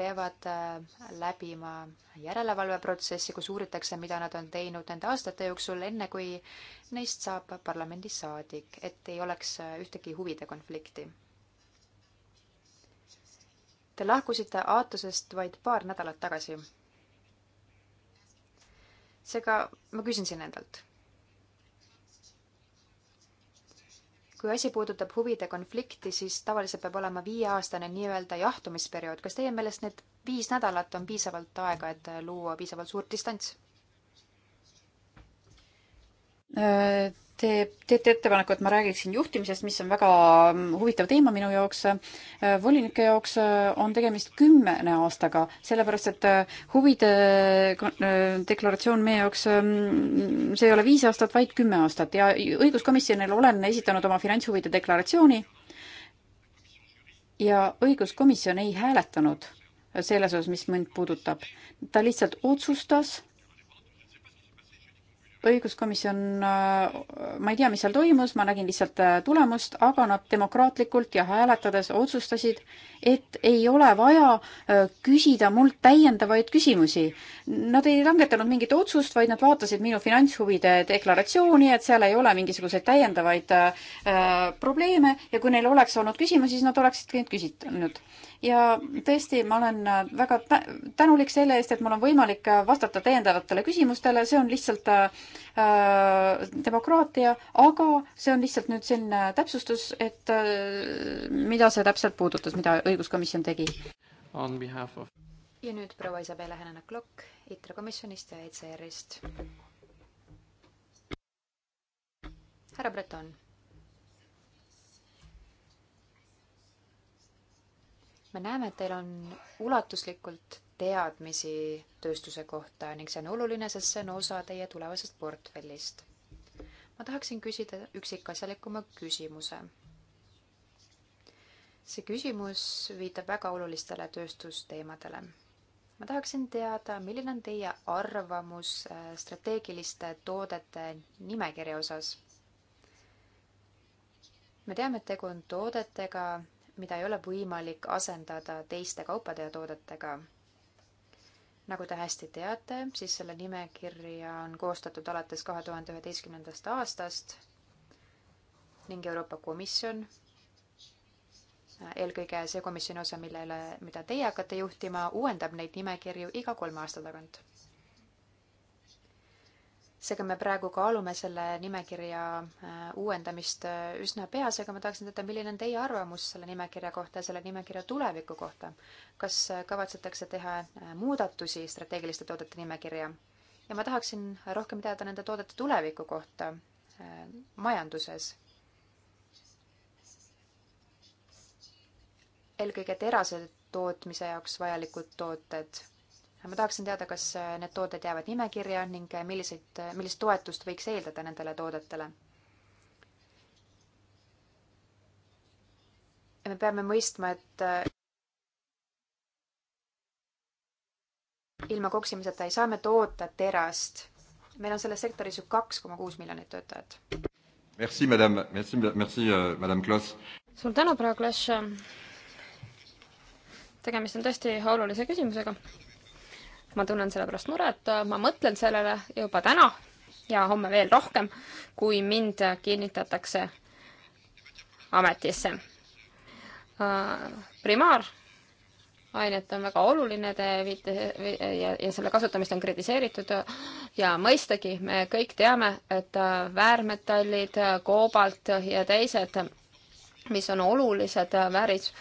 peavad äh, läbima järelevalveprotsessi, kus uuritakse, mida nad on teinud nende aastate jooksul, enne kui neist saab parlamendis saadik, et ei oleks äh, ühtegi huvide konflikti. Te lahkusite Aatusest vaid paar nädalat tagasi. seega ma küsin siin endalt kui asi puudutab huvide konflikti, siis tavaliselt peab olema viieaastane nii-öelda jahtumisperiood. kas teie meelest need viis nädalat on piisavalt aega, et luua piisavalt suurt distants? Äh, Te teete ettepaneku, et ma räägiksin juhtimisest, mis on väga mm, huvitav teema minu jaoks. Äh, volinike jaoks äh, on tegemist kümne aastaga, sellepärast et äh, huvide deklaratsioon meie jaoks, mm, see ei ole viis aastat, vaid kümme aastat ja õiguskomisjonile olen esitanud oma finantshuvide deklaratsiooni. ja õiguskomisjon ei hääletanud selles osas, mis mind puudutab. ta lihtsalt otsustas õiguskomisjon, äh, ma ei tea, mis seal toimus, ma nägin lihtsalt äh, tulemust, aga nad demokraatlikult ja hääletades otsustasid, et ei ole vaja äh, küsida mult täiendavaid küsimusi. Nad ei langetanud mingit otsust, vaid nad vaatasid minu finantshuvide deklaratsiooni, et seal ei ole mingisuguseid täiendavaid äh, probleeme ja kui neil oleks olnud küsimusi, siis nad oleksid neid küsinud ja tõesti, ma olen äh, väga tänulik selle eest, et mul on võimalik äh, vastata täiendavatele küsimustele, see on lihtsalt äh, äh, demokraatia, aga see on lihtsalt nüüd selline täpsustus, et äh, mida see täpselt puudutas, mida õiguskomisjon tegi. Of... ja nüüd proua Isabelle Hänenak-Lokk ITRE komisjonist ja ECR-ist. härra Breton me näeme, et teil on ulatuslikult teadmisi tööstuse kohta ning see on oluline, sest see on osa teie tulevasest portfellist. ma tahaksin küsida üksikasjalikuma küsimuse. see küsimus viitab väga olulistele tööstusteemadele. ma tahaksin teada, milline on teie arvamus äh, strateegiliste toodete nimekirja osas? me teame, et tegu on toodetega, mida ei ole võimalik asendada teiste kaupade ja toodetega. nagu te hästi teate, siis selle nimekirja on koostatud alates kahe tuhande üheteistkümnendast aastast ning Euroopa Komisjon, eelkõige see komisjoni osa, millele, mida teie hakkate juhtima, uuendab neid nimekirju iga kolme aasta tagant seega me praegu kaalume selle nimekirja äh, uuendamist äh, üsna pea, seega ma tahaksin teada, milline on teie arvamus selle nimekirja kohta ja selle nimekirja tuleviku kohta. kas äh, kavatsetakse teha muudatusi strateegiliste toodete nimekirja? ja ma tahaksin rohkem teada nende toodete tuleviku kohta majanduses. eelkõige terase tootmise jaoks vajalikud tooted ma tahaksin teada, kas äh, need tooted jäävad nimekirja ning äh, milliseid, äh, millist toetust võiks eeldada nendele toodetele. me peame mõistma, et ilma koksimiseta ei saa me toota terast. meil on selles sektoris ju kaks koma kuus miljonit töötajat. Merci, madame, merci, merci, madame Klos. suur tänu, proua Klos. tegemist on tõesti olulise küsimusega ma tunnen selle pärast muret, ma mõtlen sellele juba täna ja homme veel rohkem, kui mind kinnitatakse ametisse. Äh, primaarainet on väga oluline, te viite ja, ja selle kasutamist on kritiseeritud ja mõistagi, me kõik teame, et äh, väärmetallid, koobalt ja teised, mis on olulised äh, vääris-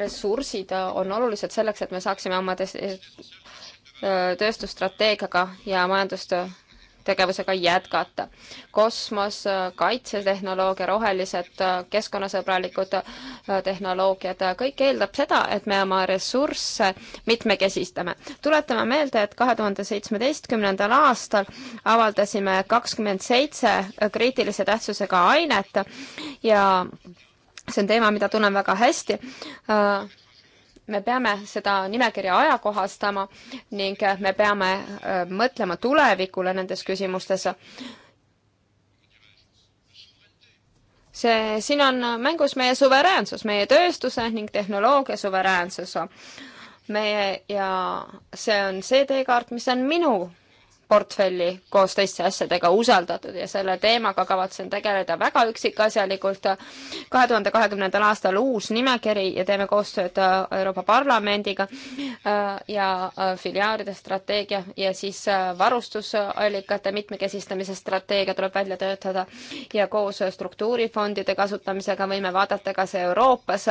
ressursid äh, on olulised selleks, et me saaksime oma äh, tööstusstrateegiaga ja majandustegevusega jätkata. kosmos, äh, kaitsetehnoloogia, rohelised, keskkonnasõbralikud tehnoloogiad, kõik eeldab seda, et me oma ressursse mitmekesistame. tuletame meelde, et kahe tuhande seitsmeteistkümnendal aastal avaldasime kakskümmend seitse kriitilise tähtsusega ainet ja see on teema, mida tunnen väga hästi. Äh, me peame seda nimekirja ajakohastama ning me peame äh, mõtlema tulevikule nendes küsimustes. see, siin on mängus meie suveräänsus, meie tööstuse ning tehnoloogia suveräänsus. meie ja see on see teekaart, mis on minu portfelli koos teiste asjadega usaldatud ja selle teemaga kavatsen tegeleda väga üksikasjalikult. kahe tuhande kahekümnendal aastal uus nimekiri ja teeme koostööd äh, Euroopa Parlamendiga äh, ja äh, filiaalide strateegia ja siis varustusallikate mitmekesistamise strateegia tuleb välja töötada ja koos struktuurifondide kasutamisega võime vaadata, kas Euroopas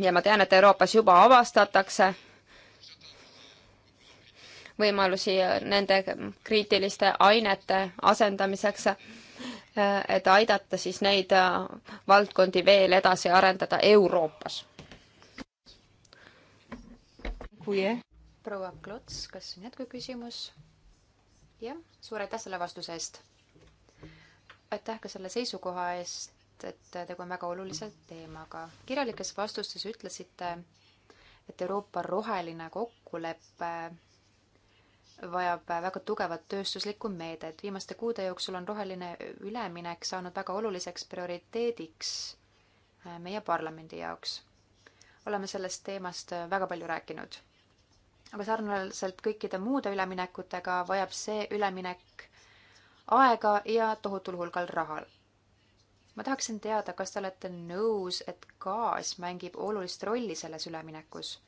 ja ma tean, et Euroopas juba avastatakse võimalusi nende kriitiliste ainete asendamiseks, et aidata siis neid valdkondi veel edasi arendada Euroopas. proua Klots, kas on jätkuküsimus? jah, suur aitäh selle vastuse eest. aitäh ka selle seisukoha eest, et tegu on väga olulise teemaga. kirjalikes vastustes ütlesite, et Euroopa roheline kokkulepe vajab väga tugevat tööstuslikku meedet. viimaste kuude jooksul on roheline üleminek saanud väga oluliseks prioriteediks äh, meie parlamendi jaoks. oleme sellest teemast äh, väga palju rääkinud. aga sarnaselt kõikide muude üleminekutega vajab see üleminek aega ja tohutul hulgal rahal. ma tahaksin teada, kas te olete nõus, et gaas mängib olulist rolli selles üleminekus,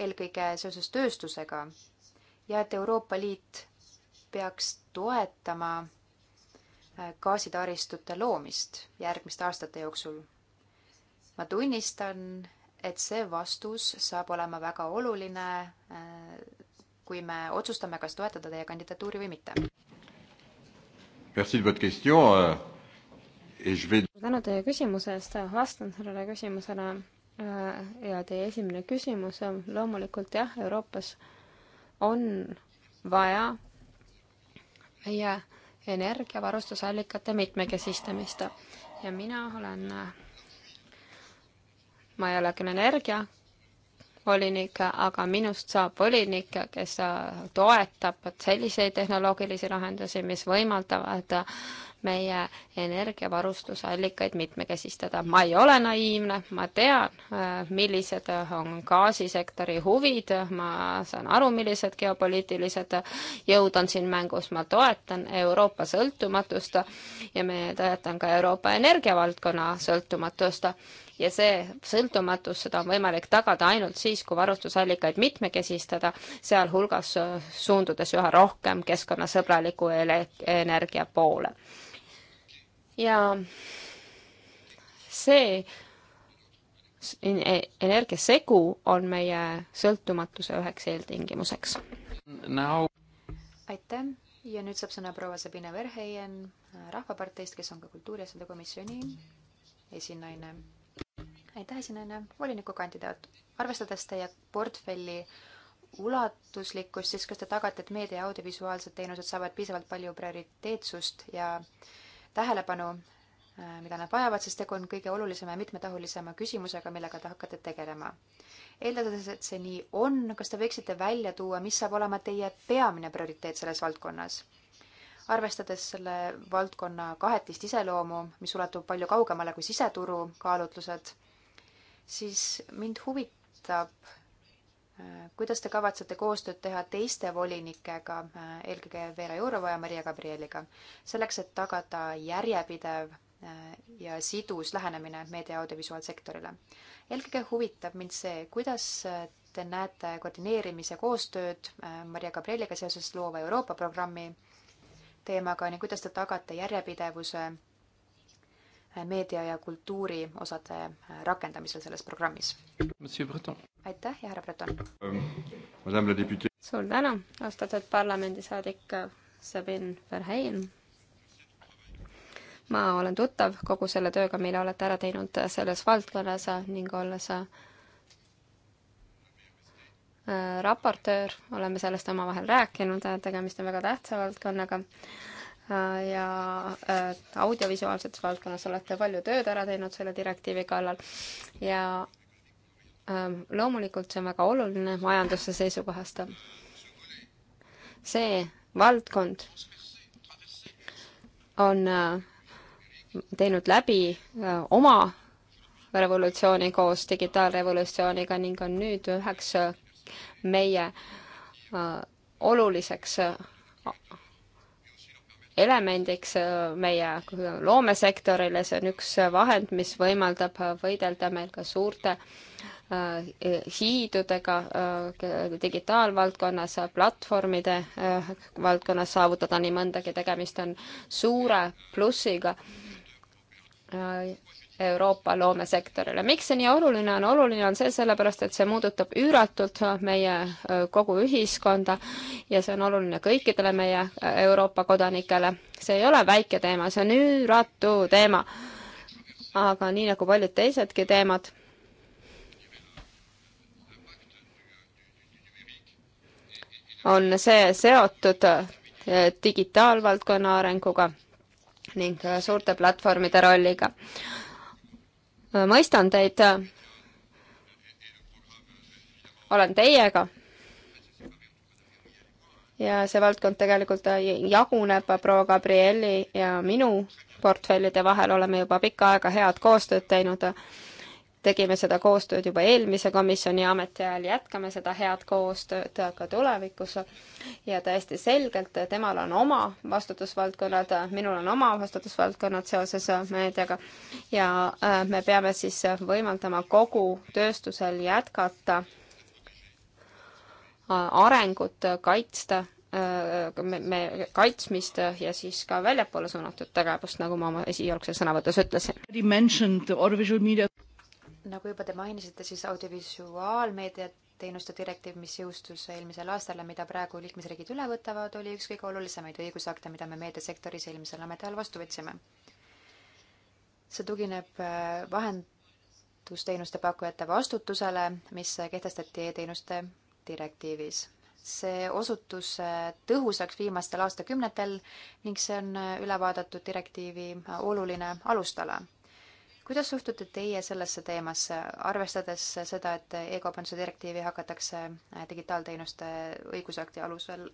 eelkõige seoses tööstusega ja et Euroopa Liit peaks toetama äh, gaasitaristute loomist järgmiste aastate jooksul. ma tunnistan, et see vastus saab olema väga oluline, äh, kui me otsustame, kas toetada teie kandidatuuri või mitte. Euh, tänu teie küsimuse eest, vastan sellele küsimusele äh, ja teie esimene küsimus, loomulikult jah, Euroopas äh, on vaja meie energiavarustusallikate mitmekesistamist ja mina olen, ma ei ole küll energiavolinik, aga minust saab volinik, kes toetab selliseid tehnoloogilisi lahendusi, mis võimaldavad meie energiavarustusallikaid mitmekesistada. ma ei ole naiivne, ma tean, äh, millised on gaasisektori huvid, ma saan aru, millised geopoliitilised jõud on siin mängus, ma toetan Euroopa sõltumatust ja me toetan ka Euroopa energiavaldkonna sõltumatust ja see sõltumatus, seda on võimalik tagada ainult siis, kui varustusallikaid mitmekesistada, sealhulgas suundudes üha rohkem keskkonnasõbraliku energia poole ja see e-, energiasegu on meie sõltumatuse üheks eeltingimuseks no.. aitäh ja nüüd saab sõna proua Sabine Verheien Rahvaparteist, kes on ka kultuuriasjade komisjoni esinaine. aitäh, esinaine, volinikukandidaat. arvestades teie portfelli ulatuslikkust, siis kas te tagate, et meedia ja audiovisuaalsed teenused saavad piisavalt palju prioriteetsust ja äh, tähelepanu, äh, mida nad vajavad, sest tegu on kõige olulisema ja mitmetahulisema küsimusega, millega te hakkate tegelema. eeldades, et see nii on, kas te võiksite välja tuua, mis saab olema teie peamine prioriteet selles valdkonnas? arvestades selle valdkonna kahetist iseloomu, mis ulatub palju kaugemale kui siseturu kaalutlused, siis mind huvitab, kuidas te kavatsete koostööd teha teiste volinikega, eelkõige Vera Jourova ja Maria Gabrieliga, selleks et tagada järjepidev äh, ja sidus lähenemine meedia audiovisuaalsektorile? eelkõige huvitab mind see, kuidas äh, te näete koordineerimise koostööd äh, Maria Gabrieliga seoses Loova Euroopa programmi teemaga ning kuidas te tagate järjepidevuse meedia ja kultuuri osade äh, rakendamisel selles programmis. aitäh ja härra Breton ähm,! suur tänu, austatud parlamendisaadik Sabine Verheyen! ma olen tuttav kogu selle tööga, mille olete ära teinud selles valdkonnas ning olles äh, raportöör, oleme sellest omavahel rääkinud, tegemist on väga tähtsa valdkonnaga Äh, ja äh, audiovisuaalses valdkonnas olete palju tööd ära teinud selle direktiivi kallal ja ähm, loomulikult see on väga oluline majanduse seisukohast. see valdkond on äh, teinud läbi oma revolutsiooni koos digitaalrevolutsiooniga ning on nüüd üheks meie oluliseks elemendiks äh, meie loomesektorile, see on üks vahend, mis võimaldab äh, võidelda meil ka suurte äh, hiidudega digitaalvaldkonnas, platvormide valdkonnas saavutada nii mõndagi, tegemist on suure plussiga Euroopa loomesektorile. miks see nii oluline on? oluline on see sellepärast, et see muudutab üüratult meie kogu ühiskonda ja see on oluline kõikidele meie Euroopa kodanikele. see ei ole väike teema, see on üüratu teema. aga nii nagu paljud teisedki teemad, on see seotud digitaalvaldkonna arenguga ning suurte platvormide rolliga Äh, mõistan teid. olen teiega. ja see valdkond tegelikult äh, jaguneb äh, proua Gabrieli ja minu portfellide vahel, oleme juba pikka aega head koostööd teinud tegime seda koostööd juba eelmise komisjoni ametiajal, jätkame seda head koostööd ka tulevikus. ja täiesti selgelt, temal on oma vastutusvaldkonnad, minul on oma vastutusvaldkonnad seoses meediaga ja äh, me peame siis võimaldama kogu tööstusel jätkata äh, arengut, kaitsta äh, me, me kaitsmist ja siis ka väljapoole suunatud tegevust, nagu ma oma esialgses sõnavõtus ütlesin nagu juba te mainisite, siis audiovisuaalmeedia teenuste direktiiv, mis jõustus eelmisel aastal ja mida praegu liikmesriigid üle võtavad, oli üks kõige olulisemaid õigusakte, mida me meediasektoris eelmisel ametiajal vastu võtsime. see tugineb äh, vahendusteenuste pakkujate vastutusele, mis kehtestati e-teenuste direktiivis. see osutus äh, tõhusaks viimastel aastakümnetel ning see on äh, üle vaadatud direktiivi oluline alustala kuidas suhtute teie sellesse teemasse, arvestades seda, et e-kaubanduse direktiivi hakatakse äh, digitaalteenuste õigusakti alusel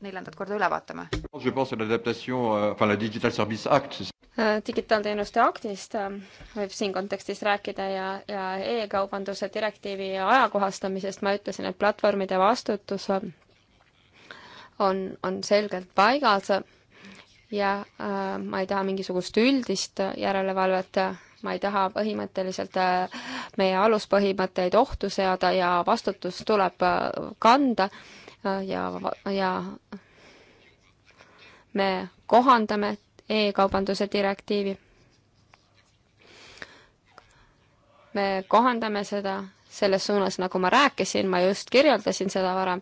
neljandat korda üle vaatama? Euh, äh, digitaalteenuste aktist äh, võib siin kontekstis rääkida ja, ja e-kaubanduse direktiivi ajakohastamisest ma ütlesin, et platvormide vastutus on, on, on selgelt paigas ja äh, ma ei taha mingisugust üldist järelevalvet ma ei taha põhimõtteliselt äh, meie aluspõhimõtteid ohtu seada ja vastutus tuleb äh, kanda äh, ja, ja me kohandame e-kaubanduse direktiivi. me kohandame seda selles suunas, nagu ma rääkisin, ma just kirjeldasin seda varem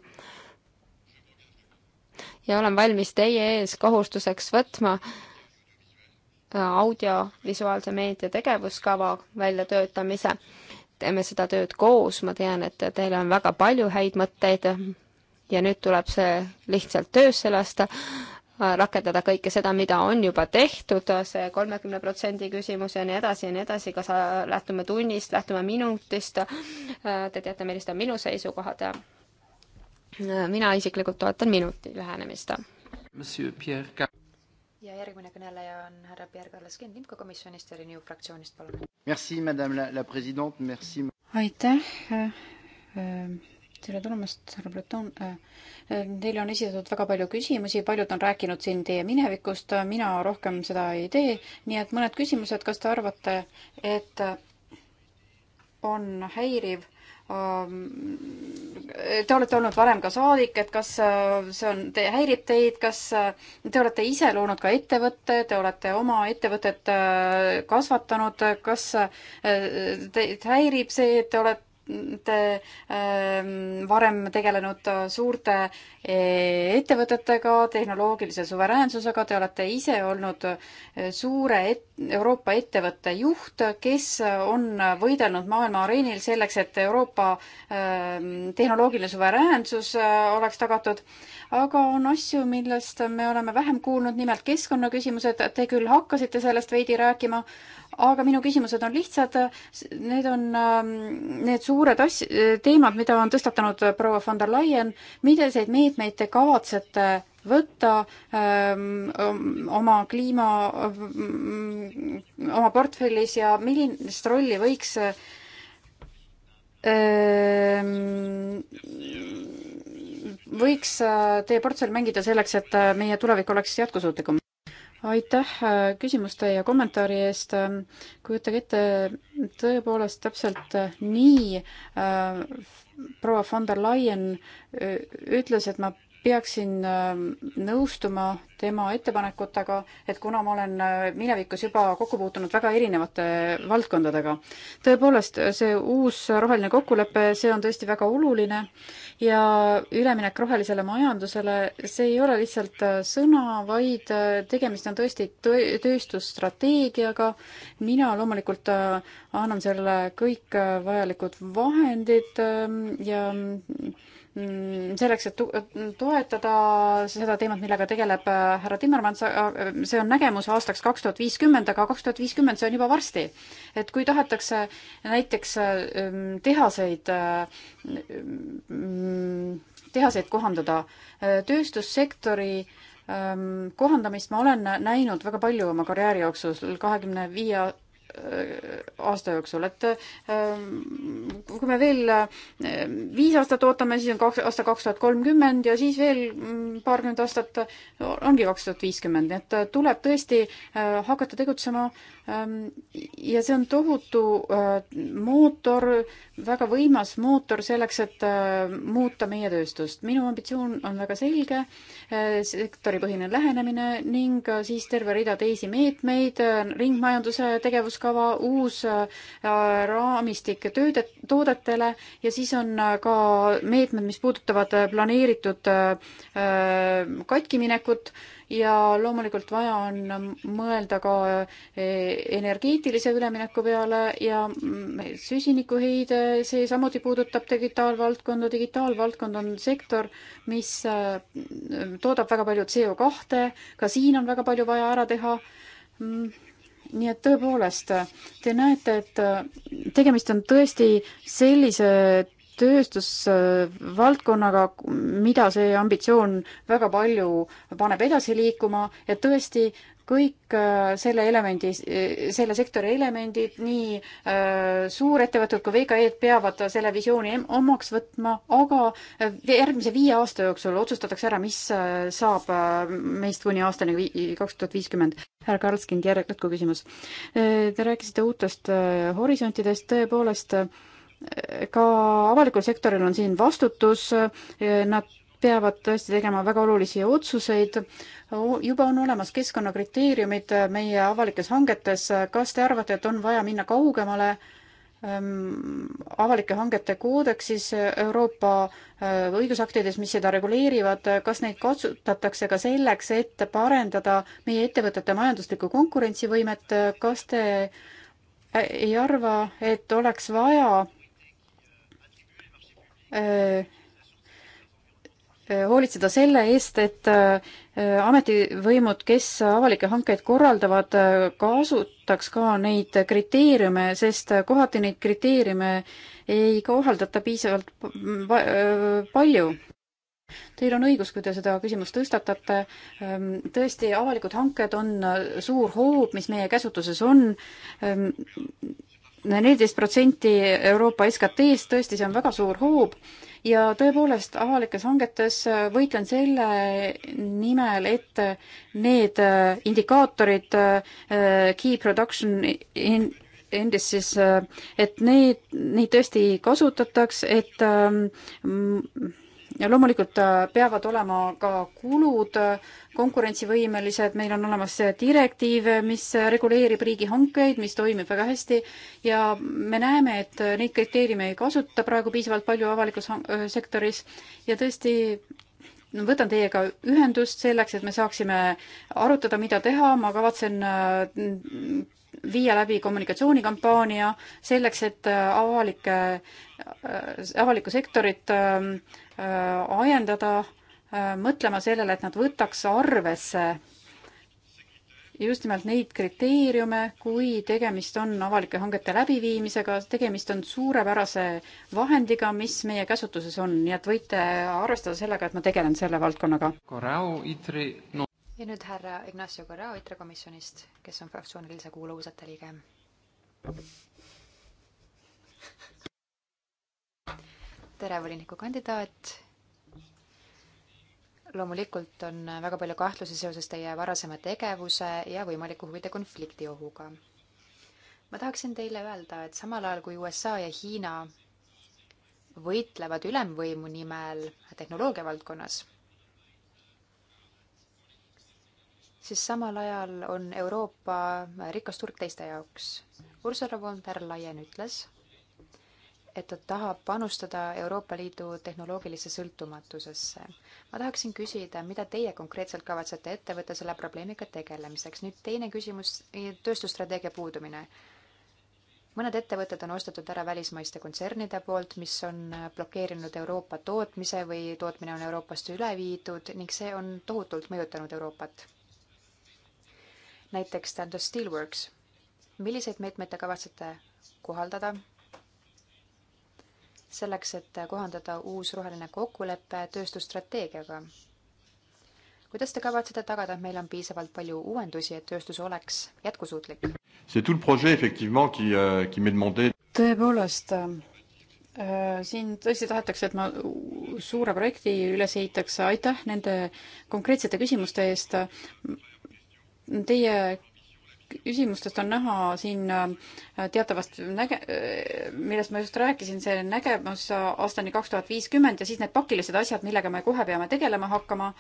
ja olen valmis teie ees kohustuseks võtma äh, audiovisuaalse meedia tegevuskava väljatöötamise. teeme seda tööd koos, ma tean, et teil on väga palju häid mõtteid ja nüüd tuleb see lihtsalt töösse lasta, rakendada kõike seda, mida on juba tehtud, see kolmekümne protsendi küsimus ja nii edasi ja nii edasi, kas lähtume tunnist, lähtume minutist, te teate, millised on minu seisukohad ja mina isiklikult toetan minuti lähenemist ja järgmine kõneleja on härra Pierre-Carles Kind IMCO komisjonist ja Renew fraktsioonist, palun. Merci, madame la, la president, merci. aitäh. Äh, äh, tere tulemast, härra Breton. Äh, teile on esitatud väga palju küsimusi, paljud on rääkinud siin teie minevikust, mina rohkem seda ei tee, nii et mõned küsimused, kas te arvate, et on häiriv Te olete olnud varem ka saadik, et kas see on te,, häirib teid, kas te olete ise loonud ka ettevõtte, te olete oma ettevõtet kasvatanud, kas teid häirib see, et te olete te ähm, varem tegelenud suurte äh, ettevõtetega, tehnoloogilise suveräänsusega, te olete ise olnud äh, suure et, Euroopa ettevõtte juht, kes on võidelnud maailma areenil selleks, et Euroopa ähm, tehnoloogiline suveräänsus äh, oleks tagatud aga on asju, millest me oleme vähem kuulnud, nimelt keskkonnaküsimused, te küll hakkasite sellest veidi rääkima, aga minu küsimused on lihtsad, need on ähm, need suured as-, teemad, mida on tõstatanud proua von der Leyen, milliseid meetmeid te kavatsete võtta öö, ähm, oma kliima, oma portfellis ja millist rolli võiks öö, ähm, võiks äh, teie portfell mängida selleks, et äh, meie tulevik oleks jätkusuutlikum? aitäh äh, küsimuste ja kommentaari eest. Ähm, kujutage ette, tõepoolest täpselt nii äh, proua von der Leyen ütles, et ma peaksin äh, nõustuma tema ettepanekutega, et kuna ma olen äh, minevikus juba kokku puutunud väga erinevate valdkondadega. tõepoolest, äh, see uus roheline kokkulepe, see on tõesti väga oluline ja üleminek rohelisele majandusele, see ei ole lihtsalt sõna, vaid tegemist on tõesti tööstusstrateegiaga. mina loomulikult annan selle kõik vajalikud vahendid ähm, ja Mm, selleks, et toetada seda teemat, millega tegeleb äh, härra Timmermann, äh, see on nägemus aastaks kaks tuhat viiskümmend, aga kaks tuhat viiskümmend, see on juba varsti. et kui tahetakse näiteks äh, ähm, tehaseid, mm, tehaseid kohandada, tööstussektori ähm, kohandamist ma olen näinud väga palju oma karjääri jooksul, kahekümne viie aasta jooksul, et ähm, kui me veel äh, viis aastat ootame, siis on kaks, aasta kaks tuhat kolmkümmend ja siis veel mm, paarkümmend aastat ongi kaks tuhat viiskümmend, nii et äh, tuleb tõesti äh, hakata tegutsema ähm, ja see on tohutu mootor, väga võimas mootor selleks, et muuta meie tööstust. minu ambitsioon on väga selge, sektoripõhine lähenemine ning siis terve rida teisi meetmeid, ringmajanduse tegevuskava, tegevuskava, uus äh, raamistik tööde, toodetele ja siis on äh, ka meetmed, mis puudutavad äh, planeeritud katkiminekut ja loomulikult vaja on ähm, mõelda ka energeetilise ülemineku peale ja mm, süsinikuheide, see samuti puudutab digitaalvaldkonda, digitaalvaldkond on sektor, mis toodab väga palju CO2, ka siin on väga palju vaja ära teha mm nii et tõepoolest, te näete, et äh, tegemist on tõesti sellise tööstusvaldkonnaga, mida see ambitsioon väga palju paneb edasi liikuma ja tõesti kõik äh, selle elemendi, selle sektori elemendid, nii äh, suurettevõtted kui VKE-d peavad selle visiooni omaks võtma, aga äh, järgmise viie aasta jooksul otsustatakse ära, mis saab meist kuni aastani kaks tuhat viiskümmend. härra Karlskind, järjekordne küsimus. Te rääkisite uutest horisontidest, tõepoolest ka avalikul sektoril on siin vastutus, nad peavad tõesti tegema väga olulisi otsuseid. juba on olemas keskkonnakriteeriumid meie avalikes hangetes. kas te arvate, et on vaja minna kaugemale ähm, avalike hangete koodeksis Euroopa äh, õigusaktides, mis seda reguleerivad, kas neid kasutatakse ka selleks, et parendada meie ettevõtete majanduslikku konkurentsivõimet, kas te äh, ei arva, et oleks vaja äh, Äh, hoolitseda selle eest, et äh, ametivõimud, kes avalikke hankeid korraldavad, äh, kasutaks ka neid kriteeriume, sest kohati neid kriteeriume ei kohaldata piisavalt palju. Teil on õigus, kui te seda küsimust tõstatate. Ähm, tõesti, avalikud hanked on suur hoob, mis meie käsutuses on ähm, neliteist protsenti Euroopa SKT-st, tõesti, see on väga suur hoob ja tõepoolest, avalikes hangetes äh, võitlen selle nimel, et äh, need äh, indikaatorid, key production in, endis siis, et need, neid tõesti kasutataks, et ähm, ja loomulikult äh, peavad olema ka kulud äh, konkurentsivõimelised, meil on olemas direktiiv, äh, mis reguleerib riigihankeid, mis toimib väga hästi ja me näeme, et neid kriteeriume ei kasuta praegu piisavalt palju avalikus sektoris ja tõesti võtan teiega ühendust selleks, et me saaksime arutada, mida teha, ma kavatsen viia läbi kommunikatsioonikampaania selleks, et äh, avalike, äh, avalikku sektorit ähm, äh, ajendada mõtlema sellele, et nad võtaks arvesse just nimelt neid kriteeriume, kui tegemist on avalike hangete läbiviimisega, tegemist on suurepärase vahendiga, mis meie käsutuses on, nii et võite arvestada sellega, et ma tegelen selle valdkonnaga. No ja nüüd härra Ignacio Correa ITRE komisjonist, kes on fraktsioonilise kuuluvuseta liige. tere, volinikukandidaat. loomulikult on väga palju kahtlusi seoses teie varasema tegevuse ja võimaliku huvide konflikti ohuga. ma tahaksin teile öelda, et samal ajal kui USA ja Hiina võitlevad ülemvõimu nimel tehnoloogia valdkonnas siis samal ajal on Euroopa rikas turg teiste jaoks. Ursula von der Leyen ütles, et ta tahab panustada Euroopa Liidu tehnoloogilisse sõltumatusesse. ma tahaksin küsida, mida teie konkreetselt kavatsete ette võtta selle probleemiga tegelemiseks? nüüd teine küsimus, tööstusstrateegia puudumine mõned ettevõtted on ostetud ära välismaiste kontsernide poolt, mis on blokeerinud Euroopa tootmise või tootmine on Euroopast üle viidud ning see on tohutult mõjutanud Euroopat näiteks Stand Up Steelworks. milliseid meetmeid te kavatsete kohaldada selleks, et kohandada uus roheline kokkulepe tööstusstrateegiaga? kuidas te kavatsete tagada, et meil on piisavalt palju uuendusi, et tööstus oleks jätkusuutlik? Euh, tõepoolest, äh, siin tõesti tahetakse, et ma suure projekti üles ehitaks, aitäh nende konkreetsete küsimuste eest. Teie küsimustest on näha siin äh, teatavast näge-, äh, millest ma just rääkisin, see nägemus aastani kaks tuhat viiskümmend ja siis need pakilised asjad, millega me kohe peame tegelema hakkama.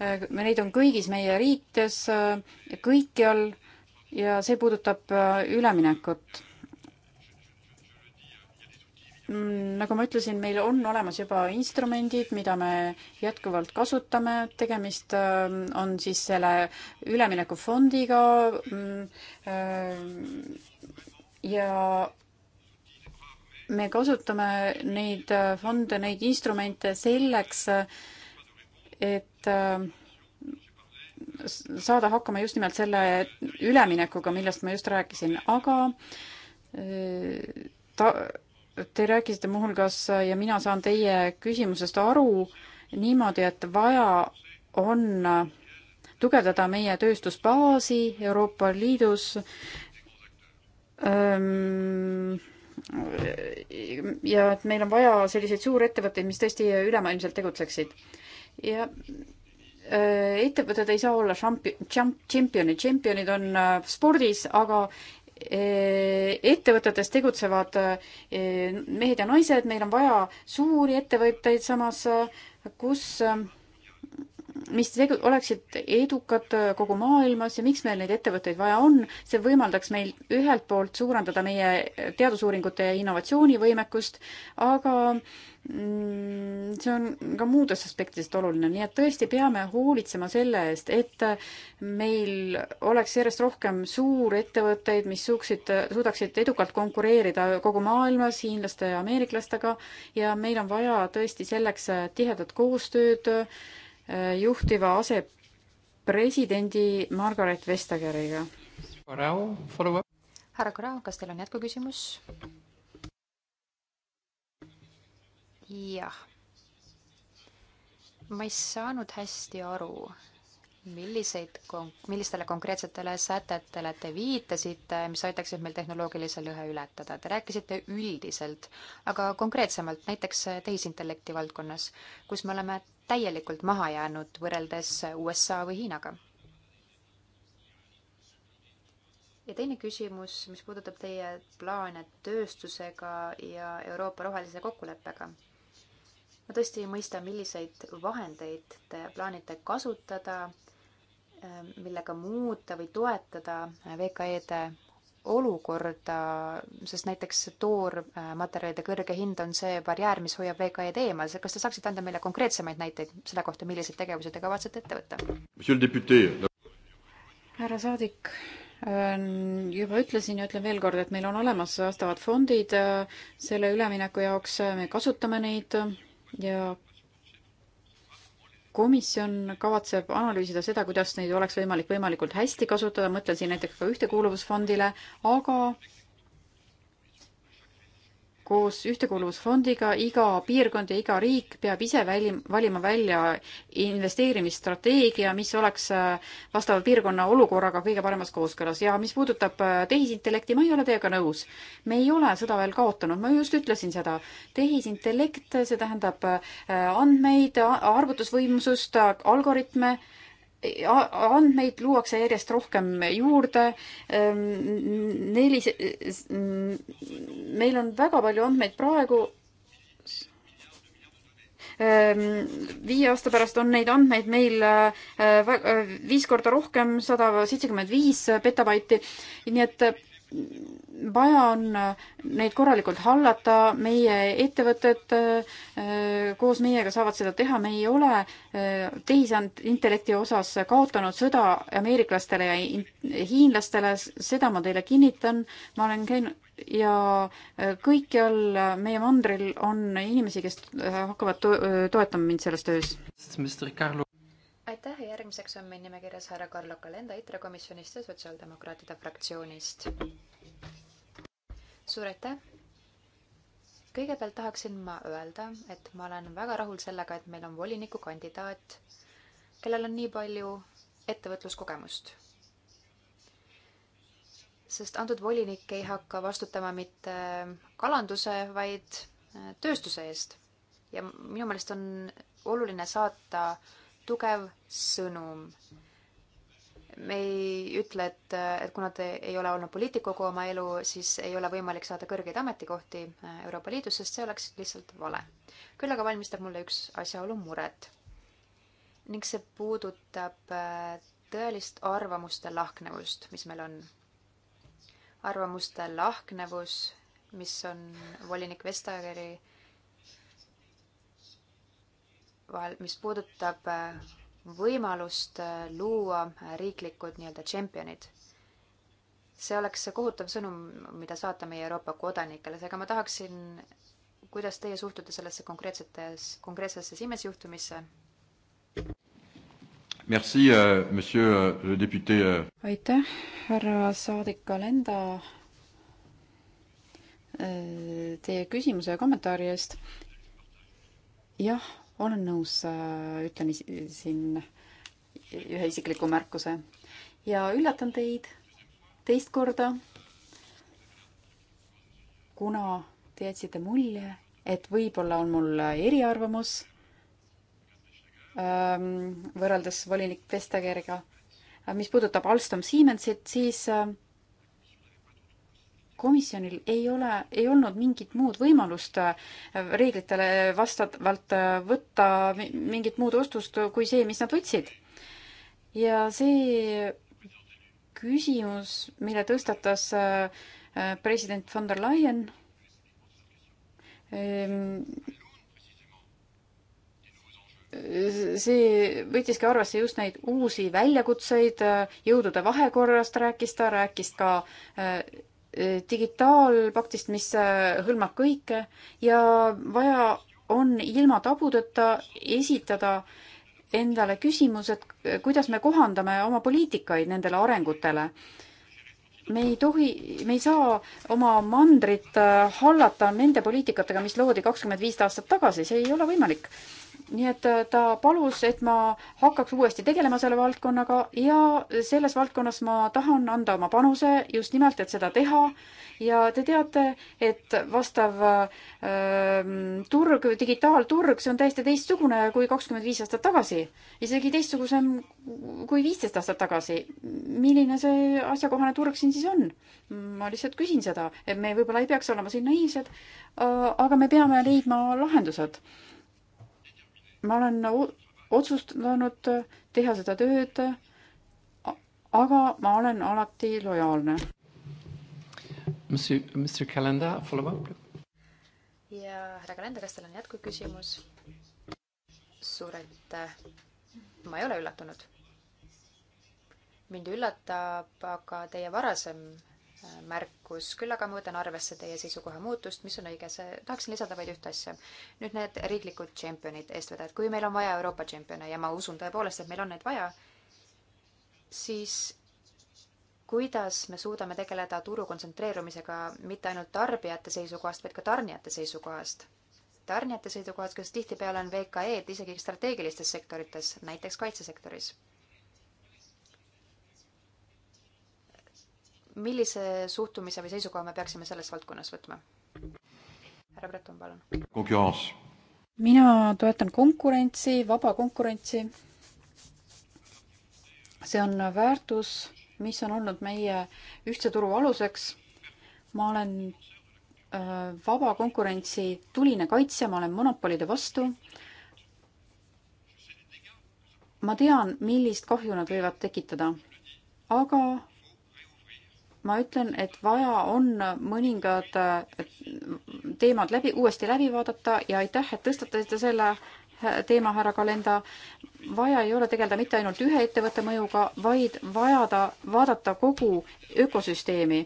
Äh, neid on kõigis meie riikides, kõikjal ja see puudutab üleminekut nagu ma ütlesin, meil on olemas juba instrumendid, mida me jätkuvalt kasutame, tegemist ähm, on siis selle üleminekufondiga mm, äh, ja me kasutame neid äh, fonde, neid instrumente selleks, et äh, saada hakkama just nimelt selle üleminekuga, millest ma just rääkisin, aga ta te rääkisite muuhulgas ja mina saan teie küsimusest aru niimoodi, et vaja on tugevdada meie tööstusbaasi Euroopa Liidus ähm, ja et meil on vaja selliseid suurettevõtteid, mis tõesti ülemaailmselt tegutseksid. ja ettevõtted ei saa olla šampi-, tšamp-, tšempionid, tšempionid on äh, spordis, aga Eh, ettevõtetes tegutsevad eh, mehed ja naised, meil on vaja suuri ettevõtteid samas, eh, kus mis oleksid edukad kogu maailmas ja miks meil neid ettevõtteid vaja on, see võimaldaks meil ühelt poolt suurendada meie teadusuuringute ja innovatsioonivõimekust, aga mm, see on ka muudest aspektidest oluline, nii et tõesti peame hoolitsema selle eest, et meil oleks järjest rohkem suurettevõtteid, mis suuksid, suudaksid edukalt konkureerida kogu maailmas hiinlaste ja ameeriklastega ja meil on vaja tõesti selleks tihedat koostööd juhtiva asepresidendi Margaret Vestageriga. härra Korao, kas teil on jätkuküsimus? jah. ma ei saanud hästi aru milliseid, millistele konkreetsetele sätetele te viitasite, mis aitaksid meil tehnoloogilise lõhe ületada? Te rääkisite üldiselt, aga konkreetsemalt näiteks tehisintellekti valdkonnas, kus me oleme täielikult maha jäänud võrreldes USA või Hiinaga. ja teine küsimus, mis puudutab teie plaane tööstusega ja Euroopa rohelise kokkuleppega ma tõesti ei mõista, milliseid vahendeid te plaanite kasutada Äh, millega muuta või toetada VKE-de olukorda, sest näiteks toormaterjalide äh, kõrge hind on see barjäär, mis hoiab VKE-d eemal. kas te saaksite anda meile konkreetsemaid näiteid selle kohta, milliseid tegevusi te kavatsete ette võtta? härra saadik, äh, juba ütlesin ja ütlen veel kord, et meil on olemas vastavad fondid selle ülemineku jaoks, me kasutame neid ja komisjon kavatseb analüüsida seda, kuidas neid oleks võimalik võimalikult hästi kasutada, mõtlen siin näiteks ka ühtekuuluvusfondile, aga koos Ühtekuuluvusfondiga, iga piirkond ja iga riik peab ise väli, valima välja investeerimisstrateegia, mis oleks äh, vastava piirkonna olukorraga kõige paremas kooskõlas ja mis puudutab äh, tehisintellekti, ma ei ole teiega nõus. me ei ole seda veel kaotanud, ma just ütlesin seda. tehisintellekt, see tähendab äh, andmeid, arvutusvõimsust, algoritme andmeid luuakse järjest rohkem juurde. Ehm, neli, meil on väga palju andmeid praegu. Ehm, viie aasta pärast on neid andmeid meil äh, äh, viis korda rohkem, sada seitsekümmend viis petabaiti. nii et vaja on neid korralikult hallata, meie ettevõtted eh, koos meiega saavad seda teha, me ei ole eh, tehisintellekti osas kaotanud sõda ameeriklastele ja hiinlastele, seda ma teile kinnitan, ma olen käinud ja eh, kõikjal meie mandril on inimesi, kes hakkavad to toetama mind selles töös aitäh ja järgmiseks on meil nimekirjas härra Karlo Kalenda ITRE komisjonist ja Sotsiaaldemokraatide fraktsioonist. suur aitäh. kõigepealt tahaksin ma öelda, et ma olen väga rahul sellega, et meil on volinikukandidaat, kellel on nii palju ettevõtluskogemust. sest antud volinik ei hakka vastutama mitte kalanduse, vaid tööstuse eest ja minu meelest on oluline saata äh, tugev sõnum. me ei ütle, et, et kuna te ei ole olnud poliitik kogu oma elu, siis ei ole võimalik saada kõrgeid ametikohti äh, Euroopa Liidus, sest see oleks lihtsalt vale. küll aga valmistab mulle üks asjaolu muret. ning see puudutab äh, tõelist arvamuste lahknevust, mis meil on. arvamuste lahknevus, mis on volinik Vestageri äh, vahel, mis puudutab äh, võimalust äh, luua äh, riiklikud nii-öelda tšempionid. see oleks see kohutav sõnum, mida saata meie Euroopa kodanikele, seega ma tahaksin, kuidas teie suhtute sellesse konkreetsetes, konkreetsesse Siemens juhtumisse? Merci euh,, monsieur euh, le député euh.... aitäh, härra saadik Kalenda teie küsimuse ja kommentaari eest. jah olen nõus, äh, ütlen siin ühe isikliku märkuse ja üllatan teid teist korda, kuna te jätsite mulje, et võib-olla on mul eriarvamus ähm, võrreldes volinik Vestageriga. Äh, mis puudutab Alstom Siemensit, siis äh, komisjonil ei ole, ei olnud mingit muud võimalust äh, reeglitele vastavalt äh, võtta mingit muud otsust kui see, mis nad võtsid. ja see küsimus, mille tõstatas äh, president von der Leyen, ehm, see võttiski arvesse just neid uusi väljakutseid, jõudude vahekorrast rääkis ta, rääkis ka digitaalpaktist, mis äh, hõlmab kõike ja vaja on ilma tabudeta esitada endale küsimus, et äh, kuidas me kohandame oma poliitikaid nendele arengutele. me ei tohi, me ei saa oma mandrit äh, hallata nende poliitikatega, mis loodi kakskümmend viis aastat tagasi, see ei ole võimalik nii et äh, ta palus, et ma hakkaks uuesti tegelema selle valdkonnaga ja selles valdkonnas ma tahan anda oma panuse just nimelt, et seda teha. ja te teate, et vastav äh, turg, digitaalturg, see on täiesti teistsugune kui kakskümmend viis aastat tagasi, isegi teistsugusem kui viisteist aastat tagasi. milline see asjakohane turg siin siis on? ma lihtsalt küsin seda, et me võib-olla ei peaks olema siin naiivsed, äh, aga me peame leidma lahendused ma olen otsustanud äh, teha seda tööd, aga ma olen alati lojaalne. Mr Kalenda, follow-up. ja härra Kalenda, kas teil on jätkuküsimus? suur aitäh. ma ei ole üllatunud. mind üllatab aga teie varasem märkus, küll aga ma võtan arvesse teie seisukoha muutust, mis on õige, see, tahaksin lisada vaid ühte asja. nüüd need riiklikud tšempionid, eestvedajad, kui meil on vaja Euroopa tšempione ja ma usun tõepoolest, et meil on neid vaja, siis kuidas me suudame tegeleda turu kontsentreerumisega mitte ainult tarbijate seisukohast, vaid ka tarnijate seisukohast? tarnijate seisukohast, kes tihtipeale on VKE-d isegi strateegilistes sektorites, näiteks kaitsesektoris millise suhtumise või seisukoha me peaksime selles valdkonnas võtma? härra Breton, palun. konkurents. mina toetan konkurentsi, vaba konkurentsi. see on väärtus, mis on olnud meie ühtse turu aluseks. ma olen äh, vaba konkurentsi tuline kaitsja, ma olen monopolide vastu. ma tean, millist kahju nad võivad tekitada, aga ma ütlen, et vaja on mõningad teemad läbi, uuesti läbi vaadata ja aitäh, et tõstatasite selle teema, härra Kalenda. vaja ei ole tegeleda mitte ainult ühe ettevõtte mõjuga, vaid vajada, vaadata kogu ökosüsteemi.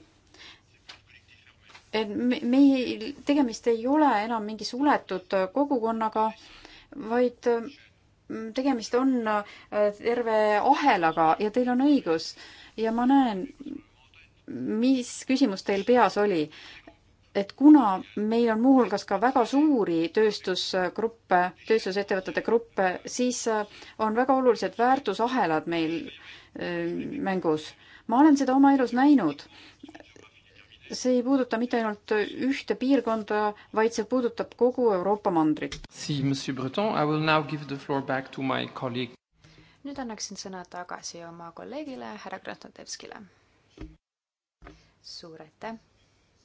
et meil tegemist ei ole enam mingi suletud kogukonnaga, vaid mm, tegemist on äh, terve ahelaga ja teil on õigus ja ma näen mis küsimus teil peas oli? et kuna meil on muuhulgas ka väga suuri tööstusgruppe, tööstusettevõtete gruppe, siis äh, on väga olulised väärtusahelad meil äh, mängus. ma olen seda oma elus näinud. see ei puuduta mitte ainult ühte piirkonda, vaid see puudutab kogu Euroopa mandrit. nüüd annaksin sõna tagasi oma kolleegile härra Krasnodevskile suur aitäh!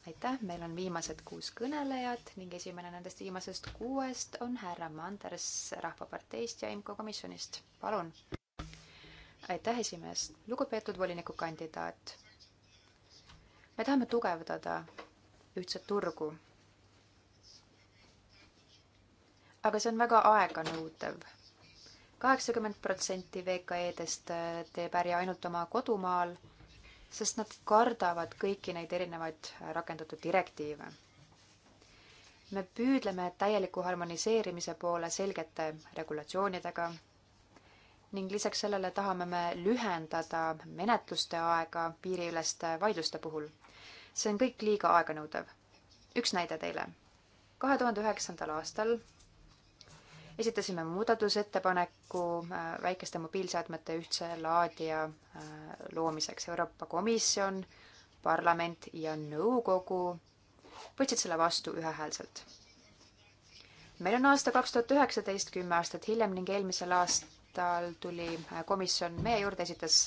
aitäh, meil on viimased kuus kõnelejat ning esimene nendest viimasest kuuest on härra Manders Rahvaparteist ja IMCO komisjonist. palun! aitäh, esimees! lugupeetud volinikukandidaat! me tahame tugevdada ühtset turgu. aga see on väga aeganõudev kaheksakümmend protsenti VKE-dest teeb äri ainult oma kodumaal sest nad kardavad kõiki neid erinevaid äh, rakendatud direktiive. me püüdleme täieliku harmoniseerimise poole selgete regulatsioonidega ning lisaks sellele tahame me lühendada menetluste aega piiriüleste vaidluste puhul. see on kõik liiga aeganõudev. üks näide teile. kahe tuhande üheksandal aastal esitasime muudatusettepaneku äh, väikeste mobiilseadmete ühtse laadija äh, loomiseks. Euroopa Komisjon, parlament ja nõukogu võtsid selle vastu ühehäälselt. meil on aasta kaks tuhat üheksateist, kümme aastat hiljem ning eelmisel aastal tuli äh, komisjon meie juurde, esitas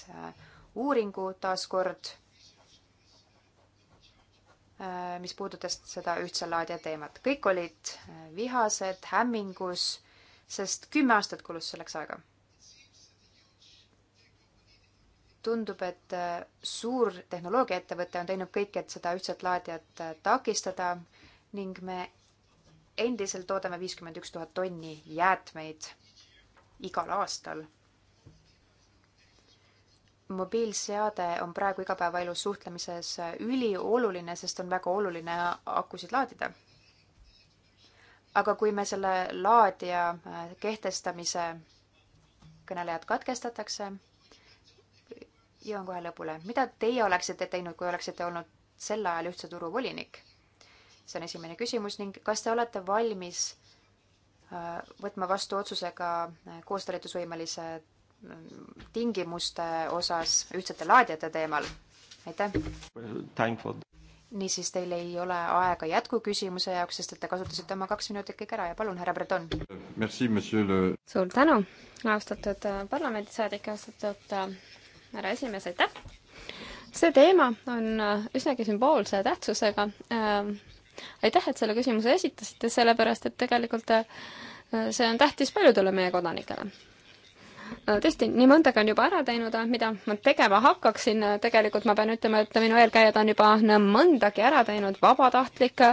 uuringu taas kord mis puudutas seda ühtse laadija teemat. kõik olid vihased, hämmingus sest kümme aastat kulus selleks aega. tundub, et äh, suur tehnoloogiaettevõte on teinud kõik, et seda ühtset laadijat äh, takistada ning me endiselt toodame viiskümmend üks tuhat tonni jäätmeid igal aastal. mobiilseade on praegu igapäevaelus suhtlemises äh, ülioluline, sest on väga oluline akusid laadida aga kui me selle laadija äh, kehtestamise kõnelejad katkestatakse, jõuan kohe lõpule. mida teie oleksite teinud, kui oleksite olnud sel ajal ühtse turu volinik? see on esimene küsimus ning kas te olete valmis äh, võtma vastu otsuse ka äh, koostalitusvõimelise mm, tingimuste osas ühtsete laadijate teemal? aitäh! niisiis, teil ei ole aega jätkuküsimuse jaoks, sest et te kasutasite oma kaks minutit kõik ära ja palun, härra Breton. Le... suur tänu, austatud äh, parlamendisaadik, austatud äh, härra esimees, aitäh! see teema on äh, üsnagi sümboolse tähtsusega. aitäh, et selle küsimuse esitasite, sellepärast et tegelikult see on tähtis paljudele meie kodanikele Äh, tõesti, nii mõndagi on juba ära teinud, äh, mida ma tegema hakkaksin, äh, tegelikult ma pean ütlema, et minu eelkäijad on juba mõndagi ära teinud, vabatahtlik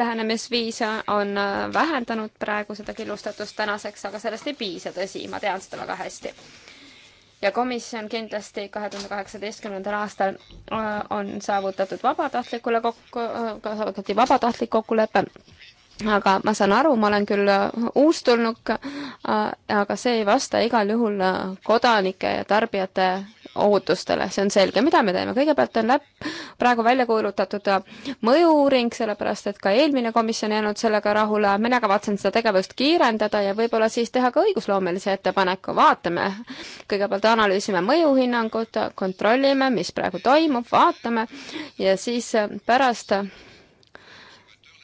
lähenemisviis on vähendanud praegu seda killustatust tänaseks, aga sellest ei piisa, tõsi, ma tean seda väga hästi ja komisjon kindlasti kahe tuhande kaheksateistkümnendal aastal on saavutatud vabatahtlikule kokku, saavutati vabatahtlik kokkulepe aga ma saan aru, ma olen küll äh, uustulnuk, äh, aga see ei vasta igal juhul äh, kodanike ja tarbijate ootustele, see on selge, mida me teeme, kõigepealt on läb-, praegu välja kuulutatud mõju-uuring, sellepärast et ka eelmine komisjon ei olnud sellega rahule, mina kavatsen seda tegevust kiirendada ja võib-olla siis teha ka õigusloomelise ettepaneku, vaatame. kõigepealt analüüsime mõjuhinnangut, kontrollime, mis praegu toimub, vaatame ja siis pärast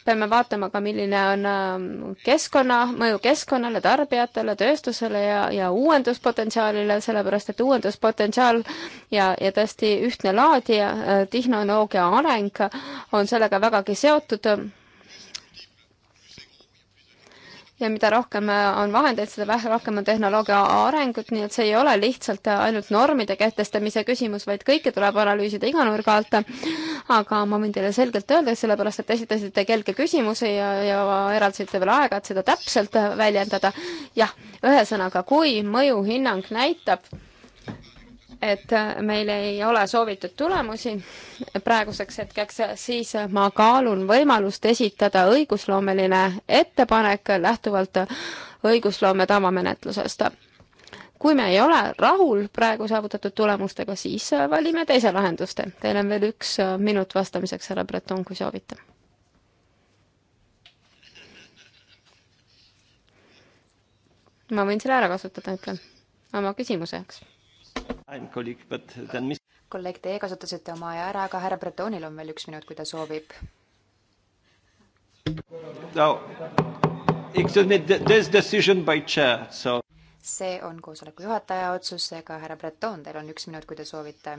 peame vaatama ka, milline on ähm, keskkonna, mõju keskkonnale, tarbijatele, tööstusele ja, ja uuenduspotentsiaalile, sellepärast et uuenduspotentsiaal ja, ja tõesti ühtne laadija, äh, tehnoloogia areng on sellega vägagi seotud ja mida rohkem äh, on vahendeid, seda vähe rohkem on tehnoloogia arengut, nii et see ei ole lihtsalt äh, ainult normide kehtestamise küsimus, vaid kõike tuleb analüüsida iga nurga alt. aga ma võin teile selgelt öelda, sellepärast et esitasite kelge küsimusi ja, ja eraldasite veel aega, et seda täpselt äh, väljendada. jah, ühesõnaga, kui mõjuhinnang näitab, et äh, meil ei ole soovitud tulemusi praeguseks hetkeks, siis ma kaalun võimalust esitada õigusloomeline ettepanek lähtuvalt õigusloome tavamenetlusest. kui me ei ole rahul praegu saavutatud tulemustega, siis äh, valime teise lahenduste. Teil on veel üks äh, minut vastamiseks, härra Breton, kui soovite ma võin selle ära kasutada, ütlen, oma küsimuse jaoks kolleeg, teie kasutasite oma aja ära, aga härra Bretonil on veel üks minut, kui ta soovib. see on koosoleku juhataja otsus, seega härra Breton, teil on üks minut, kui te soovite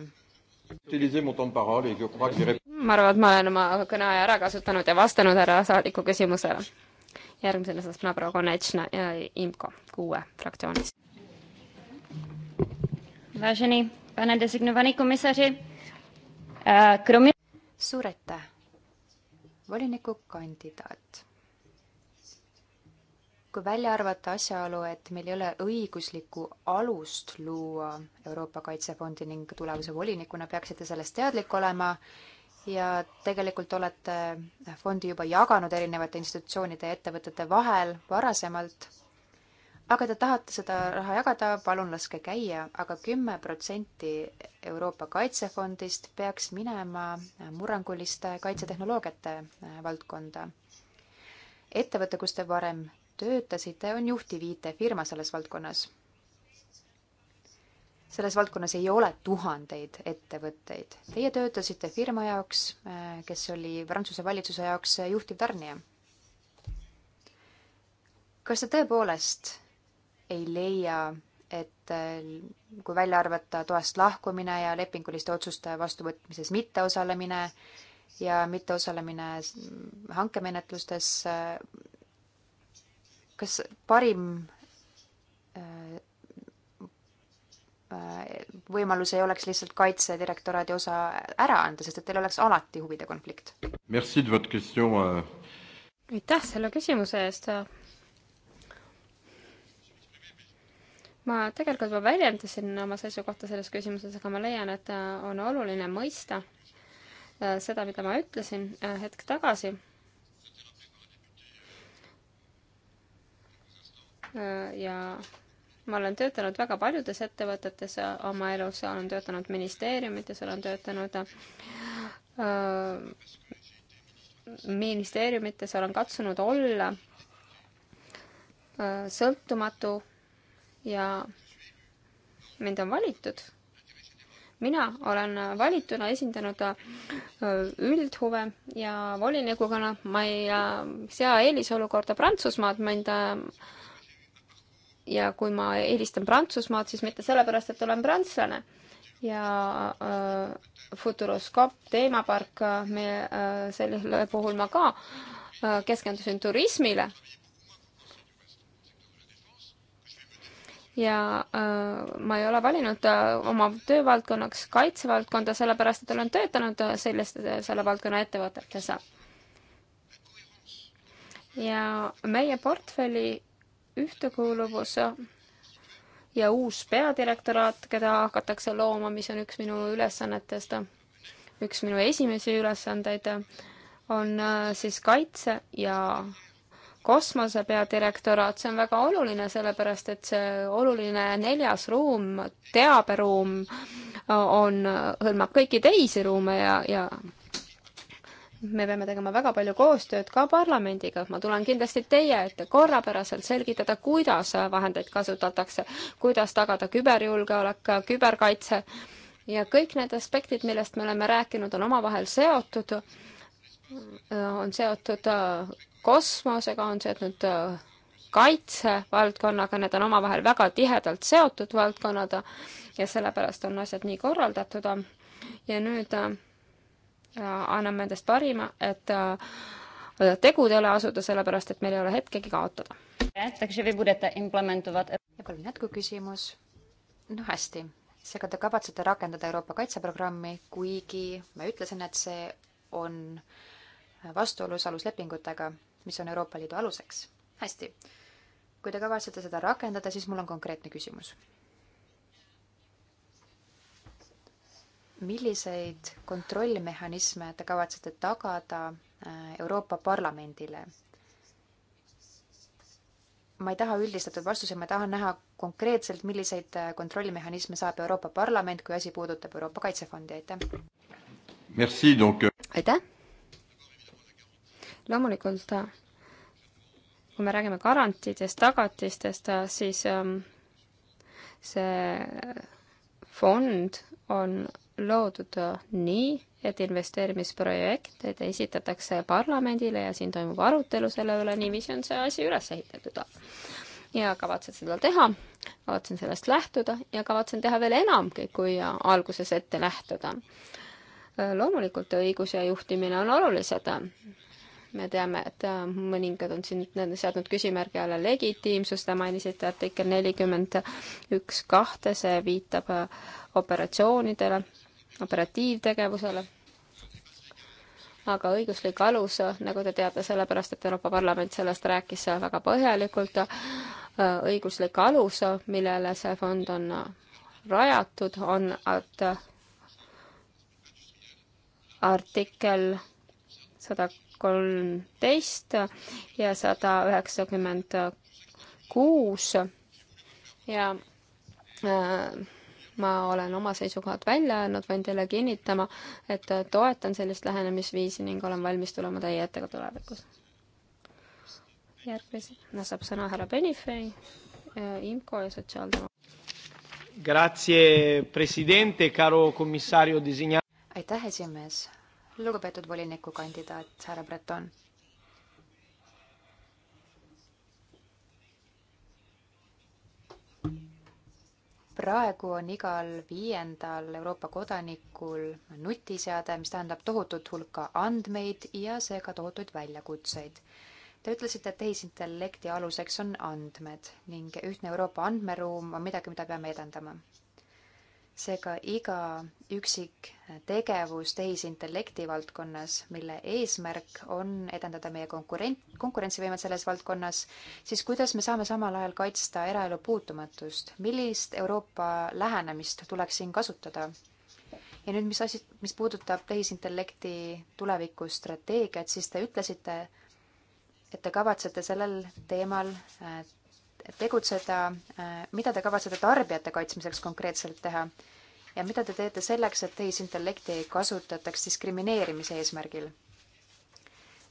ma arvan, et ma olen oma kõneaja ära kasutanud ja vastanud härra saadiku küsimusele. järgmisena saab sõna proua Konechna ja IMCO kuue fraktsioonist. Vážený pane designovaný komisaři, eh, kromě... Suur aitäh, volinikukandidaat. kui välja arvata asjaolu, et meil ei ole õiguslikku alust luua Euroopa Kaitsefondi ning tulevase volinikuna peaksite sellest teadlik olema ja tegelikult olete fondi juba jaganud erinevate institutsioonide ja ettevõtete vahel varasemalt aga te tahate seda raha jagada, palun laske käia aga, aga kümme protsenti Euroopa Kaitsefondist peaks minema murranguliste kaitsetehnoloogiate äh, valdkonda. ettevõte, kus te varem töötasite, on juhtiv IT-firma selles valdkonnas. selles valdkonnas ei ole tuhandeid ettevõtteid. Teie töötasite firma jaoks, äh, kes oli Prantsuse valitsuse jaoks juhtiv tarnija. kas te tõepoolest ei leia, et äh, kui välja arvata toast lahkumine ja lepinguliste otsuste vastuvõtmises mitteosalemine ja mitteosalemine hankemenetlustes, äh, kas parim äh, võimalus ei oleks lihtsalt kaitsedirektoraadi osa ära anda, sest et teil oleks alati huvide konflikt? aitäh selle küsimuse eest, ma tegelikult juba väljendasin oma seisukohta selles küsimuses, aga ma leian, et äh, on oluline mõista äh, seda, mida ma ütlesin äh, hetk tagasi. ja ma olen töötanud väga paljudes ettevõtetes oma elus, olen töötanud ministeeriumites, olen töötanud ministeeriumites, olen katsunud olla sõltumatu ja mind on valitud. mina olen valituna esindanud äh, üldhuve ja volinikuna ma ei äh, sea eelisolukorda Prantsusmaad, mind ja kui ma eelistan Prantsusmaad, siis mitte sellepärast, et olen prantslane ja äh, Futuroskop teemapark, äh, me äh, sellel puhul ma ka äh, keskendusin turismile ja äh, ma ei ole valinud äh, oma töövaldkonnaks kaitsevaldkonda, sellepärast et olen töötanud äh, selliste, äh, selle valdkonna ettevõtetes. ja meie portfelli ühtekuuluvus ja uus peadirektoraat, keda hakatakse looma, mis on üks minu ülesannetest, üks minu esimesi ülesandeid, on äh, siis kaitse ja kosmose peadirektoraat, see on väga oluline, sellepärast et see oluline neljas ruum, teaberuum, on, hõlmab kõiki teisi ruume ja, ja me peame tegema väga palju koostööd ka parlamendiga, ma tulen kindlasti teie ette korrapäraselt selgitada, kuidas vahendeid kasutatakse, kuidas tagada küberjulgeolek, küberkaitse ja kõik need aspektid, millest me oleme rääkinud, on omavahel seotud, on seotud kosmosega, on seotud äh, kaitsevaldkonnaga, need on omavahel väga tihedalt seotud valdkonnad ja sellepärast on asjad nii korraldatud. ja nüüd äh, anname endast parima, et äh, tegudele asuda, sellepärast et meil ei ole hetkegi kaotada. ja palun jätkuküsimus. no hästi, seega te kavatsete rakendada Euroopa kaitseprogrammi, kuigi ma ütlesin, et see on vastuolus aluslepingutega mis on Euroopa Liidu aluseks. hästi. kui te kavatsete seda rakendada, siis mul on konkreetne küsimus. milliseid kontrollmehhanisme te kavatsete tagada äh, Euroopa Parlamendile? ma ei taha üldistatud vastuseid, ma tahan näha konkreetselt, milliseid äh, kontrollimehhanisme saab Euroopa Parlament, kui asi puudutab Euroopa Kaitsefondi, aitäh! Euh aitäh! loomulikult äh, kui me räägime garantiidest, tagatistest, äh, siis ähm, see fond on loodud äh, nii, et investeerimisprojekte esitatakse parlamendile ja siin toimub arutelu selle üle, niiviisi on see asi üles ehitatud. ja kavatsen seda teha, kavatsen sellest lähtuda ja kavatsen teha veel enamgi, kui alguses ette nähtud on loomulikult õigus ja juhtimine on olulised, me teame, et äh, mõningad on siin seadnud küsimärgi alla legitiimsust, te mainisite artikkel nelikümmend üks kahte, see viitab äh, operatsioonidele, operatiivtegevusele. aga õiguslik alus, äh, nagu te teate, sellepärast et Euroopa Parlament sellest rääkis väga põhjalikult, õiguslik alus, millele see fond on rajatud, on art-, artikkel sada kolmteist ja sada üheksakümmend kuus ja äh, ma olen oma seisukohad välja öelnud, võin teile kinnitama, et toetan sellist lähenemisviisi ning olen valmis tulema teie ette ka tulevikus. järgmisena saab sõna härra Benifei, äh, IMCO ja sotsiaaldemokraat. Grazie, presidente, caro commissario designa-. aitäh, esimees lugupeetud volinikukandidaat härra Breton. praegu on igal viiendal Euroopa kodanikul nutiseade, mis tähendab tohutut hulka andmeid ja seega tohutuid väljakutseid. Te ütlesite, et tehisintellekti aluseks on andmed ning ühtne Euroopa andmeruum on midagi, mida peame edendama seega iga üksik tegevus tehisintellekti valdkonnas, mille eesmärk on edendada meie konkurent, konkurentsivõimet selles valdkonnas, siis kuidas me saame samal ajal kaitsta eraelu puutumatust, millist Euroopa lähenemist tuleks siin kasutada? ja nüüd, mis asi, mis puudutab tehisintellekti tulevikustrateegiat, siis te ütlesite, et te kavatsete sellel teemal äh, tegutseda, äh, mida te kavatsete tarbijate kaitsmiseks konkreetselt teha ja mida te teete selleks, et tehisintellekti ei kasutataks diskrimineerimise eesmärgil?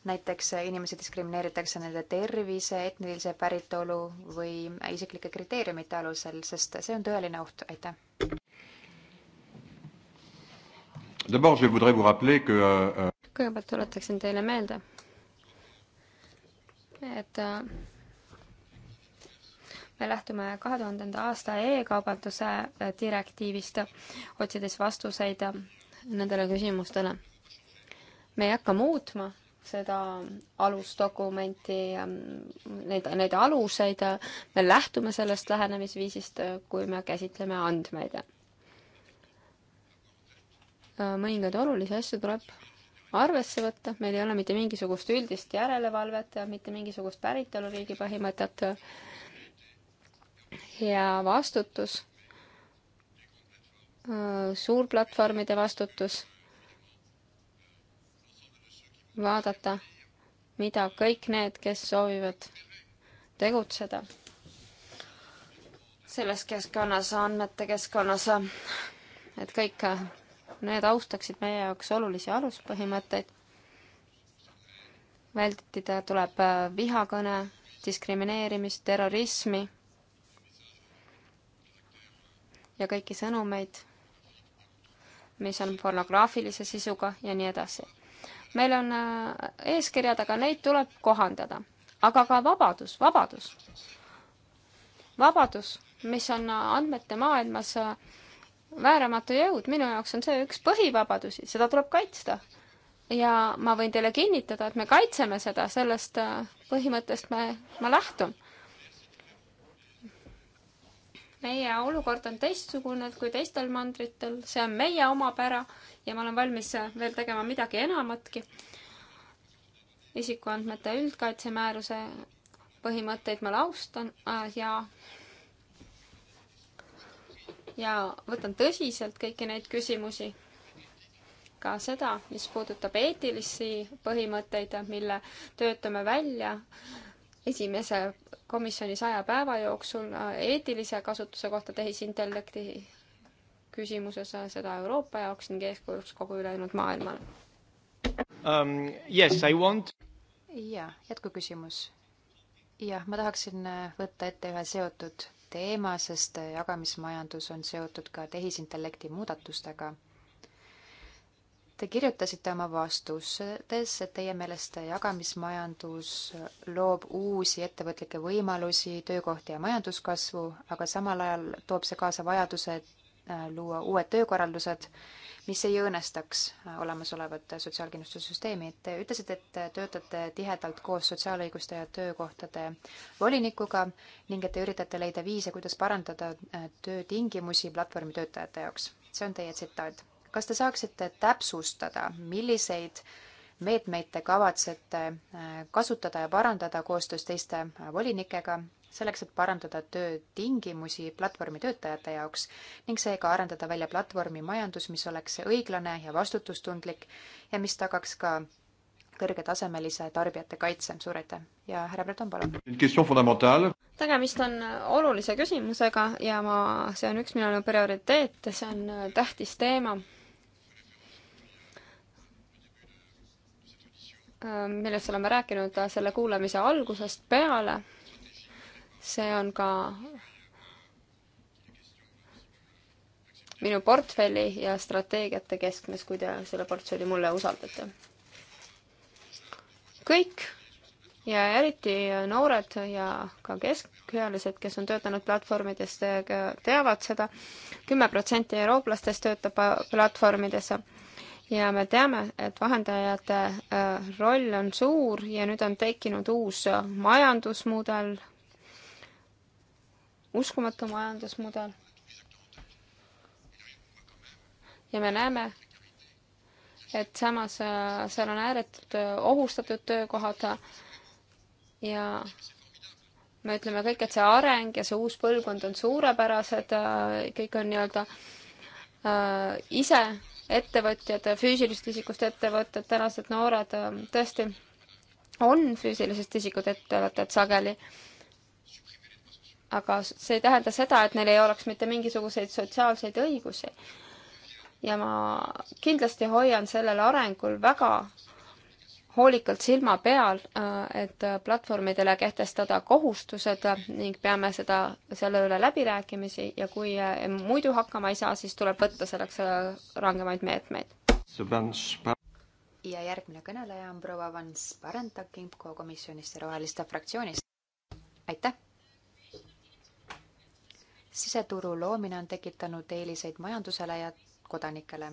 näiteks äh, inimesi diskrimineeritakse nende tervise, etnilise päritolu või isiklike kriteeriumite alusel, sest see on tõeline oht, aitäh. Euh, kõigepealt tuletaksin teile meelde, et äh, me lähtume kahe tuhandenda aasta e-kaubanduse äh, direktiivist, otsides vastuseid äh, nendele küsimustele. me ei hakka muutma seda alusdokumenti, ähm, neid, neid aluseid, me lähtume sellest lähenemisviisist, äh, kui me käsitleme andmeid. mõningaid olulisi asju tuleb arvesse võtta, meil ei ole mitte mingisugust üldist järelevalvet, mitte mingisugust päritoluriigi põhimõtet ja vastutus, äh, suurplatvormide vastutus, vaadata, mida kõik need, kes soovivad tegutseda selles keskkonnas, andmete keskkonnas, et kõik need austaksid meie jaoks olulisi aluspõhimõtteid. vältida tuleb vihakõne, diskrimineerimist, terrorismi ja kõiki sõnumeid, mis on pornograafilise sisuga ja nii edasi. meil on äh, eeskirjad, aga neid tuleb kohandada. aga ka vabadus, vabadus. vabadus, mis on andmete maailmas äh, vääramatu jõud, minu jaoks on see üks põhivabadusi, seda tuleb kaitsta. ja ma võin teile kinnitada, et me kaitseme seda, sellest äh, põhimõttest me, ma lähtun meie olukord on teistsugune kui teistel mandritel, see on meie omapära ja ma olen valmis veel tegema midagi enamatki. isikuandmete üldkaitsemääruse põhimõtteid ma austan äh, ja ja võtan tõsiselt kõiki neid küsimusi, ka seda, mis puudutab eetilisi põhimõtteid, mille töötame välja äh, esimese komisjoni saja päeva jooksul äh, eetilise kasutuse kohta tehisintellekti küsimuses, äh, seda Euroopa jaoks ning eeskujuks kogu ülejäänud maailmale um,. Yes, I want. ja jätkuküsimus. jah, ma tahaksin äh, võtta ette ühe seotud teema, sest jagamismajandus on seotud ka tehisintellekti muudatustega Te kirjutasite oma vastustes, et teie meelest jagamismajandus loob uusi ettevõtlikke võimalusi, töökohti ja majanduskasvu, aga samal ajal toob see kaasa vajaduse äh, luua uued töökorraldused, mis ei õõnestaks äh, olemasolevat sotsiaalkindlustussüsteemi. Te ütlesite, et töötate tihedalt koos sotsiaalõiguste ja töökohtade volinikuga ning et te üritate leida viise, kuidas parandada äh, töötingimusi platvormitöötajate jaoks. see on teie tsitaat kas te saaksite täpsustada, milliseid meetmeid te kavatsete äh, kasutada ja parandada koostöös teiste äh, volinikega, selleks et parandada töötingimusi platvormi töötajate jaoks ning seega arendada välja platvormi majandus, mis oleks õiglane ja vastutustundlik ja mis tagaks ka kõrgetasemelise tarbijate kaitse. suur aitäh ja härra Breton, palun! tegemist on äh, olulise küsimusega ja ma, see on üks minu prioriteete, see on tähtis teema Ähm, millest oleme rääkinud selle kuulamise algusest peale. see on ka minu portfelli ja strateegiate keskmes, kui te selle portfelli mulle usaldate. kõik ja eriti noored ja ka keskealised, kes on töötanud platvormides, teavad seda. kümme protsenti eurooplastest töötab platvormides ja me teame, et vahendajate äh, roll on suur ja nüüd on tekkinud uus äh, majandusmudel, uskumatu majandusmudel. ja me näeme, et samas äh, seal on ääretult ohustatud töökohad ja me ütleme kõik, et see areng ja see uus põlvkond on suurepärased, kõik on nii-öelda ise ettevõtjad, füüsilisest isikust ettevõtted, tänased noored tõesti on füüsilisest isikut ettevõtted sageli. aga see ei tähenda seda, et neil ei oleks mitte mingisuguseid sotsiaalseid õigusi. ja ma kindlasti hoian sellel arengul väga hoolikalt silma peal, äh, et äh, platvormidele kehtestada kohustused ning peame seda, selle üle läbirääkimisi ja kui äh, muidu hakkama ei saa, siis tuleb võtta selleks rangemaid meetmeid. ja järgmine kõneleja on proua Vans Parentak IMCO komisjonist ja Roheliste fraktsioonist. aitäh! siseturu loomine on tekitanud eeliseid majandusele ja kodanikele,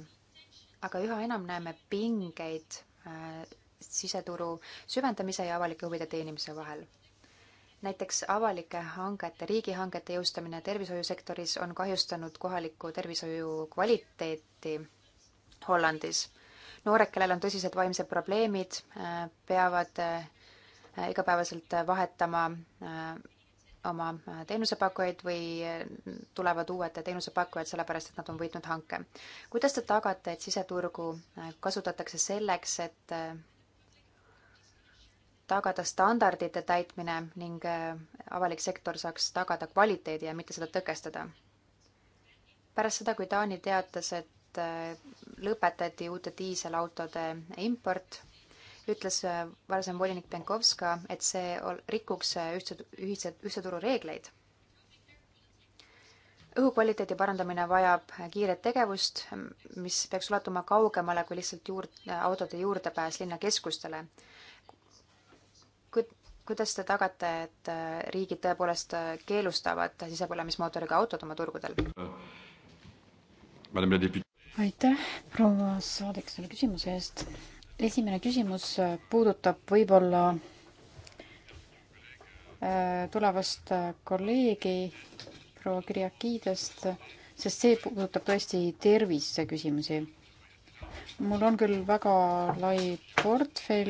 aga üha enam näeme pingeid siseturu süvendamise ja avalike huvide teenimise vahel. näiteks avalike hangete, riigihangete jõustamine tervishoiusektoris on kahjustanud kohalikku tervishoiu kvaliteeti Hollandis. noored, kellel on tõsised vaimsed probleemid, äh, peavad äh, igapäevaselt vahetama äh, oma teenusepakkujaid või tulevad uued teenusepakkujad, sellepärast et nad on võitnud hanke. kuidas te tagate, et siseturgu kasutatakse selleks, et tagada standardite täitmine ning äh, avalik sektor saaks tagada kvaliteedi ja mitte seda tõkestada. pärast seda, kui Taani teatas, et äh, lõpetati uute diiselautode import, ütles äh, varasem volinik Benkovska, et see rikuks ühtse, ühise, ühtse turu reegleid. õhukvaliteedi parandamine vajab kiiret tegevust, mis peaks ulatuma kaugemale kui lihtsalt juur-, autode juurdepääs linnakeskustele kuidas te tagate, et äh, riigid tõepoolest äh, keelustavad sisepõlemismootoriga autod oma turgudel? aitäh, proua saadik, selle küsimuse eest. esimene küsimus äh, puudutab võib-olla tulevast kolleegi proua Kirjakidest, sest see puudutab tõesti terviseküsimusi mul on küll väga lai portfell,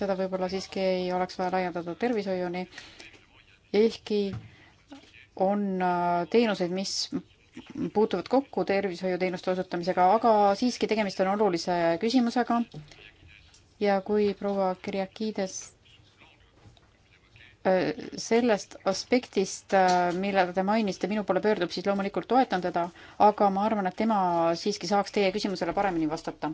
seda võib-olla siiski ei oleks vaja laiendada tervishoiuni, ehkki on äh, teenuseid, mis puutuvad kokku tervishoiuteenuste osutamisega, aga siiski tegemist on olulise küsimusega. ja kui proua Kirjakides sellest aspektist, mille te mainisite, minu poole pöördub, siis loomulikult toetan teda, aga ma arvan, et tema siiski saaks teie küsimusele paremini vastata.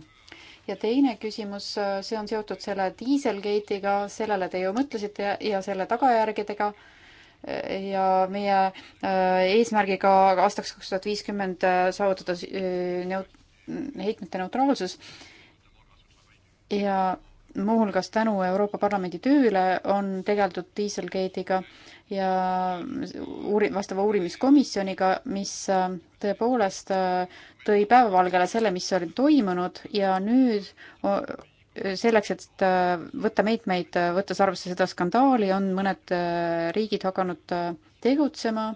ja teine küsimus, see on seotud selle diiselgate'iga, sellele te ju mõtlesite ja, ja selle tagajärgedega ja meie äh, eesmärgiga aastaks kaks tuhat viiskümmend äh, saavutada äh, neut-, heitmete neutraalsus ja muuhulgas tänu Euroopa Parlamendi tööle on tegeldud Dieselgate'iga ja uuri-, vastava uurimiskomisjoniga, mis äh, tõepoolest äh, tõi päevavalgele selle, mis oli toimunud ja nüüd selleks, et äh, võtta meetmeid, võttes arvesse seda skandaali, on mõned riigid hakanud tegutsema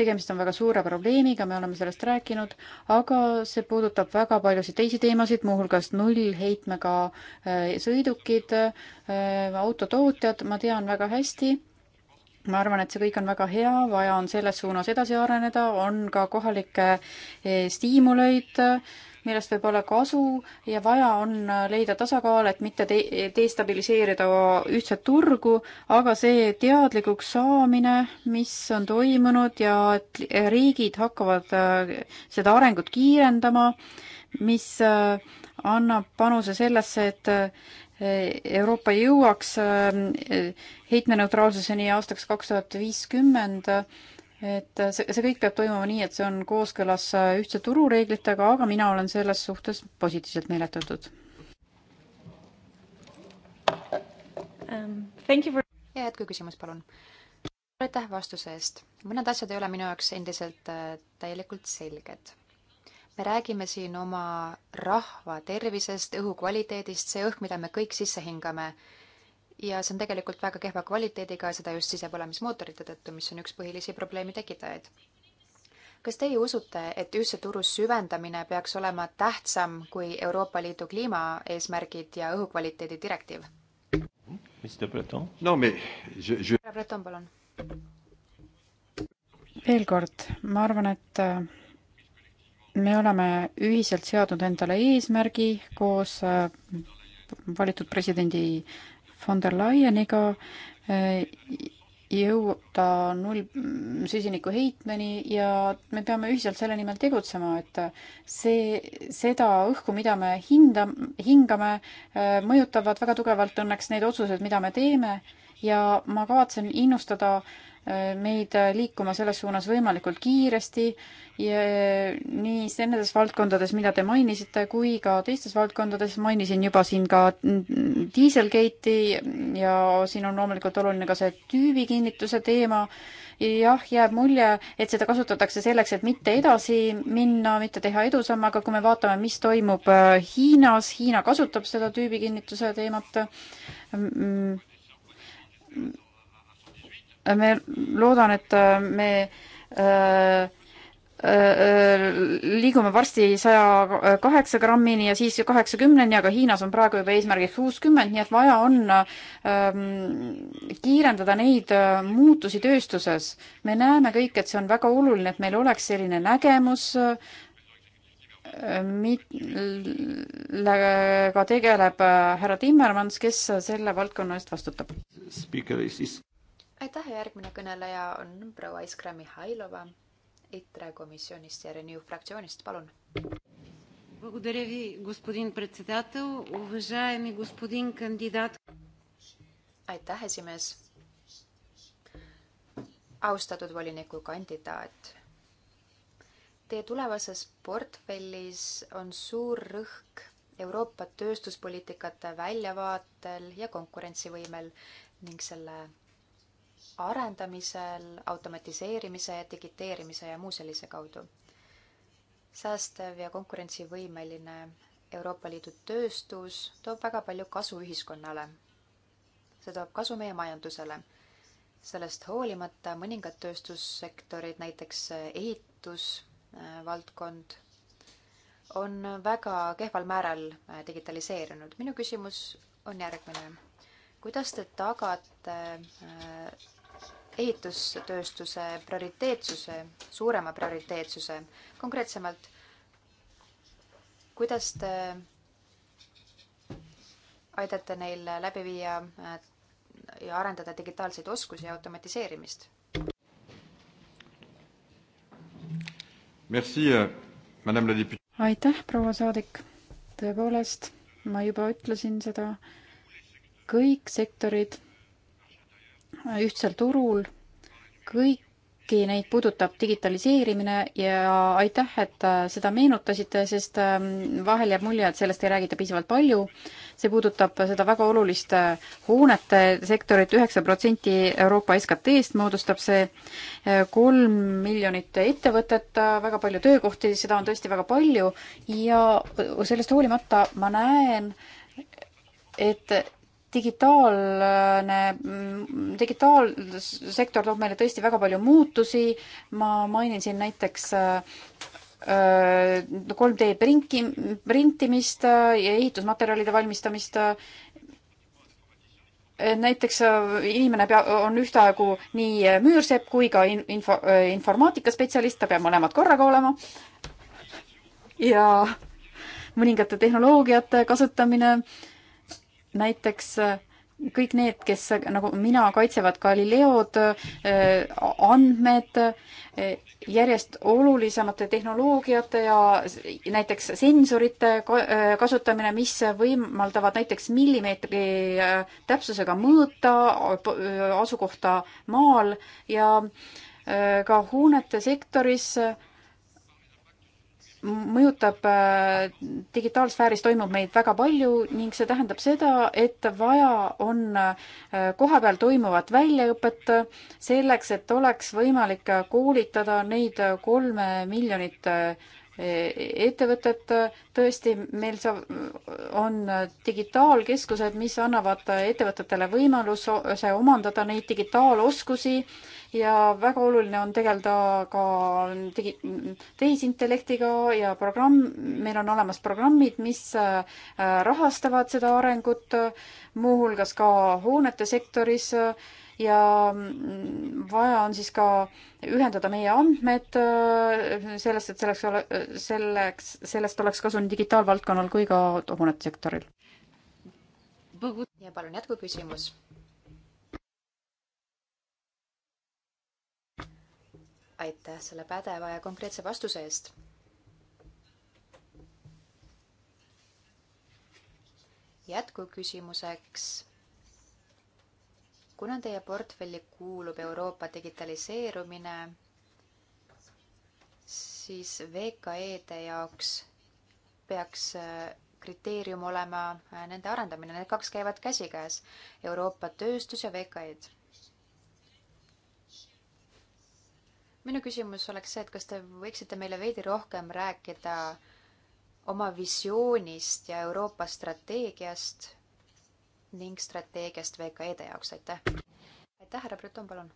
tegemist on väga suure probleemiga, me oleme sellest rääkinud, aga see puudutab väga paljusid teisi teemasid, muuhulgas nullheitmega äh, sõidukid, äh, autotootjad, ma tean väga hästi, ma arvan, et see kõik on väga hea, vaja on selles suunas edasi areneda, on ka kohalikke äh, stiimuleid äh, millest võib olla kasu ja vaja on leida tasakaal, et mitte de-, destabiliseerida ühtset turgu, aga see teadlikuks saamine, mis on toimunud ja et riigid hakkavad äh, seda arengut kiirendama, mis äh, annab panuse sellesse, et äh, Euroopa jõuaks heitmeneutraalsuseni aastaks kaks tuhat viiskümmend et see, see kõik peab toimuma nii, et see on kooskõlas ühtse turu reeglitega, aga mina olen selles suhtes positiivselt meeletatud um,. For... ja jätkuküsimus, palun. aitäh vastuse eest. mõned asjad ei ole minu jaoks endiselt äh, täielikult selged. me räägime siin oma rahva tervisest, õhukvaliteedist, see õhk, mida me kõik sisse hingame ja see on tegelikult väga kehva kvaliteediga, seda just sisepõlemismootorite tõttu, mis on üks põhilisi probleemi tekitajaid. kas teie usute, et ühtse turu süvendamine peaks olema tähtsam kui Euroopa Liidu kliimaeesmärgid ja õhukvaliteedi direktiiv? no me je, je... härra Breton, palun. veel kord, ma arvan, et äh, me oleme ühiselt seadnud endale eesmärgi koos äh, valitud presidendi von der Leyeniga eh, jõuda null süsiniku heitmeni ja me peame ühiselt selle nimel tegutsema, et see, seda õhku, mida me hinda, hingame, eh, mõjutavad väga tugevalt õnneks need otsused, mida me teeme ja ma kavatsen innustada äh, meid liikuma selles suunas võimalikult kiiresti ja nii nendes valdkondades, mida te mainisite, kui ka teistes valdkondades, mainisin juba siin ka diiselgate'i ja siin on loomulikult oluline ka see tüübikinnituse teema, jah, jääb mulje, et seda kasutatakse selleks, et mitte edasi minna, mitte teha edusamme, aga kui me vaatame, mis toimub Hiinas, Hiina kasutab seda tüübikinnituse teemat me loodan, et äh, me öö, äh, äh, liigume varsti saja kaheksa grammini ja siis kaheksakümneni, aga Hiinas on praegu juba eesmärgiks kuuskümmend, nii et vaja on ähm, kiirendada neid muutusi tööstuses. me näeme kõik, et see on väga oluline, et meil oleks selline nägemus äh,, millega tegeleb härra Timmermans, kes selle valdkonna eest vastutab aitäh ja järgmine kõneleja on proua Iskra Mihhailova EKRE komisjonist ja Renew fraktsioonist, palun. aitäh, esimees. austatud volinikukandidaat. Teie tulevases portfellis on suur rõhk Euroopa tööstuspoliitikate väljavaatel ja konkurentsivõimel ning selle arendamisel automatiseerimise, digiteerimise ja muu sellise kaudu. säästev ja konkurentsivõimeline Euroopa Liidu tööstus toob väga palju kasu ühiskonnale. see toob kasu meie majandusele. sellest hoolimata mõningad tööstussektorid, näiteks ehitusvaldkond, äh, on väga kehval määral äh, digitaliseerunud. minu küsimus on järgmine. kuidas te tagate äh, ehitustööstuse prioriteetsuse, suurema prioriteetsuse. konkreetsemalt, kuidas te aidate neil läbi viia äh, ja arendada digitaalseid oskusi ja automatiseerimist? Äh, aitäh, proua saadik. tõepoolest, ma juba ütlesin seda, kõik sektorid ühtsel turul, kõiki neid puudutab digitaliseerimine ja aitäh, et äh, seda meenutasite, sest ähm, vahel jääb mulje, et sellest ei räägita piisavalt palju. see puudutab seda väga olulist äh, hoonete sektorit, üheksa protsenti Euroopa SKT-st moodustab see, äh, kolm miljonit ettevõtet, väga palju töökohti, seda on tõesti väga palju ja sellest hoolimata ma näen, et digitaalne, digitaalsektor toob meile tõesti väga palju muutusi, ma mainin siin näiteks 3D äh, äh, prinki, printimist äh, ja ehitusmaterjalide valmistamist, näiteks inimene pea-, on ühtaegu nii müürsepp kui ka in-, info, informaatikaspetsialist, ta peab mõlemad korraga olema ja mõningate tehnoloogiate kasutamine äh, näiteks äh, kõik need, kes äh, nagu mina, kaitsevad Galileod, äh, andmed, järjest olulisemate tehnoloogiate ja näiteks sensorite kasutamine, mis võimaldavad näiteks millimeetri täpsusega mõõta asukohta maal ja ka hoonete sektoris mõjutab äh, digitaalsfääris toimub meid väga palju ning see tähendab seda, et vaja on äh, kohapeal toimuvat väljaõpet selleks, et oleks võimalik koolitada neid kolme miljonit äh, ettevõtet, tõesti, meil saab, on digitaalkeskused, mis annavad ettevõtetele võimaluse omandada neid digitaaloskusi ja väga oluline on tegeleda ka digi-, tehisintellektiga ja programm, meil on olemas programmid, mis äh, rahastavad seda arengut, muuhulgas ka hoonete sektoris ja mm, vaja on siis ka ühendada meie andmed äh, sellest, et selleks ole, selleks, sellest oleks kasu nii digitaalvaldkonnal kui ka hoonete sektoril. ja palun jätkuküsimus aitäh selle pädeva ja konkreetse vastuse eest. jätkuküsimuseks. kuna teie portfelli kuulub Euroopa digitaliseerumine, siis VKE-de jaoks peaks äh, kriteerium olema äh, nende arendamine, need kaks käivad käsikäes, Euroopa tööstus ja VKE-d minu küsimus oleks see, et kas te võiksite meile veidi rohkem rääkida oma visioonist ja Euroopa strateegiast ning strateegiast VKE-de jaoks, aitäh! aitäh, härra Breton, palun!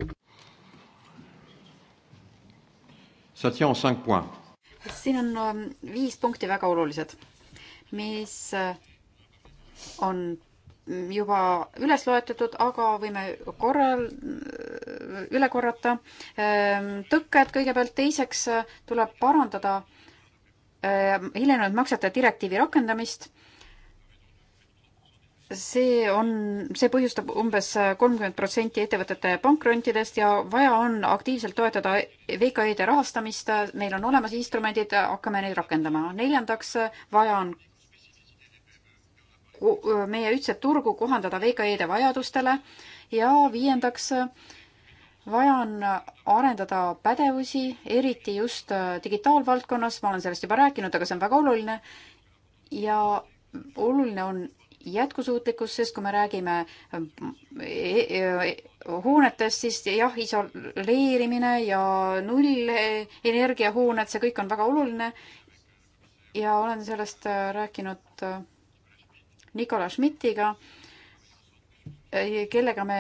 siin on ähm, viis punkti väga olulised, mis äh, on juba üles loetletud, aga võime korral äh, üle korrata. Ehm, tõkked kõigepealt, teiseks äh, tuleb parandada ehm, hilinenud maksete direktiivi rakendamist. see on, see põhjustab umbes äh, kolmkümmend protsenti ettevõtete pankrontidest ja vaja on aktiivselt toetada VKÜ-de rahastamist, meil on olemas instrumendid, hakkame neid rakendama. neljandaks, vaja on meie ühtset turgu kohandada VKE-de vajadustele ja viiendaks vaja on arendada pädevusi, eriti just äh, digitaalvaldkonnas, ma olen sellest juba rääkinud, aga see on väga oluline. ja oluline on jätkusuutlikkus, sest kui me räägime äh, e, e, hoonetest, siis jah, isoleerimine ja nullenergiahooned, see kõik on väga oluline. ja olen sellest äh, rääkinud Nicolas Schmidtiga kellega me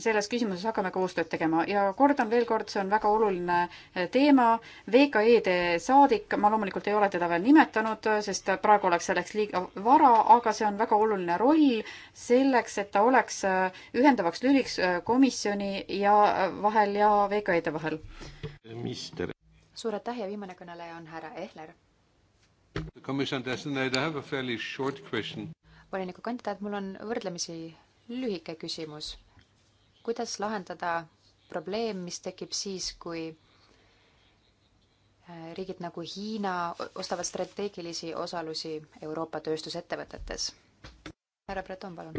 selles küsimuses hakkame koostööd tegema ja kordan veel kord, see on väga oluline eh, teema. VKE-de saadik, ma loomulikult ei ole teda veel nimetanud, sest praegu oleks selleks liiga vara, aga see on väga oluline roll selleks, et ta oleks eh, ühendavaks lüliks eh, komisjoni ja vahel ja VKE-de vahel. minister. suur aitäh ja viimane kõneleja on härra Ehler. Commissioner Designated, I have a fairly short question. voliniku kandidaat, mul on võrdlemisi lühike küsimus. kuidas lahendada probleem, mis tekib siis, kui äh, riigid nagu Hiina ostavad strateegilisi osalusi Euroopa tööstusettevõtetes? härra Breton, palun.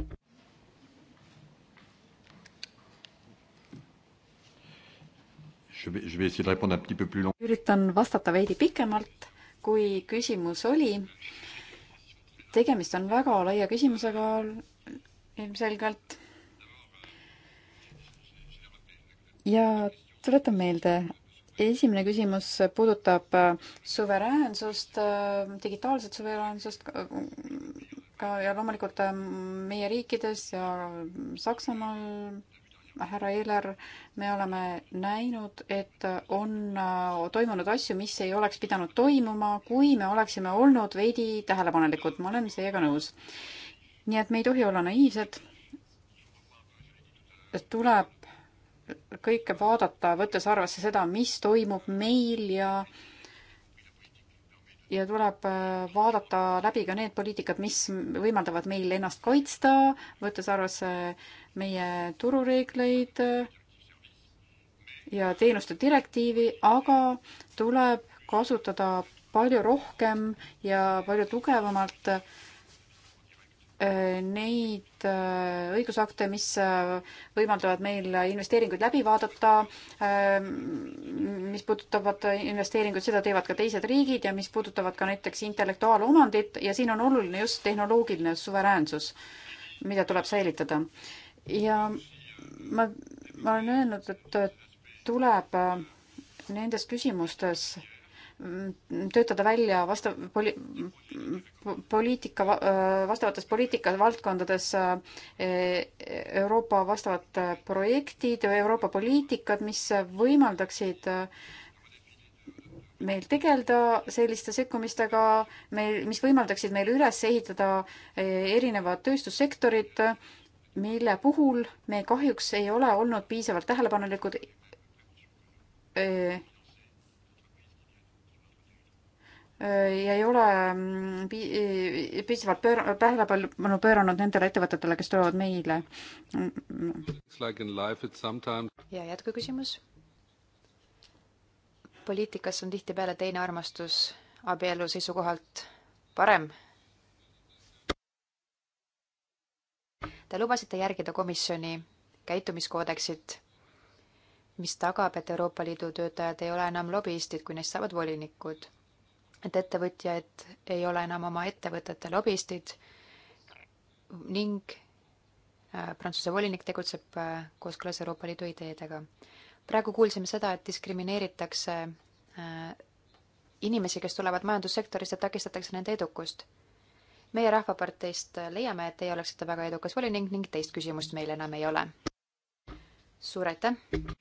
üritan vastata veidi pikemalt, kui küsimus oli. tegemist on väga laia küsimusega, ilmselgelt. ja tuletan meelde, esimene küsimus puudutab äh, suveräänsust, äh, digitaalset suveräänsust äh, ka ja loomulikult meie riikides ja Saksamaal, härra Eeler, me oleme näinud, et on toimunud asju, mis ei oleks pidanud toimuma, kui me oleksime olnud veidi tähelepanelikud, ma olen seega nõus nii et me ei tohi olla naiivsed. tuleb kõike vaadata, võttes arvesse seda, mis toimub meil ja ja tuleb äh, vaadata läbi ka need poliitikad, mis võimaldavad meil ennast kaitsta, võttes arvesse meie turureegleid ja teenuste direktiivi, aga tuleb kasutada palju rohkem ja palju tugevamalt äh, Äh, neid äh, õigusakte, mis äh, võimaldavad meil investeeringuid läbi vaadata, mis puudutavad investeeringuid, seda teevad ka teised riigid ja mis puudutavad ka näiteks intellektuaalomandit ja siin on oluline just tehnoloogiline suveräänsus, mida tuleb säilitada. ja ma, ma olen öelnud, et tuleb nendes küsimustes töötada välja vastav poli-, poliitika, äh, vastavates poliitikavaldkondades äh, äh, Euroopa vastavad projektid, Euroopa poliitikad, mis võimaldaksid meil tegeleda selliste sekkumistega, meil, mis võimaldaksid meil üles ehitada erinevad tööstussektorid, mille puhul me kahjuks ei ole olnud piisavalt tähelepanelikud Äh, ja ei ole mm, äh, piisavalt pöör-, tähelepanu pööranud nendele ettevõtetele, kes tulevad meile. ja jätkuküsimus. poliitikas on tihtipeale teine armastus abielu seisukohalt parem. Te lubasite järgida komisjoni käitumiskoodeksit, mis tagab, et Euroopa Liidu töötajad ei ole enam lobistid, kui neist saavad volinikud et ettevõtjad ei ole enam oma ettevõtete lobistid ning äh, Prantsuse volinik tegutseb äh, kooskõlas Euroopa Liidu ideedega. praegu kuulsime seda, et diskrimineeritakse äh, inimesi, kes tulevad majandussektorist ja takistatakse nende edukust. meie Rahvaparteist leiame, et teie oleksite väga edukas volinik ning teist küsimust meil enam ei ole. suur aitäh!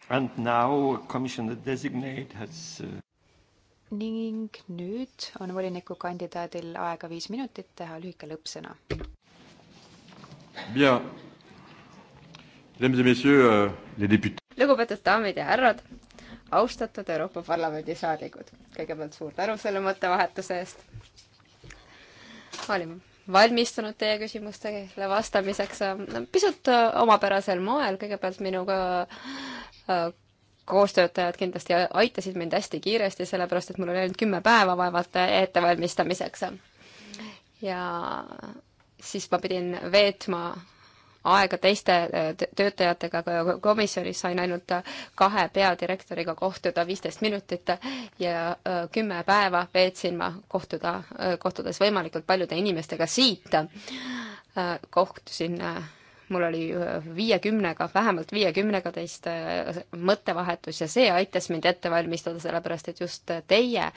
And now commissioner designate has uh, ning nüüd on volinikukandidaadil aega viis minutit teha lühike lõppsõna. Euh, lugupeetud daamid ja härrad, austatud Euroopa Parlamendi saadikud, kõigepealt suur tänu selle mõttevahetuse eest. olin valmistunud teie küsimustele vastamiseks äh, pisut äh, omapärasel moel, kõigepealt minuga äh, koostöötajad kindlasti aitasid mind hästi kiiresti, sellepärast et mul oli ainult kümme päeva vaevalt ettevalmistamiseks. ja siis ma pidin veetma aega teiste äh, töötajatega, aga komisjonis sain ainult kahe peadirektoriga kohtuda viisteist minutit ja äh, kümme päeva veetsin ma kohtuda, äh, kohtudes võimalikult paljude inimestega siit. kohtusin mul oli äh, viiekümnega, vähemalt viiekümnega teist äh, mõttevahetus ja see aitas mind ette valmistada, sellepärast et just teie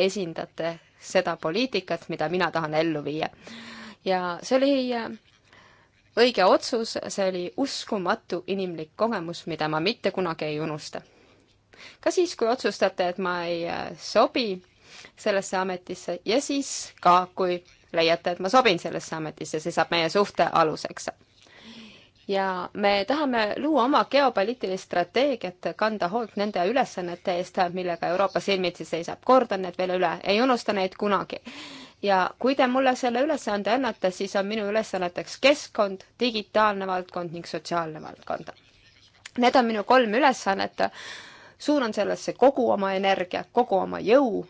esindate seda poliitikat, mida mina tahan ellu viia. ja see oli äh, õige otsus, see oli uskumatu inimlik kogemus, mida ma mitte kunagi ei unusta. ka siis, kui otsustate, et ma ei sobi sellesse ametisse ja siis ka, kui leiate, et ma sobin sellesse ametisse, see saab meie suhte aluseks ja me tahame luua oma geopoliitilist strateegiat, kanda hoolt nende ülesannete eest, millega Euroopa silmitsi seisab. kordan need veel üle, ei unusta neid kunagi. ja kui te mulle selle ülesande annate, siis on minu ülesanneteks keskkond, digitaalne valdkond ning sotsiaalne valdkond. Need on minu kolm ülesannet. suunan sellesse kogu oma energia, kogu oma jõu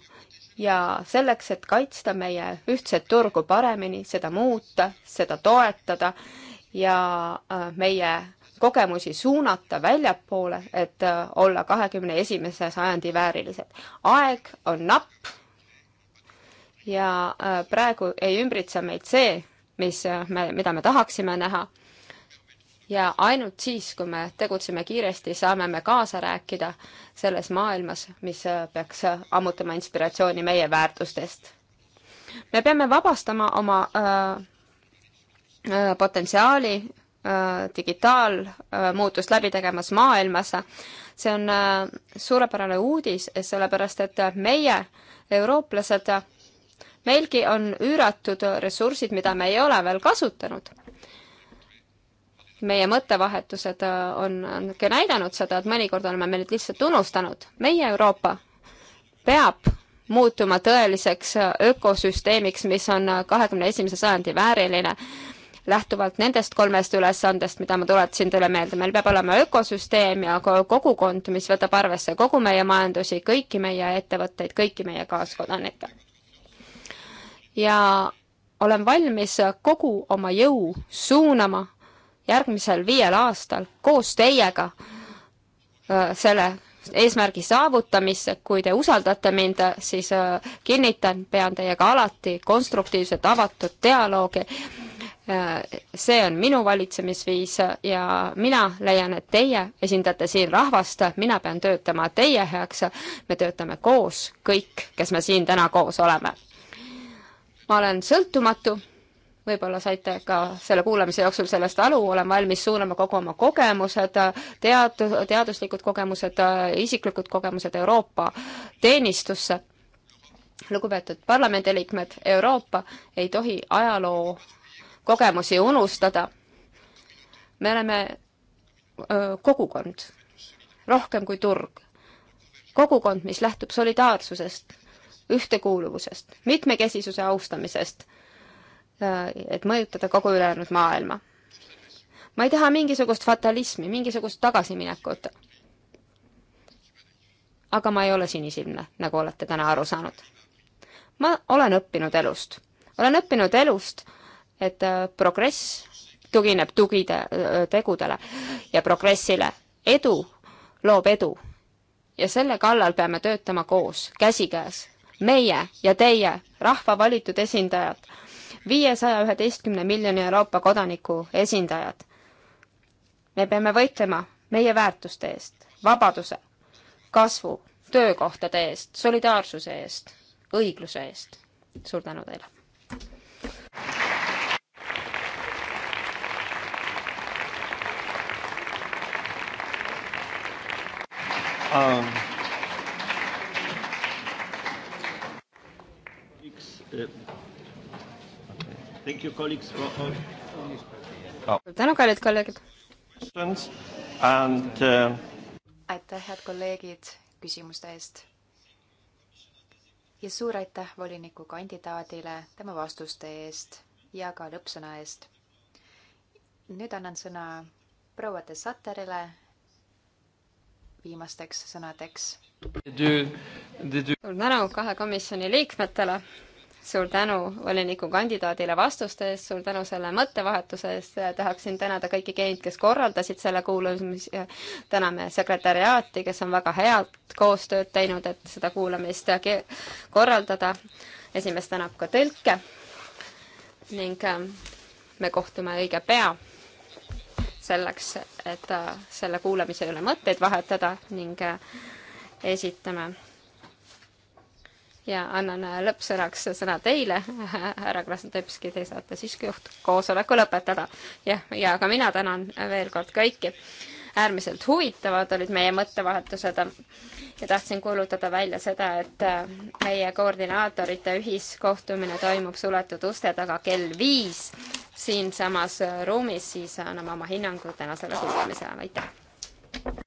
ja selleks, et kaitsta meie ühtset turgu paremini, seda muuta, seda toetada ja äh, meie kogemusi suunata väljapoole, et äh, olla kahekümne esimese sajandi väärilised. aeg on napp ja äh, praegu ei ümbritse meid see, mis me, mida me tahaksime näha. ja ainult siis, kui me tegutseme kiiresti, saame me kaasa rääkida selles maailmas, mis peaks ammutama inspiratsiooni meie väärtustest. me peame vabastama oma äh, Äh, potentsiaali äh, digitaalmuutust läbi tegemas maailmas. see on äh, suurepärane uudis, sellepärast et meie, eurooplased, meilgi on üüratud ressursid, mida me ei ole veel kasutanud. meie mõttevahetused on, on ka näidanud seda, et mõnikord oleme me need lihtsalt unustanud. meie Euroopa peab muutuma tõeliseks ökosüsteemiks, mis on kahekümne esimese sajandi vääriline lähtuvalt nendest kolmest ülesandest, mida ma tuletasin teile meelde, meil peab olema ökosüsteem ja kogukond, mis võtab arvesse kogu meie majandusi, kõiki meie ettevõtteid, kõiki meie kaaskodanikke. ja olen valmis kogu oma jõu suunama järgmisel viiel aastal koos teiega selle eesmärgi saavutamisse, kui te usaldate mind, siis kinnitan, pean teiega alati konstruktiivset avatud dialoogi Äh, see on minu valitsemisviis ja mina leian, et teie esindate siin rahvast, mina pean töötama teie heaks, me töötame koos, kõik, kes me siin täna koos oleme. ma olen sõltumatu, võib-olla saite ka selle kuulamise jooksul sellest aru, olen valmis suunama kogu oma kogemused, tead-, teaduslikud kogemused, isiklikud kogemused Euroopa teenistusse. lugupeetud parlamendiliikmed, Euroopa ei tohi ajaloo kogemusi unustada. me oleme kogukond, rohkem kui turg. kogukond, mis lähtub solidaarsusest, ühtekuuluvusest, mitmekesisuse austamisest, et mõjutada kogu ülejäänud maailma. ma ei taha mingisugust fatalismi, mingisugust tagasiminekut. aga ma ei ole sinisilmne, nagu olete täna aru saanud. ma olen õppinud elust. olen õppinud elust et äh, progress tugineb tugide, äh, tegudele ja progressile. edu loob edu ja selle kallal peame töötama koos, käsikäes. meie ja teie, rahva valitud esindajad, viiesaja üheteistkümne miljoni Euroopa kodaniku esindajad. me peame võitlema meie väärtuste eest, vabaduse, kasvu, töökohtade eest, solidaarsuse eest, õigluse eest. suur tänu teile! Um, Thank you, colleagues, for all. Oh. tänu, kallid kolleegid! And, uh... aitäh, head kolleegid, küsimuste eest! ja suur aitäh volinikukandidaadile tema vastuste eest ja ka lõppsõna eest. nüüd annan sõna proua de Satterile viimasteks sõnadeks. suur tänu kahe komisjoni liikmetele, suur tänu volinikukandidaadile vastuste eest, suur tänu selle mõttevahetuse eest, tahaksin tänada kõiki neid, kes korraldasid selle kuulamise, täname sekretäriaati, kes on väga head koostööd teinud, et seda kuulamist korraldada, esimees tänab ka tõlke ning ähm, me kohtume õige pea selleks, et äh, selle kuulamise üle mõtteid vahetada ning äh, esitame ja annan äh, lõppsõnaks sõna teile, härra Krasnodebski, te saate siiski juht koosoleku lõpetada. jah, ja ka mina tänan veel kord kõiki äärmiselt huvitavad olid meie mõttevahetused ja tahtsin kuulutada välja seda, et äh, meie koordinaatorite ühiskohtumine toimub suletud uste taga kell viis siinsamas ruumis, siis anname oma hinnangu tänasele kuulamisele, aitäh!